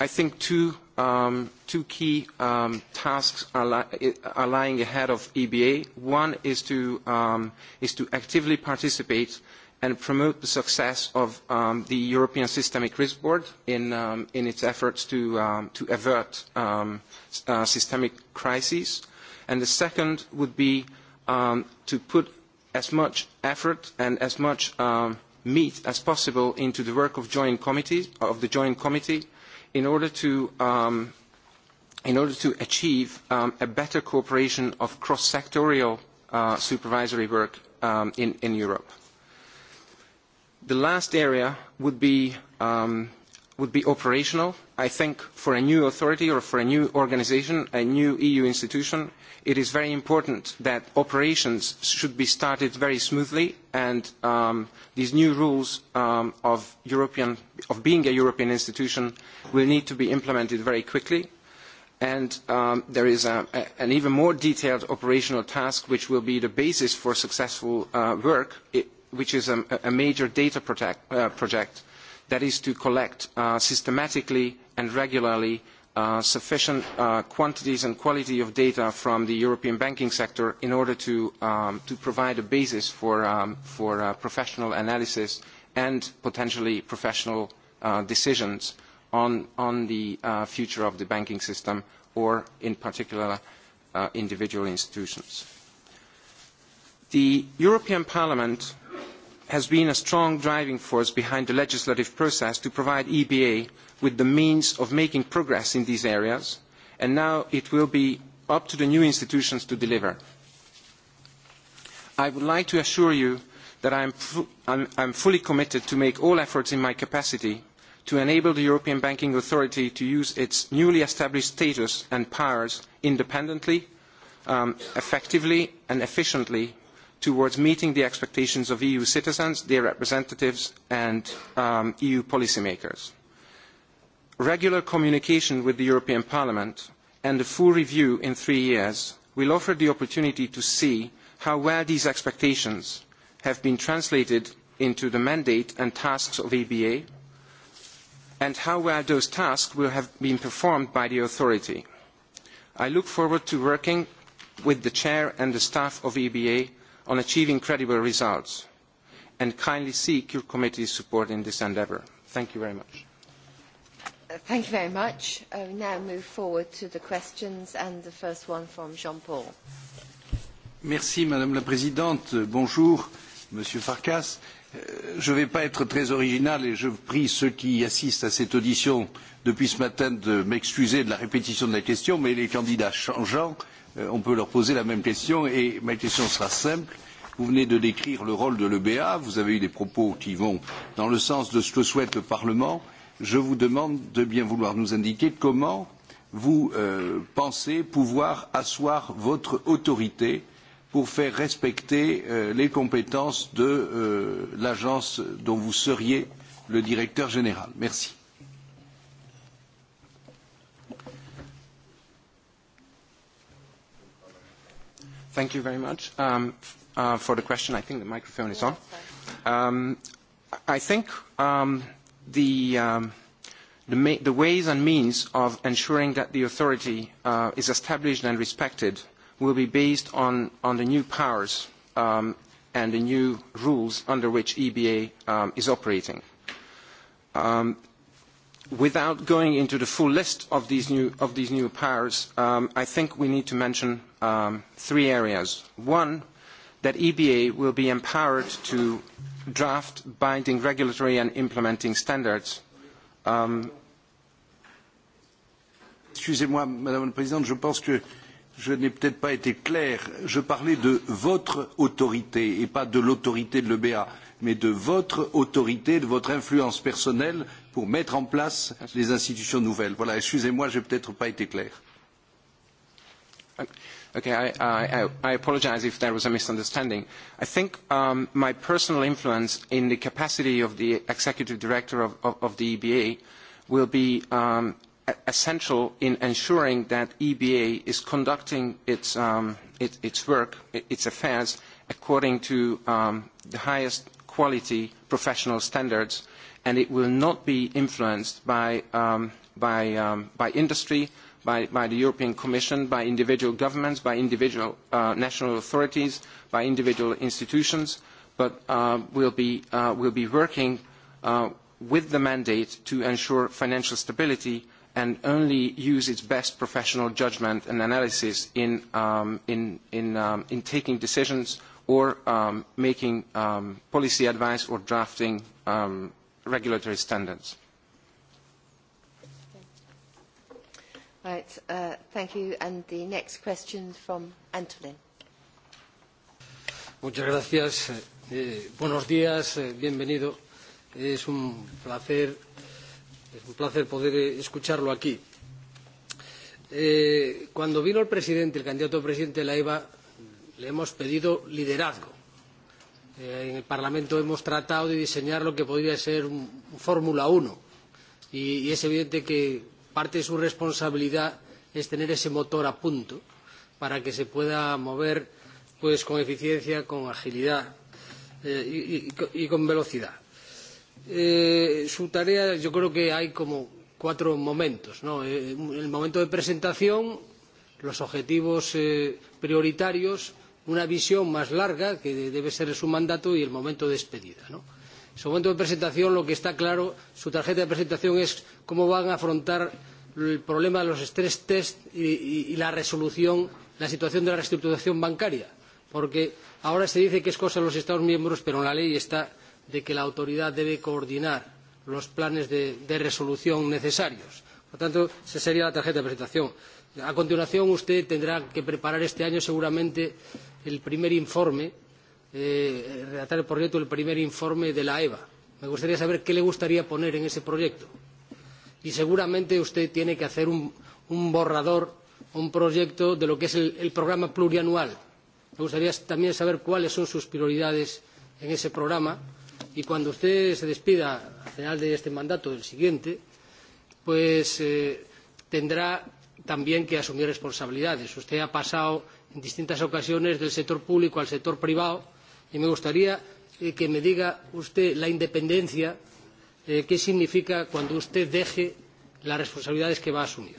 I think two, um, two key um, tasks are, li are lying ahead of EBA. One is to, um, is to actively participate and promote the success of um, the European Systemic Risk Board in, um, in its efforts to, um, to avert um, uh, systemic crises. And the second would be um, to put as much effort and as much um, meat as possible into the work of, joint committees, of the Joint Committee in order to, um, in order to achieve um, a better cooperation of cross-sectorial uh, supervisory work um, in, in Europe. The last area would be, um, would be operational. I think for a new authority or for a new organization, a new EU institution, it is very important that operations should be started very smoothly and um, these new rules um, of, European, of being a European institution will need to be implemented very quickly. And um, there is a, a, an even more detailed operational task which will be the basis for successful uh, work. It, which is a, a major data protect, uh, project that is to collect uh, systematically and regularly uh, sufficient uh, quantities and quality of data from the European banking sector in order to, um, to provide a basis for, um, for uh, professional analysis and potentially professional uh, decisions on, on the uh, future of the banking system or in particular uh, individual institutions. The European Parliament has been a strong driving force behind the legislative process to provide EBA with the means of making progress in these areas, and now it will be up to the new institutions to deliver. I would like to assure you that I am I'm, I'm fully committed to make all efforts in my capacity to enable the European Banking Authority to use its newly established status and powers independently, um, effectively and efficiently towards meeting the expectations of EU citizens, their representatives and um, EU policymakers. Regular communication with the European Parliament and a full review in three years will offer the opportunity to see how well these expectations have been translated into the mandate and tasks of EBA and how well those tasks will have been performed by the authority. I look forward to working with the chair and the staff of EBA on achieving credible results and kindly seek your committee's support in this endeavour. Thank you very much. Uh, thank you very much. Uh, we now move forward to the questions and the first one from Jean-Paul. Merci Madame la Présidente. Bonjour Monsieur Farkas je ne vais pas être très original et je prie ceux qui assistent à cette audition depuis ce matin de m'excuser de la répétition de la question mais les candidats changeants euh, on peut leur poser la même question et ma question sera simple vous venez de décrire le rôle de l'EBA vous avez eu des propos qui vont dans le sens de ce que souhaite le Parlement je vous demande de bien vouloir nous indiquer comment vous euh, pensez pouvoir asseoir votre autorité euh, pour faire respecter euh, les compétences de euh, l'agence dont vous seriez le directeur général. Merci. Thank you very much um, uh, for the question. I think the microphone is on. Um, I think um, the, um, the, ma- the ways and means of ensuring that the authority uh, is established and respected will be based on, on the new powers um, and the new rules under which EBA um, is operating. Um, without going into the full list of these new, of these new powers, um, I think we need to mention um, three areas. One, that EBA will be empowered to draft binding regulatory and implementing standards. Um, Excusez-moi, Madame la Présidente, je pense que je n'ai peut être pas été clair je parlais de votre autorité et pas de l'autorité de l'eba mais de votre autorité de votre influence personnelle pour mettre en place les institutions nouvelles. voilà excusez moi je n'ai peut être pas été clair. Okay, I, I, I apologize if there was a misunderstanding. I think um, my personal influence in the capacity of the executive director of, of, of the EBA will be um, E-, essential in ensuring that EBA is conducting its, um, it, its work, its affairs, according to um, the highest quality professional standards, and it will not be influenced by, um, by, um, by industry, by, by the European Commission, by individual governments, by individual uh, national authorities, by individual institutions, but uh, will be, uh, we'll be working uh, with the mandate to ensure financial stability and only use its best professional judgment and analysis in, um, in, in, um, in taking decisions or um, making um, policy advice or drafting um, regulatory standards. Right, uh, thank you. And the next question from Antolin. Muchas gracias. Eh, buenos días. Eh, bienvenido. Es un placer Es un placer poder eh, escucharlo aquí. Eh, cuando vino el presidente, el candidato presidente de la EVA, le hemos pedido liderazgo. Eh, en el Parlamento hemos tratado de diseñar lo que podría ser un, un Fórmula 1. Y, y es evidente que parte de su responsabilidad es tener ese motor a punto para que se pueda mover pues, con eficiencia, con agilidad eh, y, y, y con velocidad. Eh, su tarea yo creo que hay como cuatro momentos ¿no? eh, el momento de presentación los objetivos eh, prioritarios una visión más larga que debe ser su mandato y el momento de despedida. ¿no? en su momento de presentación lo que está claro su tarjeta de presentación es cómo van a afrontar el problema de los stress tests y, y, y la resolución la situación de la reestructuración bancaria porque ahora se dice que es cosa de los estados miembros pero en la ley está de que la autoridad debe coordinar los planes de, de resolución necesarios. Por tanto, esa sería la tarjeta de presentación. A continuación, usted tendrá que preparar este año seguramente el primer informe, eh, redactar el proyecto del primer informe de la EVA. Me gustaría saber qué le gustaría poner en ese proyecto. Y seguramente usted tiene que hacer un, un borrador, un proyecto de lo que es el, el programa plurianual. Me gustaría también saber cuáles son sus prioridades en ese programa y cuando usted se despida al final de este mandato del siguiente, pues eh, tendrá también que asumir responsabilidades. Usted ha pasado en distintas ocasiones del sector público al sector privado y me gustaría eh, que me diga usted la independencia, eh, qué significa cuando usted deje las responsabilidades que va a asumir.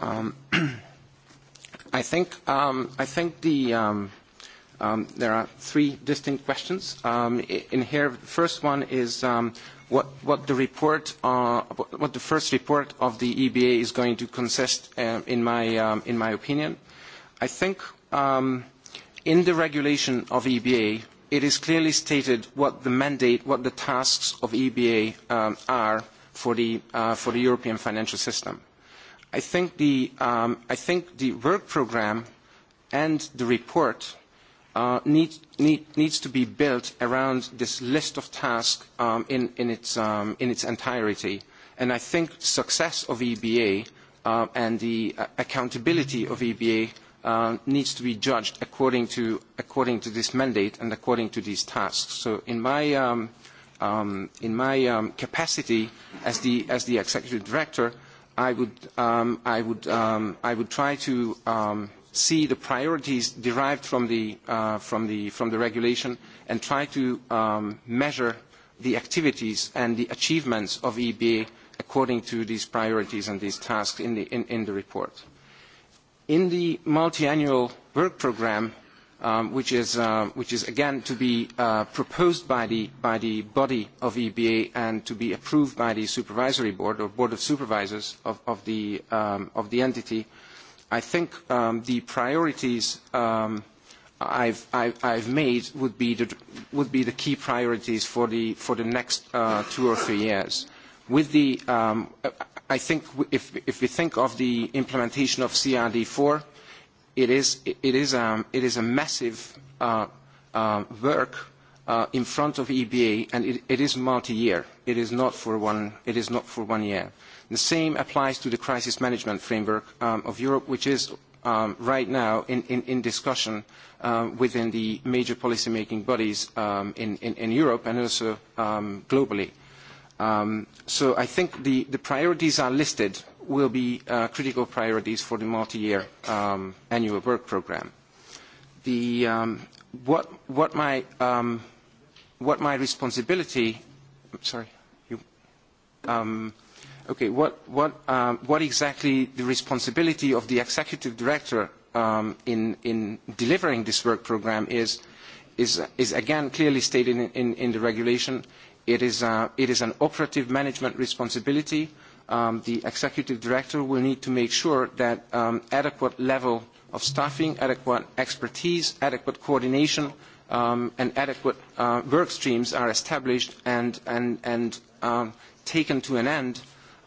Um, I think um, I think the um, um, there are three distinct questions um, in here. The first one is um, what what the report uh, what the first report of the EBA is going to consist uh, in my um, in my opinion. I think um, in the regulation of EBA it is clearly stated what the mandate what the tasks of EBA um, are for the uh, for the European financial system. I think the, um, I think the work program and the report uh, need, need, needs to be built around this list of tasks um, in, in, its, um, in its entirety. And I think success of EBA uh, and the uh, accountability of EBA uh, needs to be judged according to, according to this mandate and according to these tasks. So in my, um, um, in my um, capacity as the, as the executive director, uh, I would, um, I would, um, I would try to um, see the priorities derived from the, uh, from the, from the regulation and try to um, measure the activities and the achievements of EBA according to these priorities and these tasks in the, in, in the report. In the multi-annual work programme, um, which is uh, which is again to be uh, proposed by the by the body of EBA and to be approved by the supervisory board or board of supervisors of, of the um, of the entity. I think um, the priorities um, I've, I've made would be the, would be the key priorities for the for the next uh, two or three years. With the um, I think if if we think of the implementation of CRD four it is it is um, it is a massive uh, uh, work uh, in front of EBA, and it, it is multi-year. It is not for one. It is not for one year. The same applies to the crisis management framework um, of Europe, which is. Um, right now in, in, in discussion um, within the major policy-making bodies um, in, in, in Europe and also um, globally. Um, so I think the, the priorities are listed will be uh, critical priorities for the multi-year um, annual work program. The um, um, what my responsibility... Sorry, you... Okay, what exactly the responsibility of the executive director in delivering this work program is again clearly stated in the regulation. Uh, it is an operative management responsibility, um, the executive director will need to make sure that um, adequate level of staffing, adequate expertise, adequate coordination, um, and adequate uh, work streams are established and, and, and um, taken to an end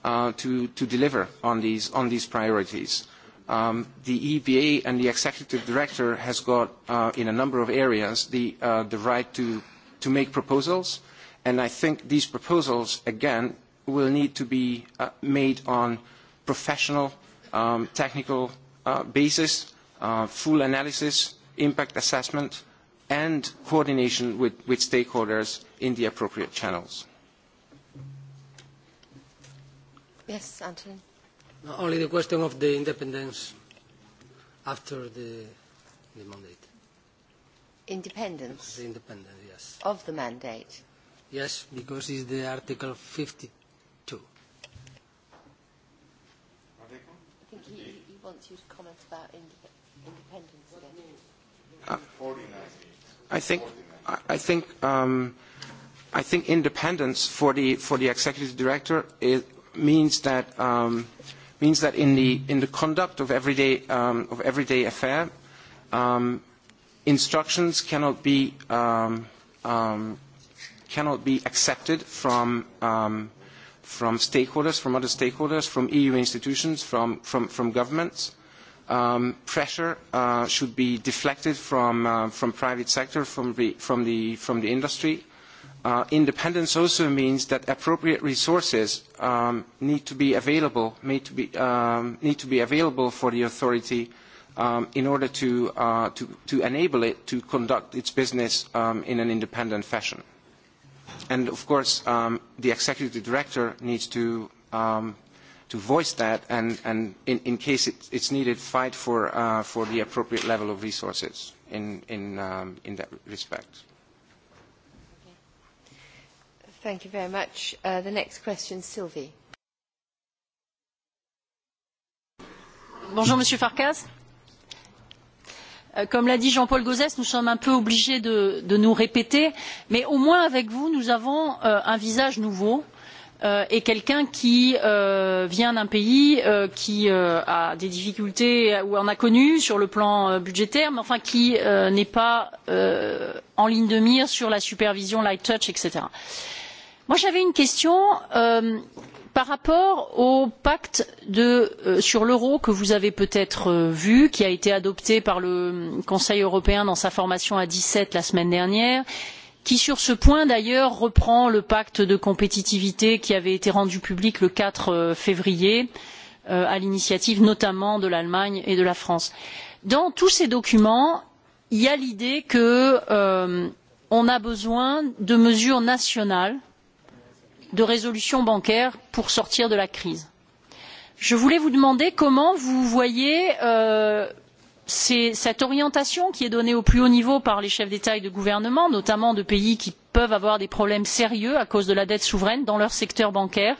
uh, to, to deliver on these, on these priorities. Um, the EBA and the executive director has got, uh, in a number of areas, the, uh, the right to, to make proposals, and I think these proposals, again, will need to be uh, made on professional um, technical uh, basis, uh, full analysis, impact assessment and coordination with, with stakeholders in the appropriate channels. Yes, Anthony. Not only the question of the independence after the, the mandate. Independence? The independence, yes. Of the mandate? Yes, because it's the Article 52. think he, he wants you to comment about independence again. Uh, I think I, I think um, I think independence for the for the executive director is, means that um, means that in the in the conduct of everyday um, of everyday affair um, instructions cannot be um, um, cannot be accepted from um, from stakeholders, from other stakeholders, from EU institutions, from, from, from governments. Um, pressure uh, should be deflected from, uh, from private sector, from the, from the, from the industry. Uh, independence also means that appropriate resources um, need to be available, need to be, um, need to be available for the authority um, in order to, uh, to, to enable it to conduct its business um, in an independent fashion and of course um, the executive director needs to um, to voice that and, and in, in case it, it's needed fight for uh, for the appropriate level of resources in in, um, in that respect Thank you very much. Uh, the next question, Sylvie. Bonjour, Monsieur Farkas. Euh, comme l'a dit jean paul gauzès nous sommes un peu obligés de, de nous répéter mais au moins avec vous nous avons euh, un visage nouveau euh, et quelqu'un qui euh, vient d'un pays euh, qui euh, a des difficultés ou en a connu sur le plan euh, budgétaire mais enfin qui euh, n'est pas euh, en ligne de mire sur la supervision light touch etc. moi j'avais une question euh, par rapport au pacte euh, sur l'euro que vous avez peut être euh, vu qui a été adopté par le conseil européen dans sa formation à dix sept la semaine dernière qui sur ce point d'ailleurs reprend le pacte de compétitivité qui avait été rendu public le quatre euh, février à l'initiative notamment de l'allemagne et de la france. dans tous ces documents il y a l'idée qu'on euh, a besoin de mesures nationales de résolution bancaire pour sortir de la crise. Je voulais vous demander comment vous voyez euh, cette orientation qui est donnée au plus haut niveau par les chefs d'État et de gouvernement, notamment de pays qui peuvent avoir des problèmes sérieux à cause de la dette souveraine dans leur secteur bancaire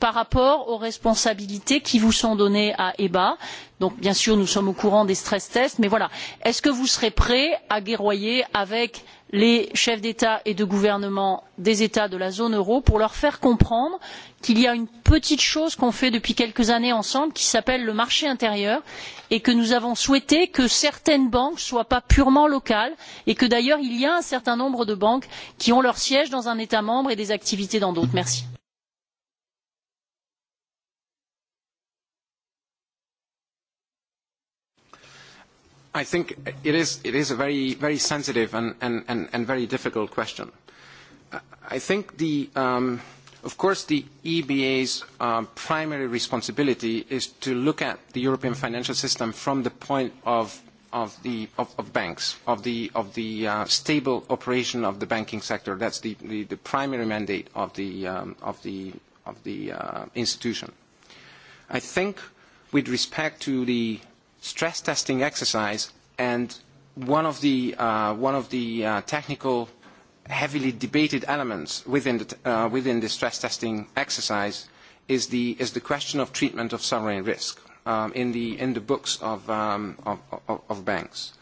par rapport aux responsabilités qui vous sont données à EBA. Donc bien sûr, nous sommes au courant des stress tests, mais voilà. Est-ce que vous serez prêt à guerroyer avec les chefs d'état et de gouvernement des états de la zone euro pour leur faire comprendre qu'il y a une petite chose qu'on fait depuis quelques années ensemble qui s'appelle le marché intérieur et que nous avons souhaité que certaines banques ne soient pas purement locales et que d'ailleurs il y a un certain nombre de banques qui ont leur siège dans un état membre et des activités dans d'autres. I think it is, it is a very, very sensitive and, and, and, and very difficult question. I think the, um, of course, the EBA's um, primary responsibility is to look at the European financial system from the point of, of, the, of, of banks, of the, of the uh, stable operation of the banking sector. That's the, the, the primary mandate of the, um, of the, of the uh, institution. I think with respect to the stress testing exercise and one of the uh, one of the uh, technical heavily debated elements within the t uh, within the stress testing exercise is the is the question of treatment of sovereign risk um, in the in the books of um, of, of, of banks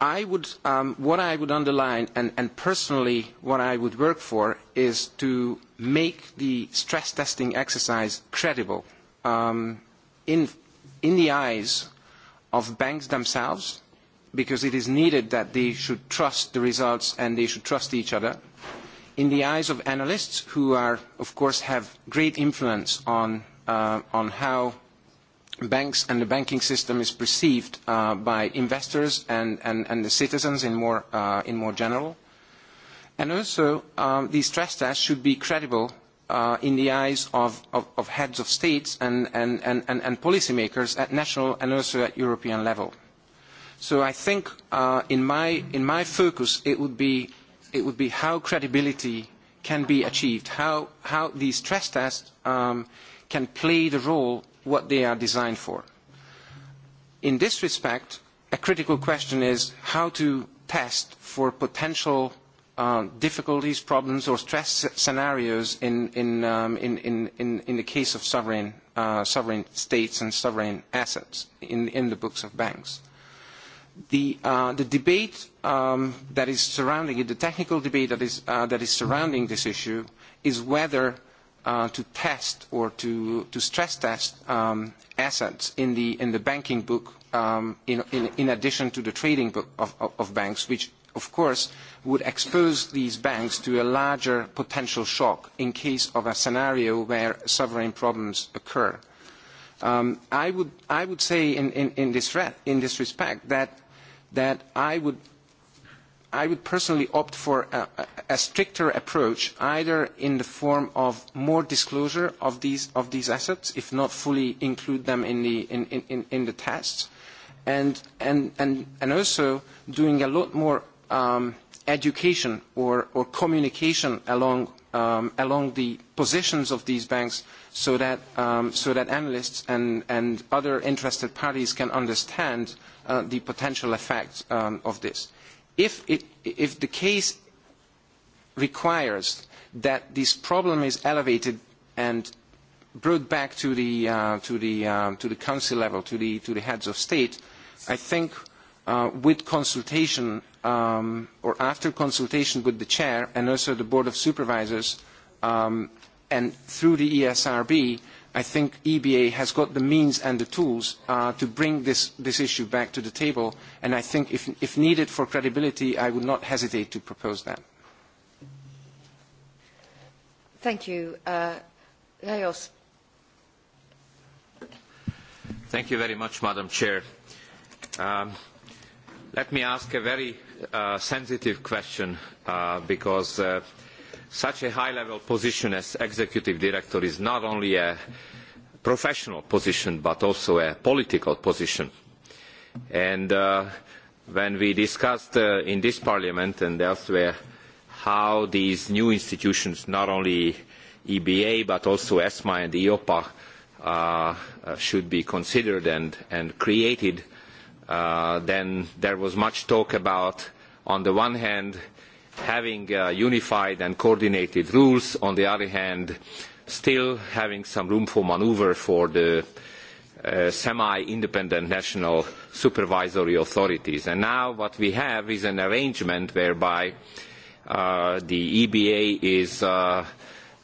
I would um, what I would underline and, and personally what I would work for is to make the stress testing exercise credible um, in in the eyes of banks themselves, because it is needed that they should trust the results and they should trust each other, in the eyes of analysts who are, of course have great influence on, uh, on how banks and the banking system is perceived uh, by investors and, and, and the citizens in more, uh, in more general. And also, um, these stress tests should be credible uh, in the eyes of, of, of heads of states and, and, and, and, and policymakers at national and also at European level. So I think uh, in, my, in my focus it would, be, it would be how credibility can be achieved, how, how these stress tests um, can play the role what they are designed for. In this respect, a critical question is how to test for potential Uh, difficulties, problems, or stress scenarios in, in, um, in, in, in, in the case of sovereign, uh, sovereign states and sovereign assets in, in the books of banks. The, uh, the debate um, that is surrounding it, the technical debate that is, uh, that is surrounding this issue, is whether uh, to test or to, to stress test um, assets in the, in the banking book um, in, in, in addition to the trading book of, of, of banks, which of course, would expose these banks to a larger potential shock in case of a scenario where sovereign problems occur. Um, I, would, I would say in, in, in, this, re- in this respect that, that I, would, I would personally opt for a, a stricter approach, either in the form of more disclosure of these, of these assets, if not fully include them in the, in, in, in the tests. And, and, and, and also doing a lot more um, education or, or communication along, um, along the positions of these banks so that, um, so that analysts and, and other interested parties can understand uh, the potential effects um, of this. If, it, if the case requires that this problem is elevated and brought back to the, uh, to the, uh, to the council level, to the, to the heads of state, I think Uh, with consultation um, or after consultation with the chair and also the board of supervisors um, and through the ESRB, I think EBA has got the means and the tools uh, to bring this, this issue back to the table. And I think if, if needed for credibility, I would not hesitate to propose that. Thank you. Uh, Leos. Thank you very much, Madam Chair. Um, let me ask a very uh, sensitive question uh, because uh, such a high level position as executive director is not only a professional position but also a political position and uh, when we discussed uh, in this parliament and elsewhere how these new institutions not only EBA but also ESMA and EOPA uh, uh, should be considered and, and created Uh, then there was much talk about, on the one hand, having uh, unified and coordinated rules, on the other hand, still having some room for manoeuvre for the uh, semi-independent national supervisory authorities. And now what we have is an arrangement whereby uh, the EBA is uh,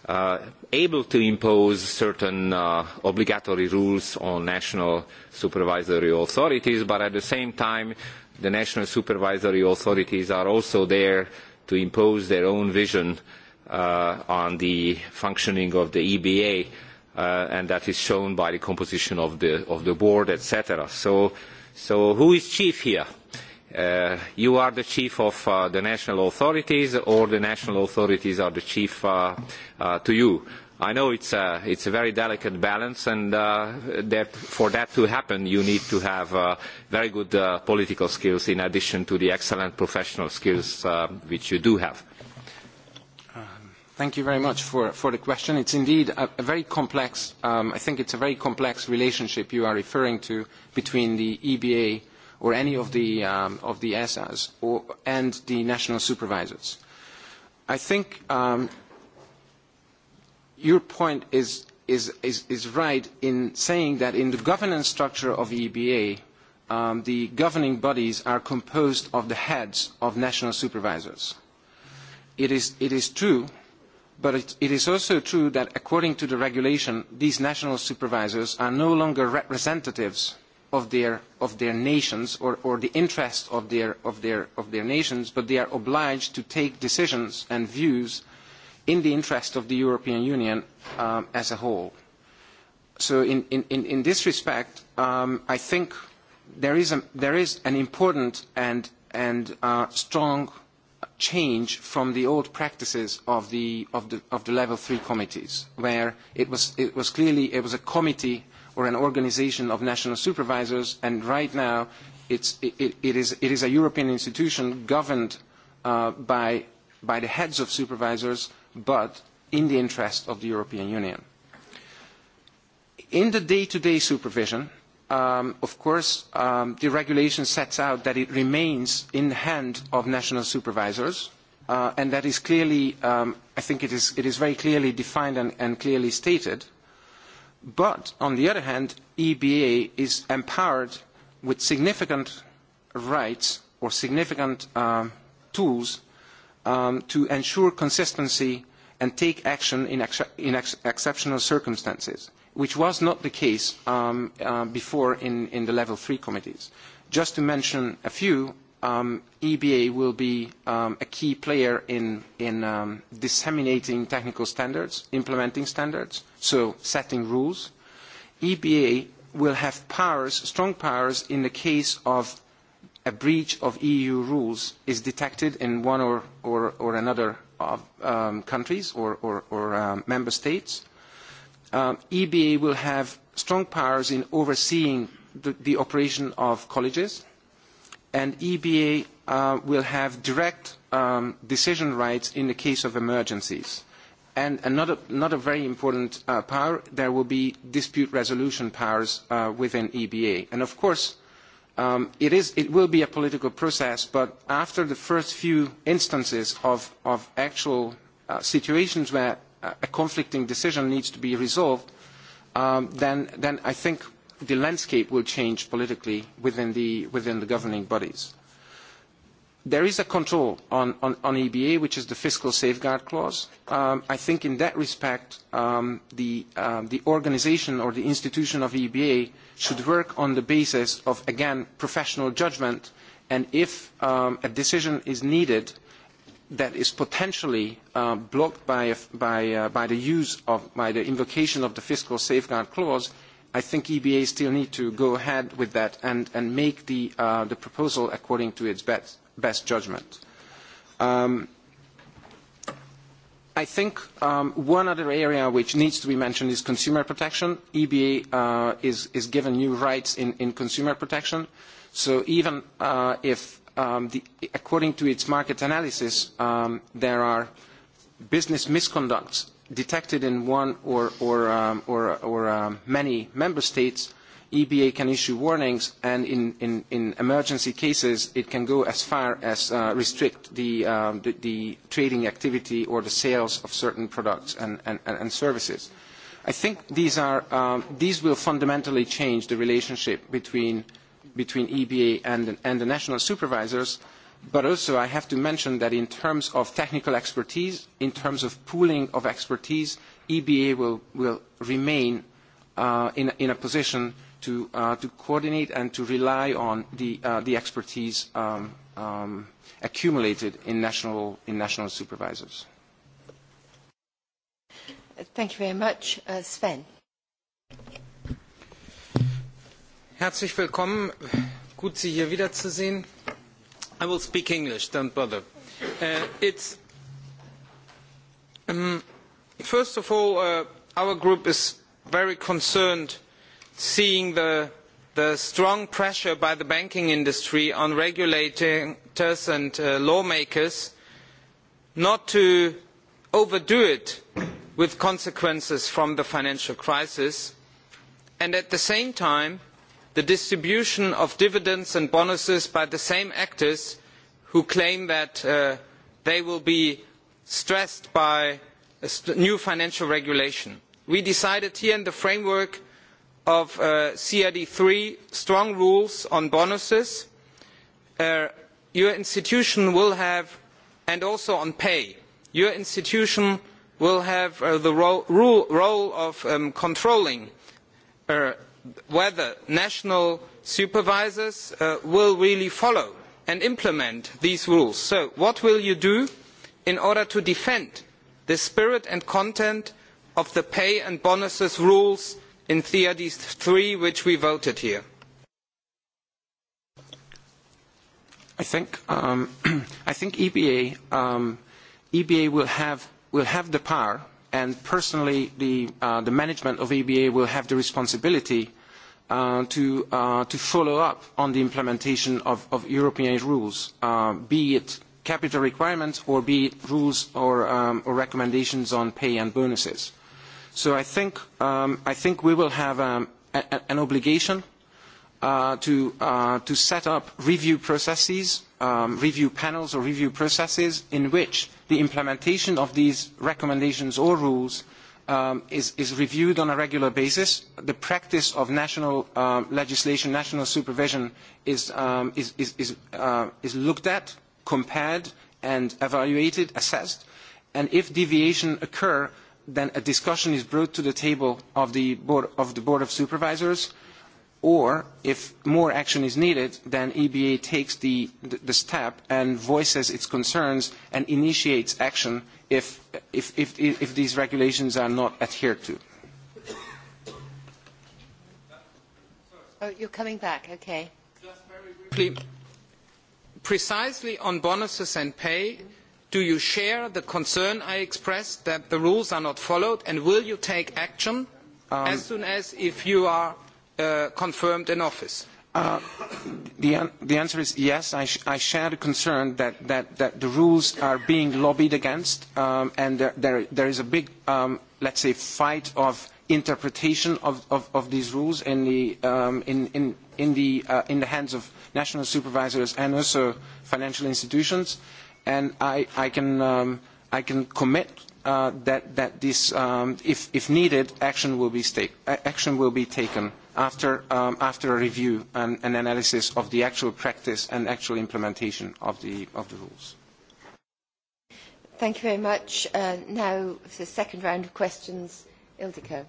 uh, able to impose certain uh, obligatory rules on national supervisory authorities, but at the same time, the national supervisory authorities are also there to impose their own vision uh, on the functioning of the EBA, uh, and that is shown by the composition of the, of the board, etc. So, so who is chief here? Uh, Uh, you are the chief of uh, the national authorities or the national authorities are the chief uh, uh, to you. I know it's a, it's a very delicate balance and uh, that for that to happen you need to have uh, very good uh, political skills in addition to the excellent professional skills uh, which you do have. Um, thank you very much for, for the question. It's indeed a, a very complex, um, I think it's a very complex relationship you are referring to between the EBA uh, or any of the, um, of the ESAs or, and the national supervisors. I think um, your point is, is, is, is right in saying that in the governance structure of EBA, e um, the governing bodies are composed of the heads of national supervisors. It is, it is true, but it, it is also true that according to the regulation, these national supervisors are no longer representatives of their, of their nations or, or the interest of their, of, their, of their nations, but they are obliged to take decisions and views in the interest of the European Union um, as a whole. So in, in, in this respect, um, I think there is, a, there is an important and, and uh, strong change from the old practices of the, of the, of the Level 3 committees, where it was, it was clearly it was a committee uh, or an organization of national supervisors, and right now it's, it, it, it, is, it is a European institution governed uh, by, by the heads of supervisors, but in the interest of the European Union. In the day-to-day -day supervision, um, of course, um, the regulation sets out that it remains in the hand of national supervisors, uh, and that is clearly, um, I think it is, it is very clearly defined and, and clearly stated. But on the other hand, EBA is empowered with significant rights or significant uh, tools um, to ensure consistency and take action in, ex in ex exceptional circumstances, which was not the case um, uh, before in, in the level three committees. Just to mention a few, Um, EBA will be um, a key player in, in um, disseminating technical standards, implementing standards, so setting rules. EBA will have powers, strong powers in the case of a breach of EU rules is detected in one or, or, or another of um, countries or, or, or um, member states. Um, EBA will have strong powers in overseeing the, the operation of colleges and EBA uh, will have direct um, decision rights in the case of emergencies. And another, another very important uh, power, there will be dispute resolution powers uh, within EBA. And of course, um, it, is, it will be a political process, but after the first few instances of, of actual uh, situations where a conflicting decision needs to be resolved, um, then, then I think the landscape will change politically within the within the governing bodies. There is a control on, on, on EBA, which is the fiscal safeguard clause. Um, I think in that respect, um, the, um, the organization or the institution of EBA should work on the basis of, again, professional judgment, and if um, a decision is needed that is potentially uh, blocked by, by, uh, by the use of, by the invocation of the fiscal safeguard clause, I think EBA still need to go ahead with that and, and make the, uh, the proposal according to its best, best judgment. Um, I think um, one other area which needs to be mentioned is consumer protection. EBA uh, is, is given new rights in, in consumer protection. So even uh, if, um, the, according to its market analysis, um, there are business misconducts detected in one or, or, um, or, or um, many member states, EBA can issue warnings, and in, in, in emergency cases, it can go as far as uh, restrict the, um, the, the trading activity or the sales of certain products and, and, and services. I think these, are, um, these will fundamentally change the relationship between, between EBA and, and the national supervisors. Uh, But also, I have to mention that in terms of technical expertise, in terms of pooling of expertise, EBA will, will remain uh, in, in a position to, uh, to coordinate and to rely on the, uh, the expertise um, um, accumulated in national, in national supervisors. Thank you very much. Uh, Sven. Herzlich willkommen. Gut, Sie hier wiederzusehen. I will speak English, don't bother. Uh, it's, um, first of all, uh, our group is very concerned seeing the, the strong pressure by the banking industry on regulators and uh, lawmakers not to overdo it with consequences from the financial crisis, and at the same time, the distribution of dividends and bonuses by the same actors who claim that uh, they will be stressed by new financial regulation. we decided here in the framework of uh, crd iii strong rules on bonuses uh, your institution will have and also on pay your institution will have the role of um, controlling whether national supervisors uh, will really follow and implement these rules. So what will you do in order to defend the spirit and content of the pay and bonuses rules in CRD 3, which we voted here? I think, um, I think EBA, um, EBA will, have, will have the power Personally, uh, the management of EBA will have the responsibility uh, uh, to follow up on the implementation of European rules, be it capital requirements or be it rules or um, recommendations on pay and bonuses. Um, I think we will have um, an obligation to set up review processes, review panels or review processes in which the implementation of these recommendations or rules um, is, is reviewed on a regular basis. The practice of national uh, legislation, national supervision is, um, is, is, is, uh, is looked at, compared, and evaluated, assessed. And if deviation occur, then a discussion is brought to the table of the Board of, the board of Supervisors or if more action is needed, then EBA takes the, the step and voices its concerns and initiates action if, if, if, if these regulations are not adhered to. Oh, you're coming back, okay. Just very briefly, precisely on bonuses and pay, do you share the concern I expressed that the rules are not followed and will you take action um, as soon as if you are uh, confirmed in office? Uh, the, the answer is yes. I, sh I share the concern that, that, that the rules are being lobbied against um, and there, there, there is a big, um, let's say, fight of interpretation of, of, of these rules in the, um, in, in, in, the, uh, in the hands of national supervisors and also financial institutions. And I, I, can, um, I can commit uh, that, that this, um, if, if needed, action will be, sta action will be taken after, um, after a review and an analysis of the actual practice and actual implementation of the, of the rules. Thank you very much. Uh, now, the second round of questions, Ildiko.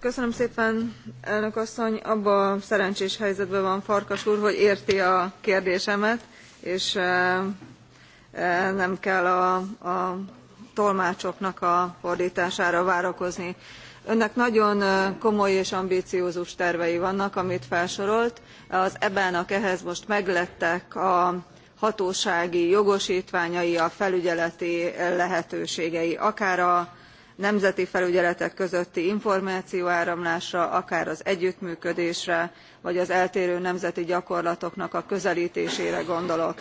Köszönöm szépen, elnök asszony, abban szerencsés helyzetben van Farkas úr, hogy érti a kérdésemet, és uh, uh, nem kell a, a tolmácsoknak a fordítására várakozni önnek nagyon komoly és ambiciózus tervei vannak amit felsorolt az eba nak ehhez most meglettek a hatósági jogostványai a felügyeleti lehetőségei akár a nemzeti felügyeletek közötti információáramlásra akár az együttműködésre vagy az eltérő nemzeti gyakorlatoknak a közeltésére gondolok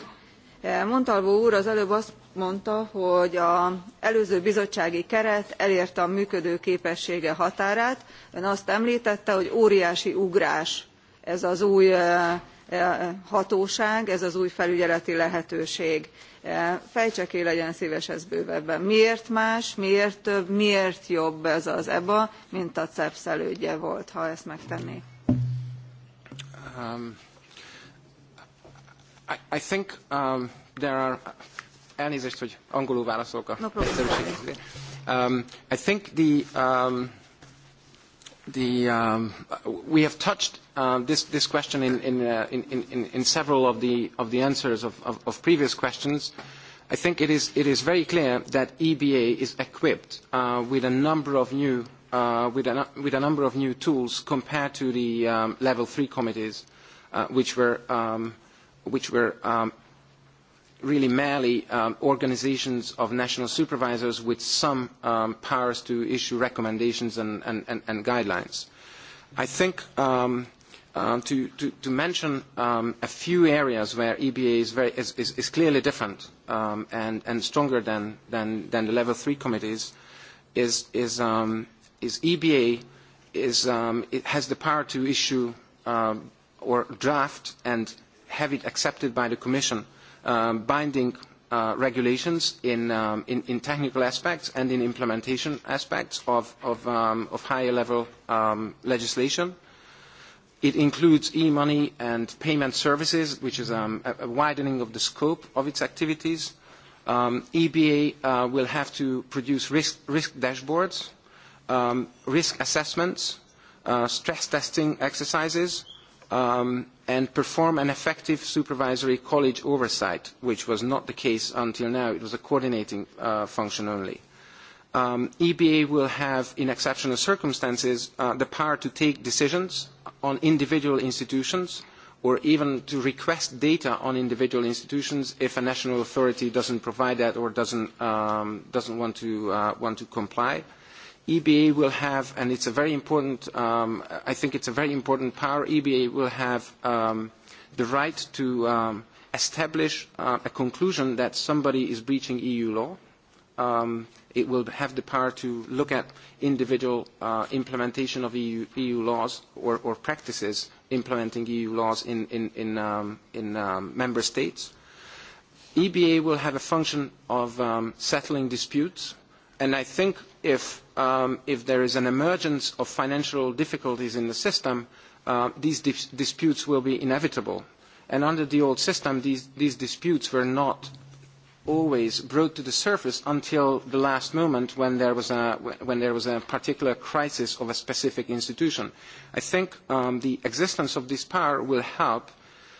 montalvo úr az előbb azt mondta hogy az előző bizottsági keret elérte a működőképessége határát ön azt emltette hogy óriási ugrás ez az új e, e, hatóság ez az új felügyeleti lehetőség. E, fejtse ki legyen szves ezt bővebben miért más miért több miért jobb ez az eba mint a cepsz elődje volt ha ezt megtenné? Um, I think um, there are. Elnézést, hogy angolul válaszolok a no problem. Um, I think the, um, the, um, we have touched uh, this, this question in, in, uh, in, in, in several of the, of the answers of, of, of previous questions. I think it is, it is very clear that EBA is equipped uh, with a number of new uh, with, a, with a number of new tools compared to the um, level three committees, uh, which were um, which were um, really merely um, organizations of national supervisors with some um, powers to issue recommendations and, and, and, and guidelines. I think um, um, to, to, to mention um, a few areas where EBA is, very, is, is, is clearly different um, and, and stronger than, than, than the Level 3 committees is, is, um, is EBA is, um, it has the power to issue um, or draft and have it accepted by the Commission um, binding uh, regulations in, um, in, in technical aspects and in implementation aspects of, of, um, of higher level um, legislation. It includes e-money and payment services, which is um, a, a widening of the scope of its activities. Um, EBA uh, will have to produce risk, risk dashboards, um, risk assessments, uh, stress testing exercises, um, and perform an effective supervisory college oversight, which was not the case until now. It was a coordinating uh, function only. Um, EBA will have, in exceptional circumstances, uh, the power to take decisions on individual institutions or even to request data on individual institutions if a national authority doesn't provide that or doesn't, um, doesn't want, to, uh, want to comply. Uh, EBA will have, and it's a very important, um, I think it's a very important power, EBA will have um, the right to um, establish uh, a conclusion that somebody is breaching EU law. Um, it will have the power to look at individual uh, implementation of EU, EU laws or, or practices implementing EU laws in, in, in, um, in um, member states. EBA will have a function of um, settling disputes, and I think if Um, if there is an emergence of financial difficulties in the system, uh, these dis disputes will be inevitable. And under the old system, these, these disputes were not always brought to the surface until the last moment when there was a, when there was a particular crisis of a specific institution. I think um, the existence of this power will help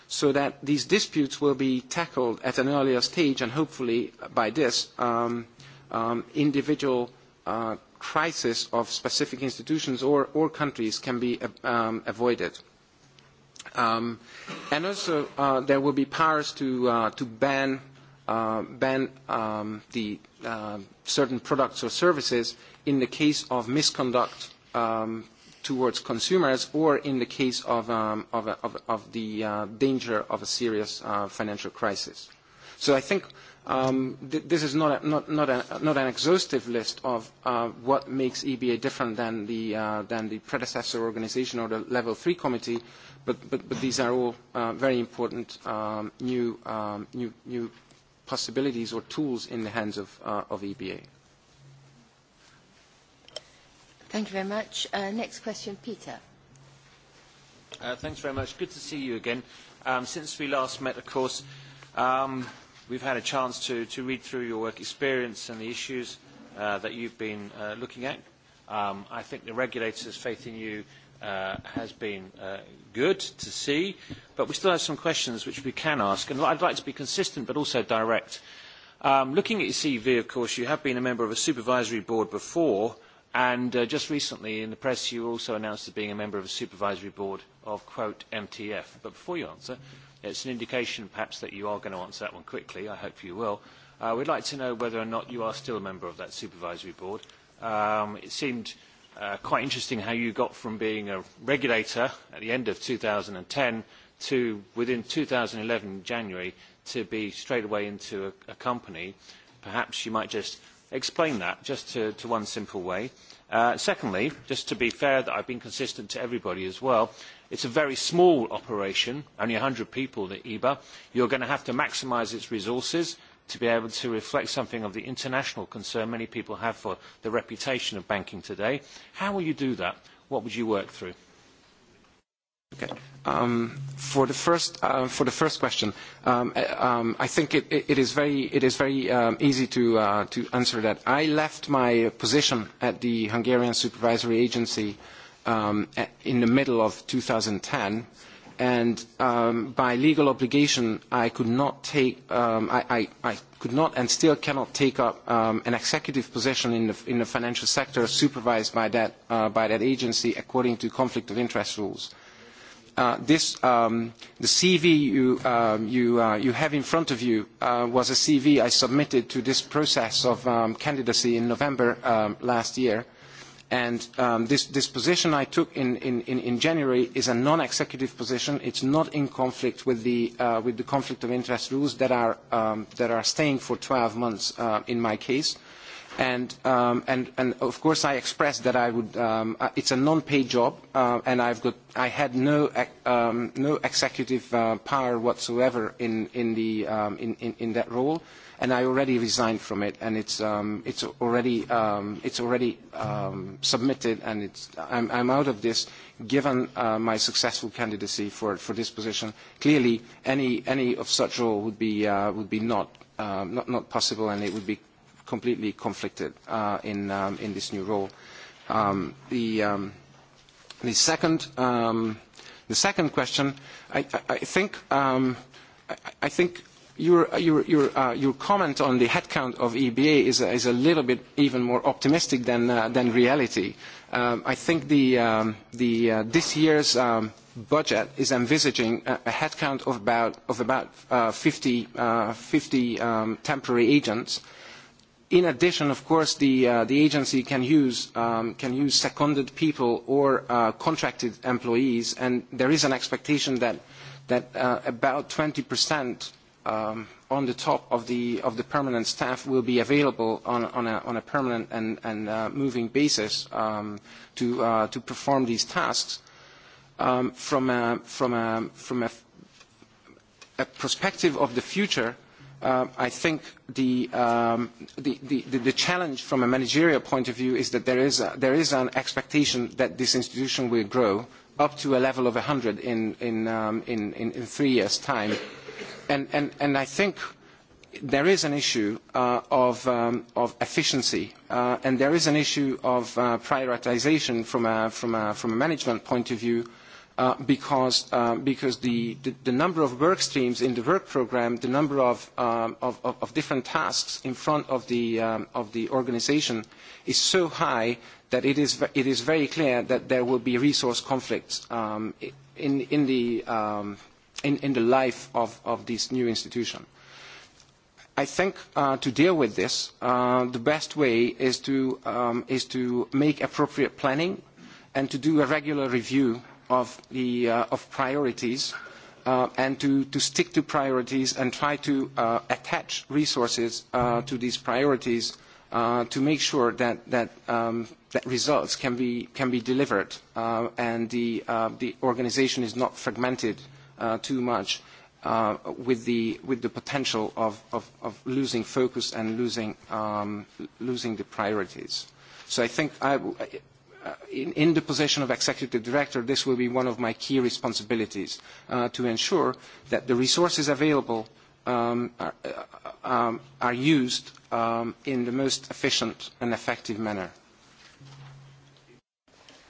so that these disputes will be tackled at an earlier stage and hopefully by this um, um, individual uh, crisis of specific institutions or, or countries can be uh, um, avoided. Um, and also uh, there will be powers to, uh, to ban, uh, ban um, the, uh, certain products or services in the case of misconduct um, towards consumers or in the case of, um, of, a, of, of the uh, danger of a serious uh, financial crisis. So I think Um, this is not an exhaustive list of uh, what makes EBA different uh, than the predecessor organization or the Level 3 committee, but these are all uh, very important um, um, new possibilities or tools in the hands of EBA. Thank you very much. Next question, Peter. Thanks very much. Good to see you again. Since we last met, of course, we've had a chance to, to read through your work experience and the issues uh, that you've been uh, looking at. Um, I think the regulator's faith in you uh, has been uh, good to see, but we still have some questions which we can ask, and I'd like to be consistent but also direct. Um, looking at your CV, of course, you have been a member of a supervisory board before, and uh, just recently in the press you also announced as being a member of a supervisory board of, quote, MTF. But before you answer, mm -hmm. It's an indication, perhaps, that you are going to answer that one quickly. I hope you will. Uh, we'd like to know whether or not you are still a member of that supervisory board. Um, it seemed uh, quite interesting how you got from being a regulator at the end of 2010 to within 2011 January to be straight away into a, a company. Perhaps you might just explain that just to, to one simple way. Uh, secondly, just to be fair that I've been consistent to everybody as well, it is a very small operation only one hundred people the eba. you are going to have to maximise its resources to be able to reflect something of the international concern many people have for the reputation of banking today. how will you do that? what would you work through? Okay. Um, for, the first, uh, for the first question, um, uh, um, I think it, it, it is very, it is very um, easy to, uh, to answer that. I left my position at the Hungarian Supervisory Agency uh, um, in the middle of 2010, and um, by legal obligation, I could not take, um, I, I, I could not, and still cannot take up um, an executive position in the in the financial sector supervised by that uh, by that agency according to conflict of interest rules. Uh, this, um, the CV you, um, you, uh, you have in front of you uh, was a CV I submitted to this process of um, candidacy in November um, last year and um, this, this position I took in, in, in, in January is a non-executive position. It's not in conflict with the, uh, with the conflict of interest rules that are, um, that are staying for 12 months uh, in my case. And, um, and, and of course I expressed that I would, um, uh, it's a non-paid job uh, and I've got, I had no, um, no executive uh, power whatsoever in, in, the, um, in, in, in that role and I already resigned from it, and it's um, it's already um, it's already um, submitted, and it's I'm, I'm out of this. Given uh, my successful candidacy for for this position, clearly any any of such role would be uh, would be not um, not not possible, and it would be completely conflicted uh, in um, in this new role. Um, the um, the second um, the second question, I, I, I think um, I, I think. Uh, your your uh, your comment on the headcount of EBA is is a little bit even more optimistic than uh, than reality. Um, I think the um, the uh, this year's um, budget is envisaging a, a headcount of about of about uh, 50 uh, 50 um, temporary agents. In addition, of course, the uh, the agency can use um, can use seconded people or uh, contracted employees, and there is an expectation that that uh, about 20 percent um, on the top of the of the permanent staff will be available on, on, a, on a permanent and, and uh, moving basis um, to uh, to perform these tasks um, from a, from a, from a, a perspective of the future uh, I think the, um, the, the the challenge from a managerial point of view is that there is a, there is an expectation that this institution will grow up to a level of 100 in in um, in, in, in three years time and, and, and I think there is an issue uh, of, um, of efficiency uh, and there is an issue of uh, prioritization from a, from, a, from a management point of view uh, because, uh, because the, the, the number of work streams in the work program, the number of, um, of, of, of different tasks in front of the, um, of the organization is so high that it is, it is very clear that there will be resource conflicts um, in, in the um, in, in the life of, of this new institution. I think uh, to deal with this, uh, the best way is to, um, is to make appropriate planning and to do a regular review of, the, uh, of priorities uh, and to, to stick to priorities and try to uh, attach resources uh, to these priorities uh, to make sure that, that, um, that results can be, can be delivered uh, and the, uh, the organization is not fragmented uh, Uh, too much uh, with the with the potential of, of, of losing focus and losing um, losing the priorities. So I think I, uh, in, in the position of executive director, this will be one of my key responsibilities uh, to ensure that the resources available um, are, uh, um, are used um, in the most efficient and effective manner.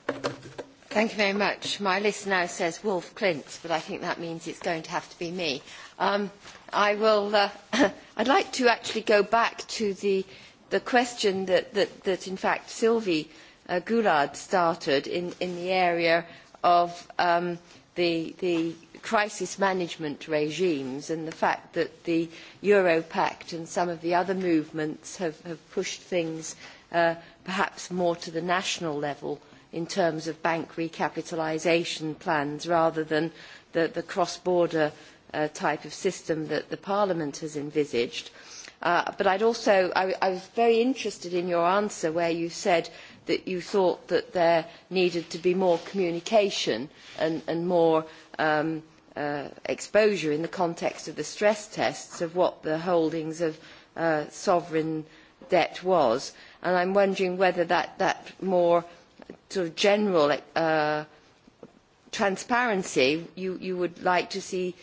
Thank you. Thank you very much. My list now says Wolf Clint, but I think that means it's going to have to be me. Um, I will, uh, I'd like to actually go back to the, the question that, that, that, in fact, Sylvie uh, Goulard started in, in the area of um, the, the crisis management regimes and the fact that the Euro Pact and some of the other movements have, have pushed things uh, perhaps more to the national level in terms of bank recapitalisation plans rather than the, the cross-border uh, type of system that the Parliament has envisaged. Uh, but I'd also, I, I was very interested in your answer where you said that you thought that there needed to be more communication and, and more um, uh, exposure in the context of the stress tests of what the holdings of uh, sovereign debt was. And I'm wondering whether that, that more sort of general uh, transparency you, you would like to see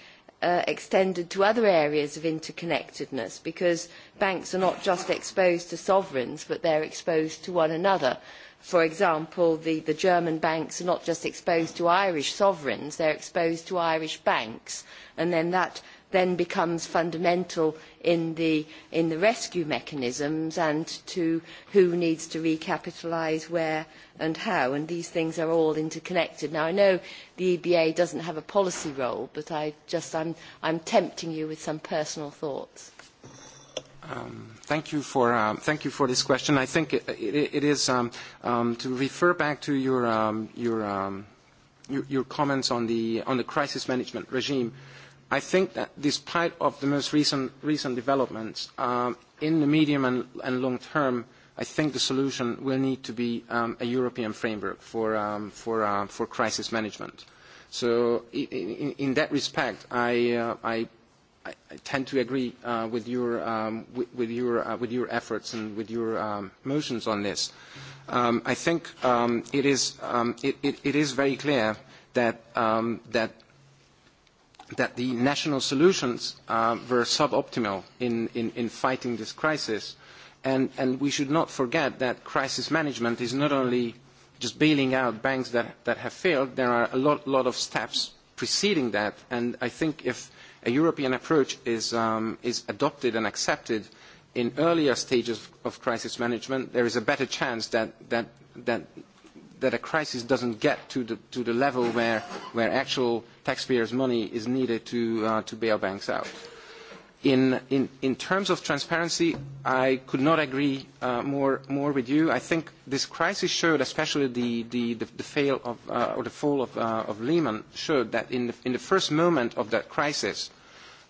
uh, extended to other areas of interconnectedness because banks are not just exposed to sovereigns but they're exposed to one another. For example, the, the German banks are not just exposed to Irish sovereigns, they're exposed to Irish banks and then that then becomes fundamental in the, in the rescue mechanisms and to who needs to recapitalise where and how. And these things are all interconnected. Now, I know the EBA doesn't have a policy role, but I just, I'm, I'm tempting you with some personal thoughts. Um, thank you for um, thank you for this question. I think it, it, it is um, um, to refer back to your um, your, um, your your comments on the on the crisis management regime. Uh, I think that despite of the most recent developments, um, in the medium and long term, I think the solution will need to be um, a European framework for um, uh, crisis management. In that respect, I uh, tend to agree uh, with your efforts and with your motions on this. I think it is very clear that that the national solutions uh, were suboptimal in, in, in fighting this crisis. And, and we should not forget that crisis management is not only just bailing out banks that, that have failed. There are a lot, lot of steps preceding that. And I think if a European approach is, um, is adopted and accepted in earlier stages of crisis management, there is a better chance that, that, that that a crisis doesn't get to the to the level where where actual taxpayers' money is needed to uh, to bail banks out. In in in terms of transparency, I could not agree uh, more more with you. I think this crisis showed, especially the the the, the fail of uh, or the fall of uh, of Lehman, showed that in the, in the first moment of that crisis, uh,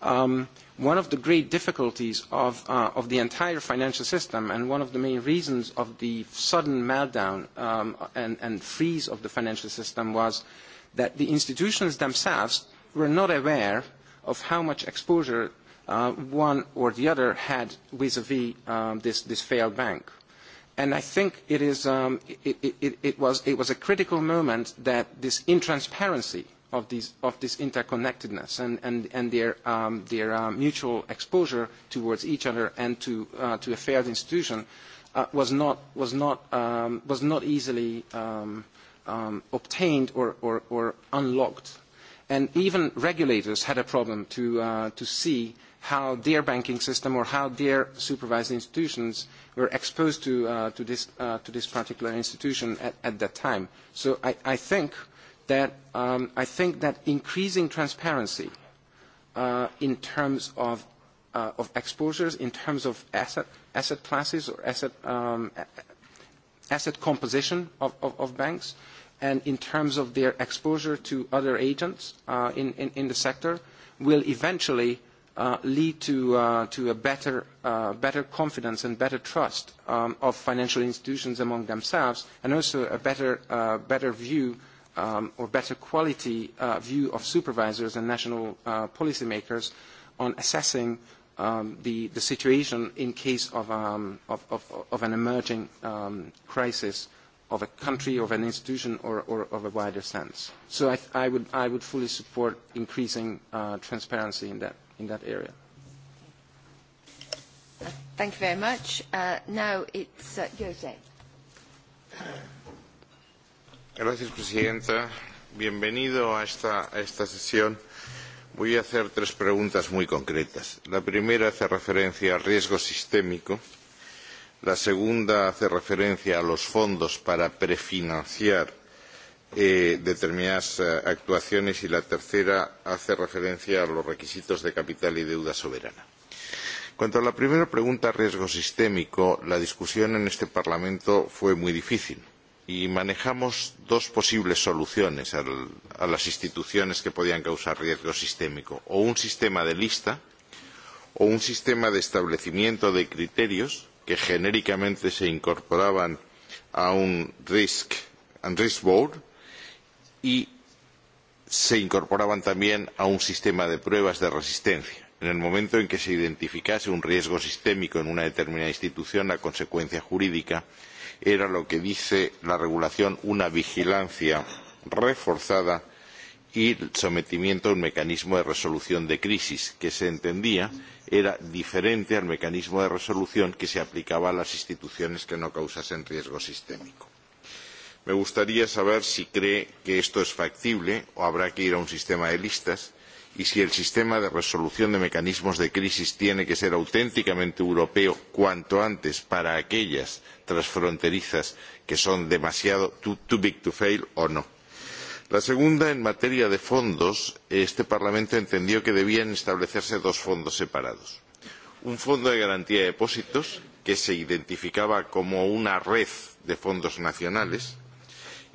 um, one of the great difficulties of, uh, of the entire financial system and one of the main reasons of the sudden meltdown um, and, and freeze of the financial system was that the institutions themselves were not aware of how much exposure uh, one or the other had vis-à-vis um, this, this failed bank. And I think it, is, um, it, it, it, it, was, it was a critical moment that this intransparency – of, these, of this interconnectedness and, and, and their, um, their um, mutual exposure towards each other and to, uh, to affairs institution uh, was, not, was, not, um, was not easily um, um, obtained or, or, or unlocked. And even regulators had a problem to, uh, to see how their banking system or how their supervised institutions were exposed to, uh, to, this, uh, to this particular institution at, at that time. So I, I think uh, that um, I think that increasing transparency uh, in terms of, uh, of exposures, in terms of asset, asset classes or asset, um, asset composition of, of, of banks, and in terms of their exposure to other agents uh, in, in, in the sector, will eventually uh, lead to, uh, to a better, uh, better confidence and better trust um, of financial institutions among themselves, and also a better, uh, better view um, or better quality uh, view of supervisors and national uh, policymakers on assessing um, the, the situation in case of, um, of, of, of an emerging um, crisis of a country, of an institution, or, or of a wider sense. So I, th- I, would, I would fully support increasing uh, transparency in that, in that area. Thank you very much. Uh, now it's uh, Jose. Gracias, presidenta. Bienvenido a esta, a esta sesión. Voy a hacer tres preguntas muy concretas. La primera hace referencia al riesgo sistémico. La segunda hace referencia a los fondos para prefinanciar eh, determinadas eh, actuaciones. Y la tercera hace referencia a los requisitos de capital y deuda soberana. Cuanto a la primera pregunta, riesgo sistémico, la discusión en este Parlamento fue muy difícil y manejamos dos posibles soluciones a las instituciones que podían causar riesgo sistémico o un sistema de lista o un sistema de establecimiento de criterios que genéricamente se incorporaban a un risk, un risk board y se incorporaban también a un sistema de pruebas de resistencia. En el momento en que se identificase un riesgo sistémico en una determinada institución, la consecuencia jurídica era lo que dice la regulación una vigilancia reforzada y sometimiento a un mecanismo de resolución de crisis que se entendía era diferente al mecanismo de resolución que se aplicaba a las instituciones que no causasen riesgo sistémico. Me gustaría saber si cree que esto es factible o habrá que ir a un sistema de listas y si el sistema de resolución de mecanismos de crisis tiene que ser auténticamente europeo cuanto antes para aquellas transfronterizas que son demasiado too big to fail o no. la segunda en materia de fondos este parlamento entendió que debían establecerse dos fondos separados un fondo de garantía de depósitos que se identificaba como una red de fondos nacionales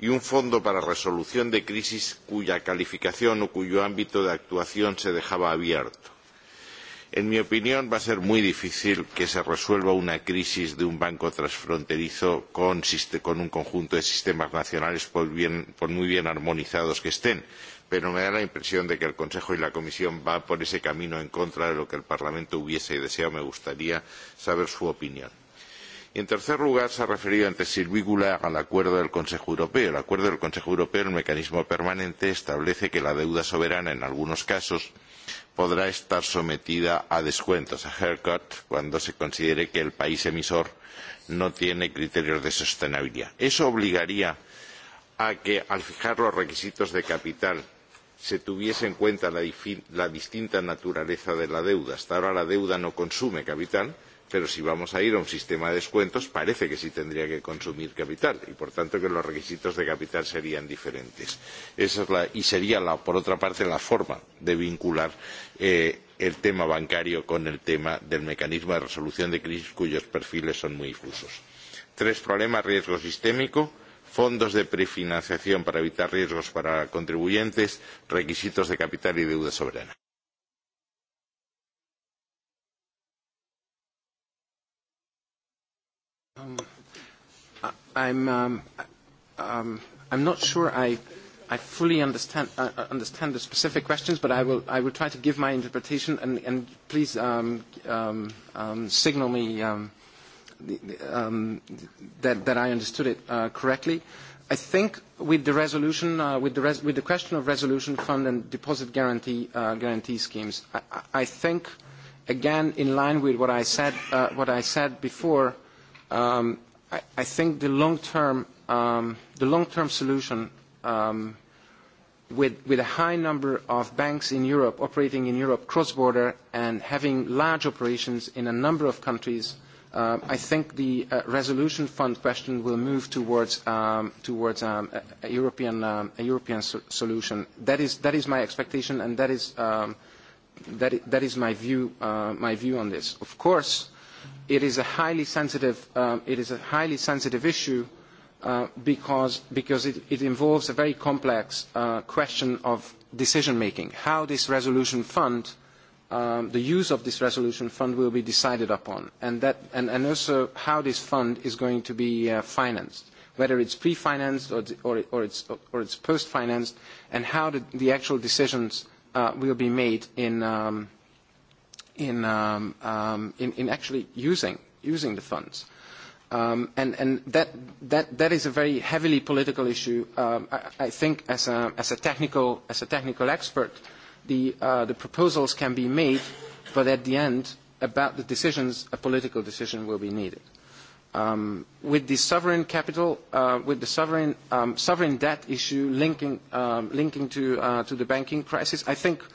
y un fondo para resolución de crisis cuya calificación o cuyo ámbito de actuación se dejaba abierto. en mi opinión va a ser muy difícil que se resuelva una crisis de un banco transfronterizo con, con un conjunto de sistemas nacionales por, bien, por muy bien armonizados que estén pero me da la impresión de que el Consejo y la Comisión van por ese camino en contra de lo que el Parlamento hubiese deseado. Me gustaría saber su opinión y en tercer lugar se ha referido antes sylvie goulard al acuerdo del consejo europeo. el acuerdo del consejo europeo el mecanismo permanente establece que la deuda soberana en algunos casos podrá estar sometida a descuentos a haircut cuando se considere que el país emisor no tiene criterios de sostenibilidad. eso obligaría a que al fijar los requisitos de capital se tuviese en cuenta la, la distinta naturaleza de la deuda. hasta ahora la deuda no consume capital pero si vamos a ir a un sistema de descuentos, parece que sí tendría que consumir capital y, por tanto, que los requisitos de capital serían diferentes. Esa es la, y sería, la, por otra parte, la forma de vincular eh, el tema bancario con el tema del mecanismo de resolución de crisis cuyos perfiles son muy difusos. Tres problemas, riesgo sistémico, fondos de prefinanciación para evitar riesgos para contribuyentes, requisitos de capital y deuda soberana. Um, I, I'm, um, um, I'm not sure I, I fully understand, uh, uh, understand the specific questions, but I will, I will try to give my interpretation, and, and please um, um, um, signal me um, the, um, that, that I understood it uh, correctly. I think with the resolution, uh, with, the res- with the question of resolution fund and deposit guarantee, uh, guarantee schemes, I, I think, again, in line with what I said, uh, what I said before, uh, um, I, I think the long-term um, the long-term solution um, with with a high number of banks in Europe operating in Europe cross-border and having large operations in a number of countries, uh, I think the uh, resolution fund question will move towards um, towards um, a, a European um, a European so solution. That is that is my expectation, and that is. Um, that, that is my view, uh, my view on this. Of course, uh, it is a highly sensitive uh, it is a highly sensitive issue uh, because because it, it involves a very complex uh, question of decision making how this resolution fund um, the use of this resolution fund will be decided upon and that and, and also how this fund is going to be uh, financed whether it's pre-financed or, or, or it's or it's post-financed and how the, the actual decisions uh, will be made in um, in, um, um, in, in actually using, using the funds. Um, and and that, that, that is a very heavily political issue. Um, I, I think as a, as, a technical, as a technical expert, the, uh, the proposals can be made, but at the end, about the decisions, a political decision will be needed. Um, with the sovereign capital, uh, with the sovereign, um, sovereign debt issue linking, um, linking to, uh, to the banking crisis, I think uh,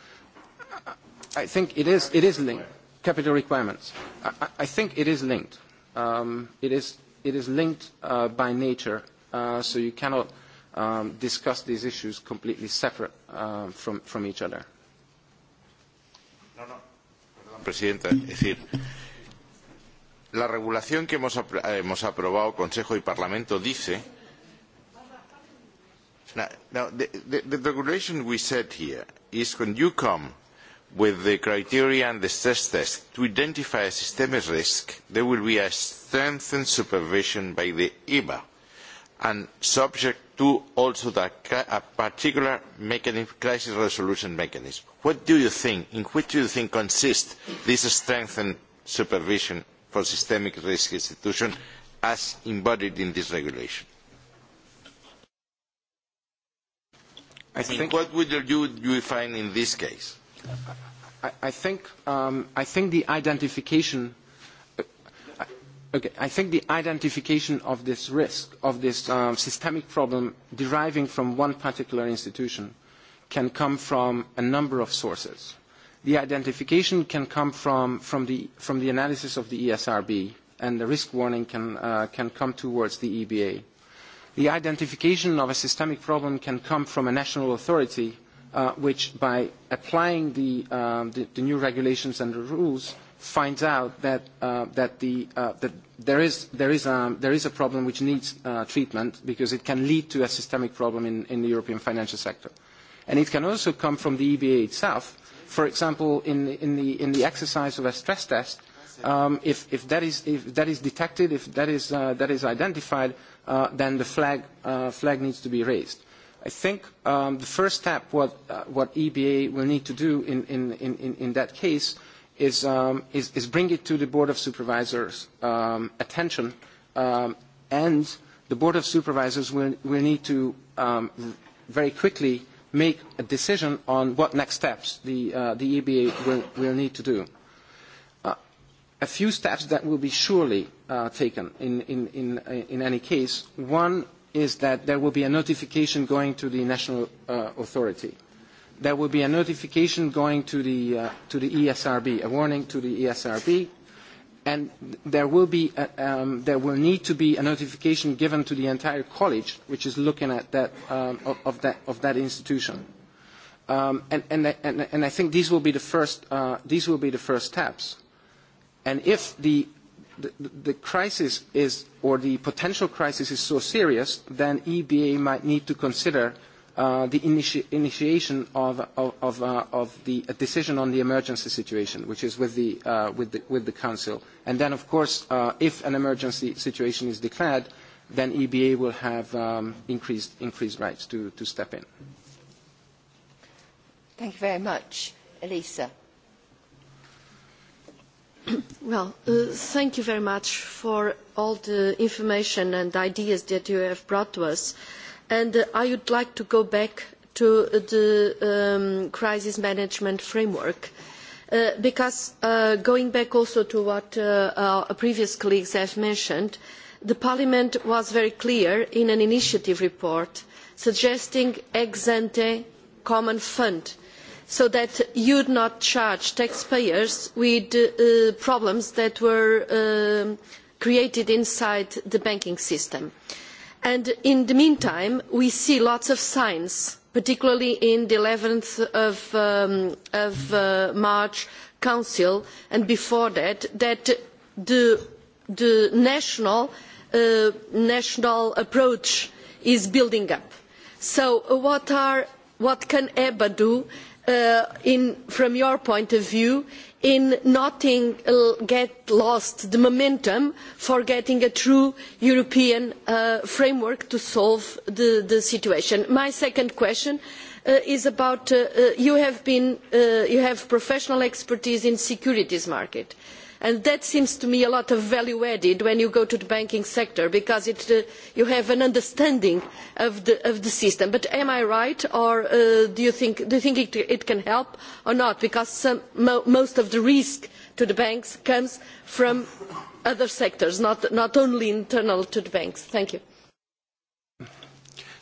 I think it is, it is linked. Capital requirements. I, I think it is linked. Um, it, is, it is linked uh, by nature, uh, so you cannot um, discuss these issues completely separate uh, from, from each other. No, no. Presidenta, es decir, la regulación que hemos, hemos aprobado Consejo y Parlamento dice. Now, now the, the, the regulation we set here is when you come with the criteria and the stress test to identify a systemic risk, there will be a strengthened supervision by the EBA and subject to also the, a particular mechanism, crisis resolution mechanism. What do you think, in which do you think consists this strengthened supervision for systemic risk institutions as embodied in this regulation? I think what would you, you find in this case? I, I think um, I think the identification. Uh, okay, I think the identification of this risk, of this um, systemic problem deriving from one particular institution can come from a number of sources. The identification can come from, from, the, from the analysis of the ESRB and the risk warning can, uh, can come towards the EBA. The identification of a systemic problem can come from a national authority Uh, which by applying the, um, the, the new regulations and the rules finds out that, uh, that, the, uh, that there, is, there, is a, um, there is a problem which needs uh, treatment because it can lead to a systemic problem in, in the European financial sector. And it can also come from the EBA itself. For example, in, in, the, in the exercise of a stress test, um, if, if, that is, if that is detected, if that is, uh, that is identified, uh, then the flag, uh, flag needs to be raised. I think um, the first step what, uh, what EBA will need to do in, in, in, in that case is, um, is, is bring it to the Board of Supervisors' um, attention, um, and the Board of Supervisors will, will need to um, very quickly make a decision on what next steps the, uh, the EBA will, will need to do. Uh, a few steps that will be surely uh, taken in, in, in, uh, in any case. One is that there will be a notification going to the national uh, authority. There will be a notification going to the, uh, to the ESRB, a warning to the ESRB. And there will, be a, uh, um, there will need to be a notification given to the entire college, which is looking at that, um, of, of that, of that institution. Um, and, and, and, and I think these will be the first, uh, these will be the first steps. And if the the crisis is, or the potential crisis is so serious, then EBA might need to consider uh, the initi initiation of, of, of, uh, of the, a decision on the emergency situation, which is with the, uh, with the, with the Council. And then, of course, uh, if an emergency situation is declared, then EBA will have um, increased, increased rights to, to step in. Thank you very much, Elisa. Well, uh, thank you very much for all the information and ideas that you have brought to us. And uh, I would like to go back to uh, the um, crisis management framework. Uh, because uh, going back also to what uh, our previous colleagues have mentioned, the Parliament was very clear in an initiative report suggesting ex-ante common fund uh, so that you would not charge taxpayers with uh, problems that were um, created inside the banking system. And in the meantime, we see lots of signs, particularly in the 11th of, um, of uh, March Council and before that, that the, the national, uh, national approach is building up. So what, are, what can EBA do Uh, from your point of view in not getting lost the momentum for getting a true european uh, framework to solve the, the situation. my second question uh, is about uh, uh you have been uh, you have professional expertise in securities markets that seems to me a lot of value added when you go to the banking sector because it, uh, you have an understanding of the, of the system. But am I right or uh, do, you think, do you think it, it can help or not? Because some, mo most of the risk to the banks comes from other sectors, not, not only internal to the banks. Thank you.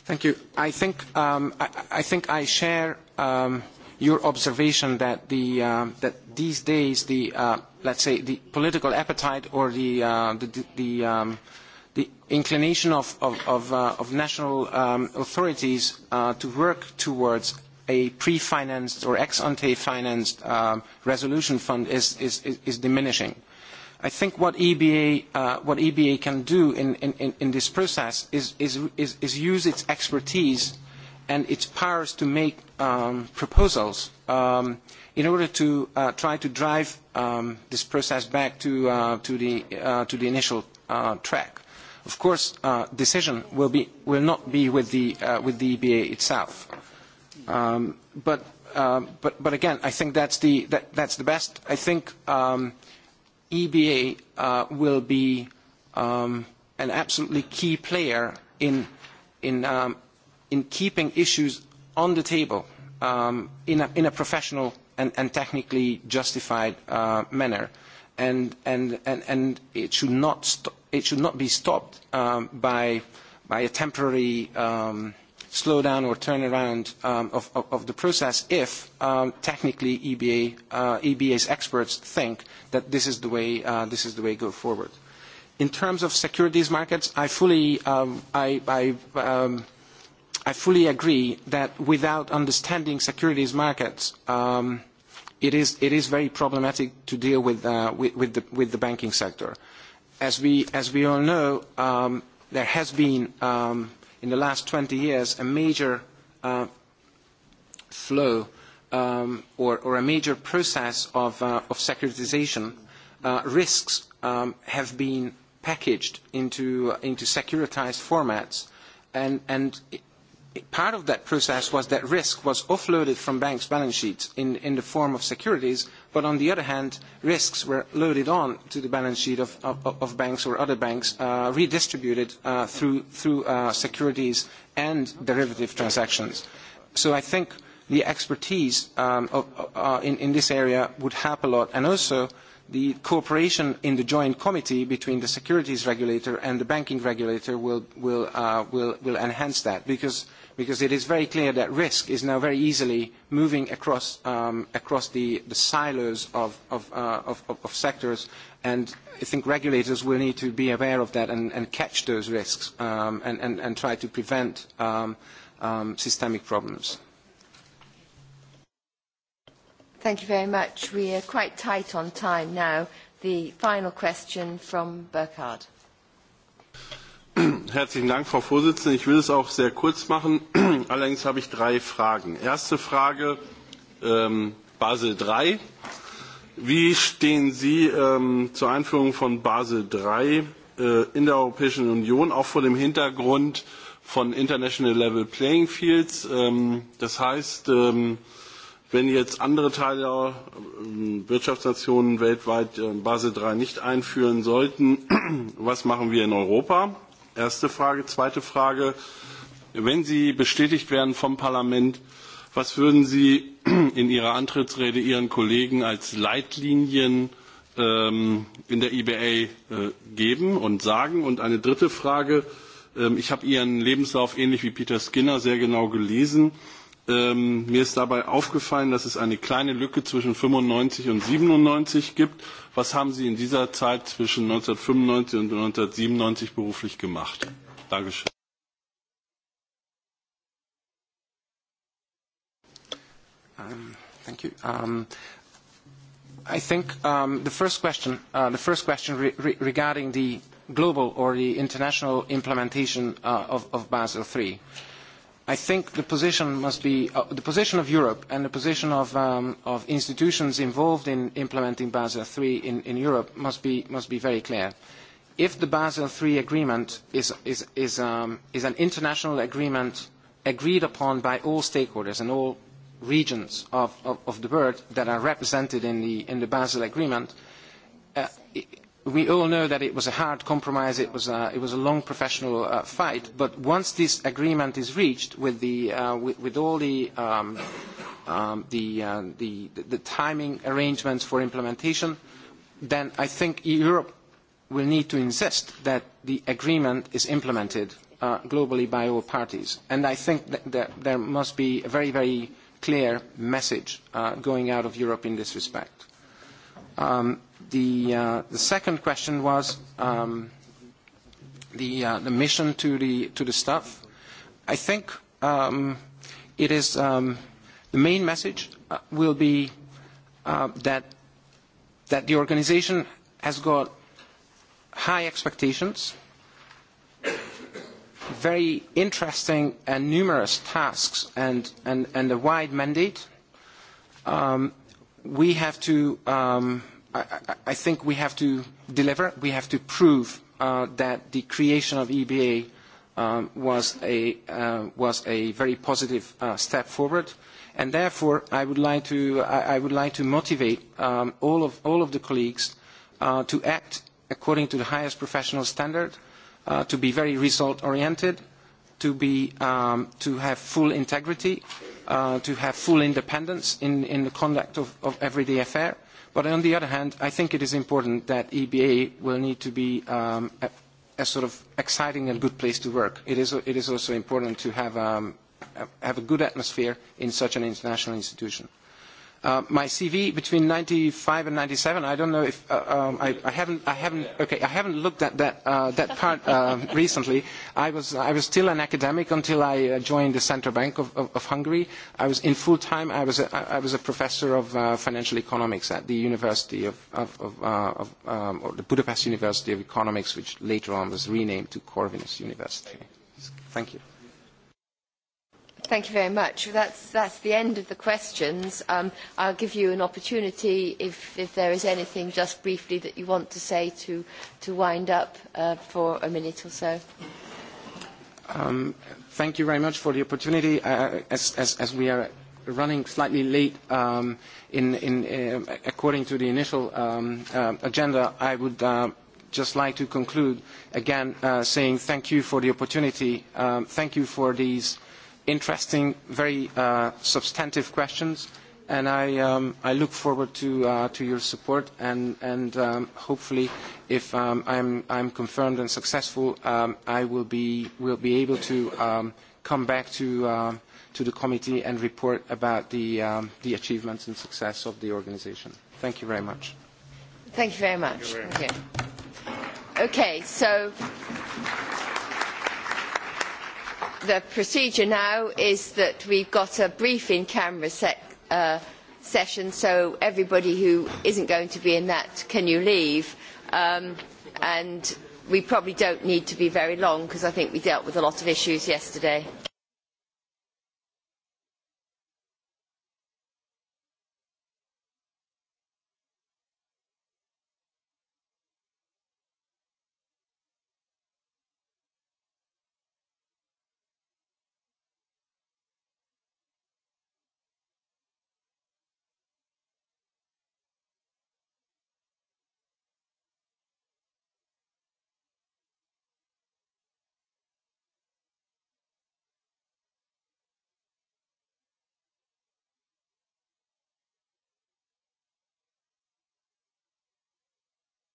Thank you. I think, um, I, I, think I share... Um, your observation that uh, these days, uh, let's say, the political appetite or the uh, um, inclination of national um, authorities to work towards a pre-financed or ex-ante financed um, resolution fund is diminishing. I think what EBA e can do in this process is use its expertise and its powers to make um, proposals um, in order to uh, try to drive um, this process back to, uh, to, the, uh, to the initial uh, track. Of course, uh, decision will, be, will not be with the, uh, with the EBA itself. Um, but, uh, but, but again, I think that's the, that, that's the best. I think um, EBA uh, will be um, an absolutely key player in, in, um, in keeping issues on the table um, in, a, in a professional and, and technically justified uh, manner. And, and, and, and it, should not st- it should not be stopped um, by, by a temporary um, slowdown or turnaround um, of, of, of the process if um, technically EBA, uh, EBA's experts think that this is the way, uh, this is the way to go forward. In terms of securities markets, I fully, um, I, I, um, I fully agree that without understanding securities markets, um, it is it is very problematic to deal with uh, with, with the with the banking sector. As we as we all know, um, there has been um, in the last 20 years a major uh, flow um, or or a major process of uh, of securitization. Uh, risks um, have been packaged into uh, into securitized formats, and and. It, part of that process was that risk was offloaded from banks' balance sheets in the form of securities, but on the other hand, risks were loaded on to the balance sheet of banks or other banks, uh, redistributed uh, through uh, securities and derivative transactions. I think the expertise um, in this area would help a lot. Also, the cooperation in the joint committee between the securities regulator and the banking regulator will, will, uh, will, will enhance that because, because it is very clear that risk is now very easily moving across, um, across the, the silos of, of, uh, of, of, of sectors and I think regulators will need to be aware of that and, and catch those risks um, and, and, and try to prevent um, um, systemic problems. Thank you very much. We are quite tight on time now. The final question from Burkhard. Herzlichen Dank, Frau Vorsitzende. Ich will es auch sehr kurz machen. Allerdings habe ich drei Fragen. Erste Frage, ähm, Basel III. Wie stehen Sie ähm, zur Einführung von Basel III äh, in der Europäischen Union, auch vor dem Hintergrund von International Level Playing Fields? Ähm, das heißt, ähm, Wenn jetzt andere Teile der ähm, Wirtschaftsnationen weltweit ähm, Basel III nicht einführen sollten, was machen wir in Europa? Erste Frage. Zweite Frage. Wenn Sie bestätigt werden vom Parlament, was würden Sie in Ihrer Antrittsrede Ihren Kollegen als Leitlinien ähm, in der IBA äh, geben und sagen? Und eine dritte Frage. Ähm, ich habe Ihren Lebenslauf ähnlich wie Peter Skinner sehr genau gelesen. Ähm, mir ist dabei aufgefallen, dass es eine kleine Lücke zwischen 95 und 97 gibt. Was haben Sie in dieser Zeit zwischen 1995 und 1997 beruflich gemacht? Dankeschön. Um, thank you. Um, I think um, the first question, uh, the first question re re regarding the global or the international implementation uh, of, of Basel III. I think the position must be uh, the position of Europe and the position of, um, of institutions involved in implementing Basel III in, in Europe must be, must be very clear. If the Basel III agreement is, is, is, um, is an international agreement agreed upon by all stakeholders and all regions of, of, of the world that are represented in the, in the Basel agreement, uh, it, we all know that it was a hard compromise, it was a, it was a long professional uh, fight, but once this agreement is reached with, the, uh, with, with all the, um, um, the, uh, the, the, the timing arrangements for implementation, then I think Europe will need to insist that the agreement is implemented uh, globally by all parties. And I think that, that there must be a very, very clear message uh, going out of Europe in this respect. Um, uh, the second question was um, uh, the mission to the staff. I think um, it is the main message uh, will be that the organization has got high expectations, very interesting and numerous tasks and a wide mandate we have to um, I, I think we have to deliver we have to prove uh, that the creation of EBA um, was a uh, was a very positive uh, step forward and therefore I would like to I, I would like to motivate um, all of all of the colleagues uh, to act according to the highest professional standard uh, to be very result oriented to be um, to have full integrity Uh, to have full independence in, in the conduct of, of everyday affairs. But on the other hand, I think it is important that EBA will need to be um, a, a sort of exciting and good place to work. It is, it is also important to have, um, a, have a good atmosphere in such an international institution. Uh, my CV between 95 and 97. I don't know if uh, um, I, I haven't. I haven't. Okay, I haven't looked at that uh, that part uh, recently. I was I was still an academic until I uh, joined the Central Bank of, of, of Hungary. I was in full time. I was a, I was a professor of uh, financial economics at the University of, of, of, uh, of um, or the Budapest University of Economics, which later on was renamed to Corvinus University. Thank you. Thank you very much. That's, that's the end of the questions. Um, I'll give you an opportunity if, if there is anything just briefly that you want to say to, to wind up uh, for a minute or so. Um, thank you very much for the opportunity. Uh, as, as, as we are running slightly late um, in, in, uh, according to the initial um, uh, agenda, I would uh, just like to conclude again uh, saying thank you for the opportunity. Um, thank you for these interesting, very uh, substantive questions, and I, um, I look forward to, uh, to your support, and, and um, hopefully, if um, I'm, I'm confirmed and successful, um, I will be, will be able to um, come back to, uh, to the committee and report about the, um, the achievements and success of the organization. Thank you very much. Thank you very much. Thank you very much. Okay. okay, so the procedure now is that we have got a brief in camera sec uh, session so everybody who isn't going to be in that can you leave um, and we probably don't need to be very long because I think we dealt with a lot of issues yesterday.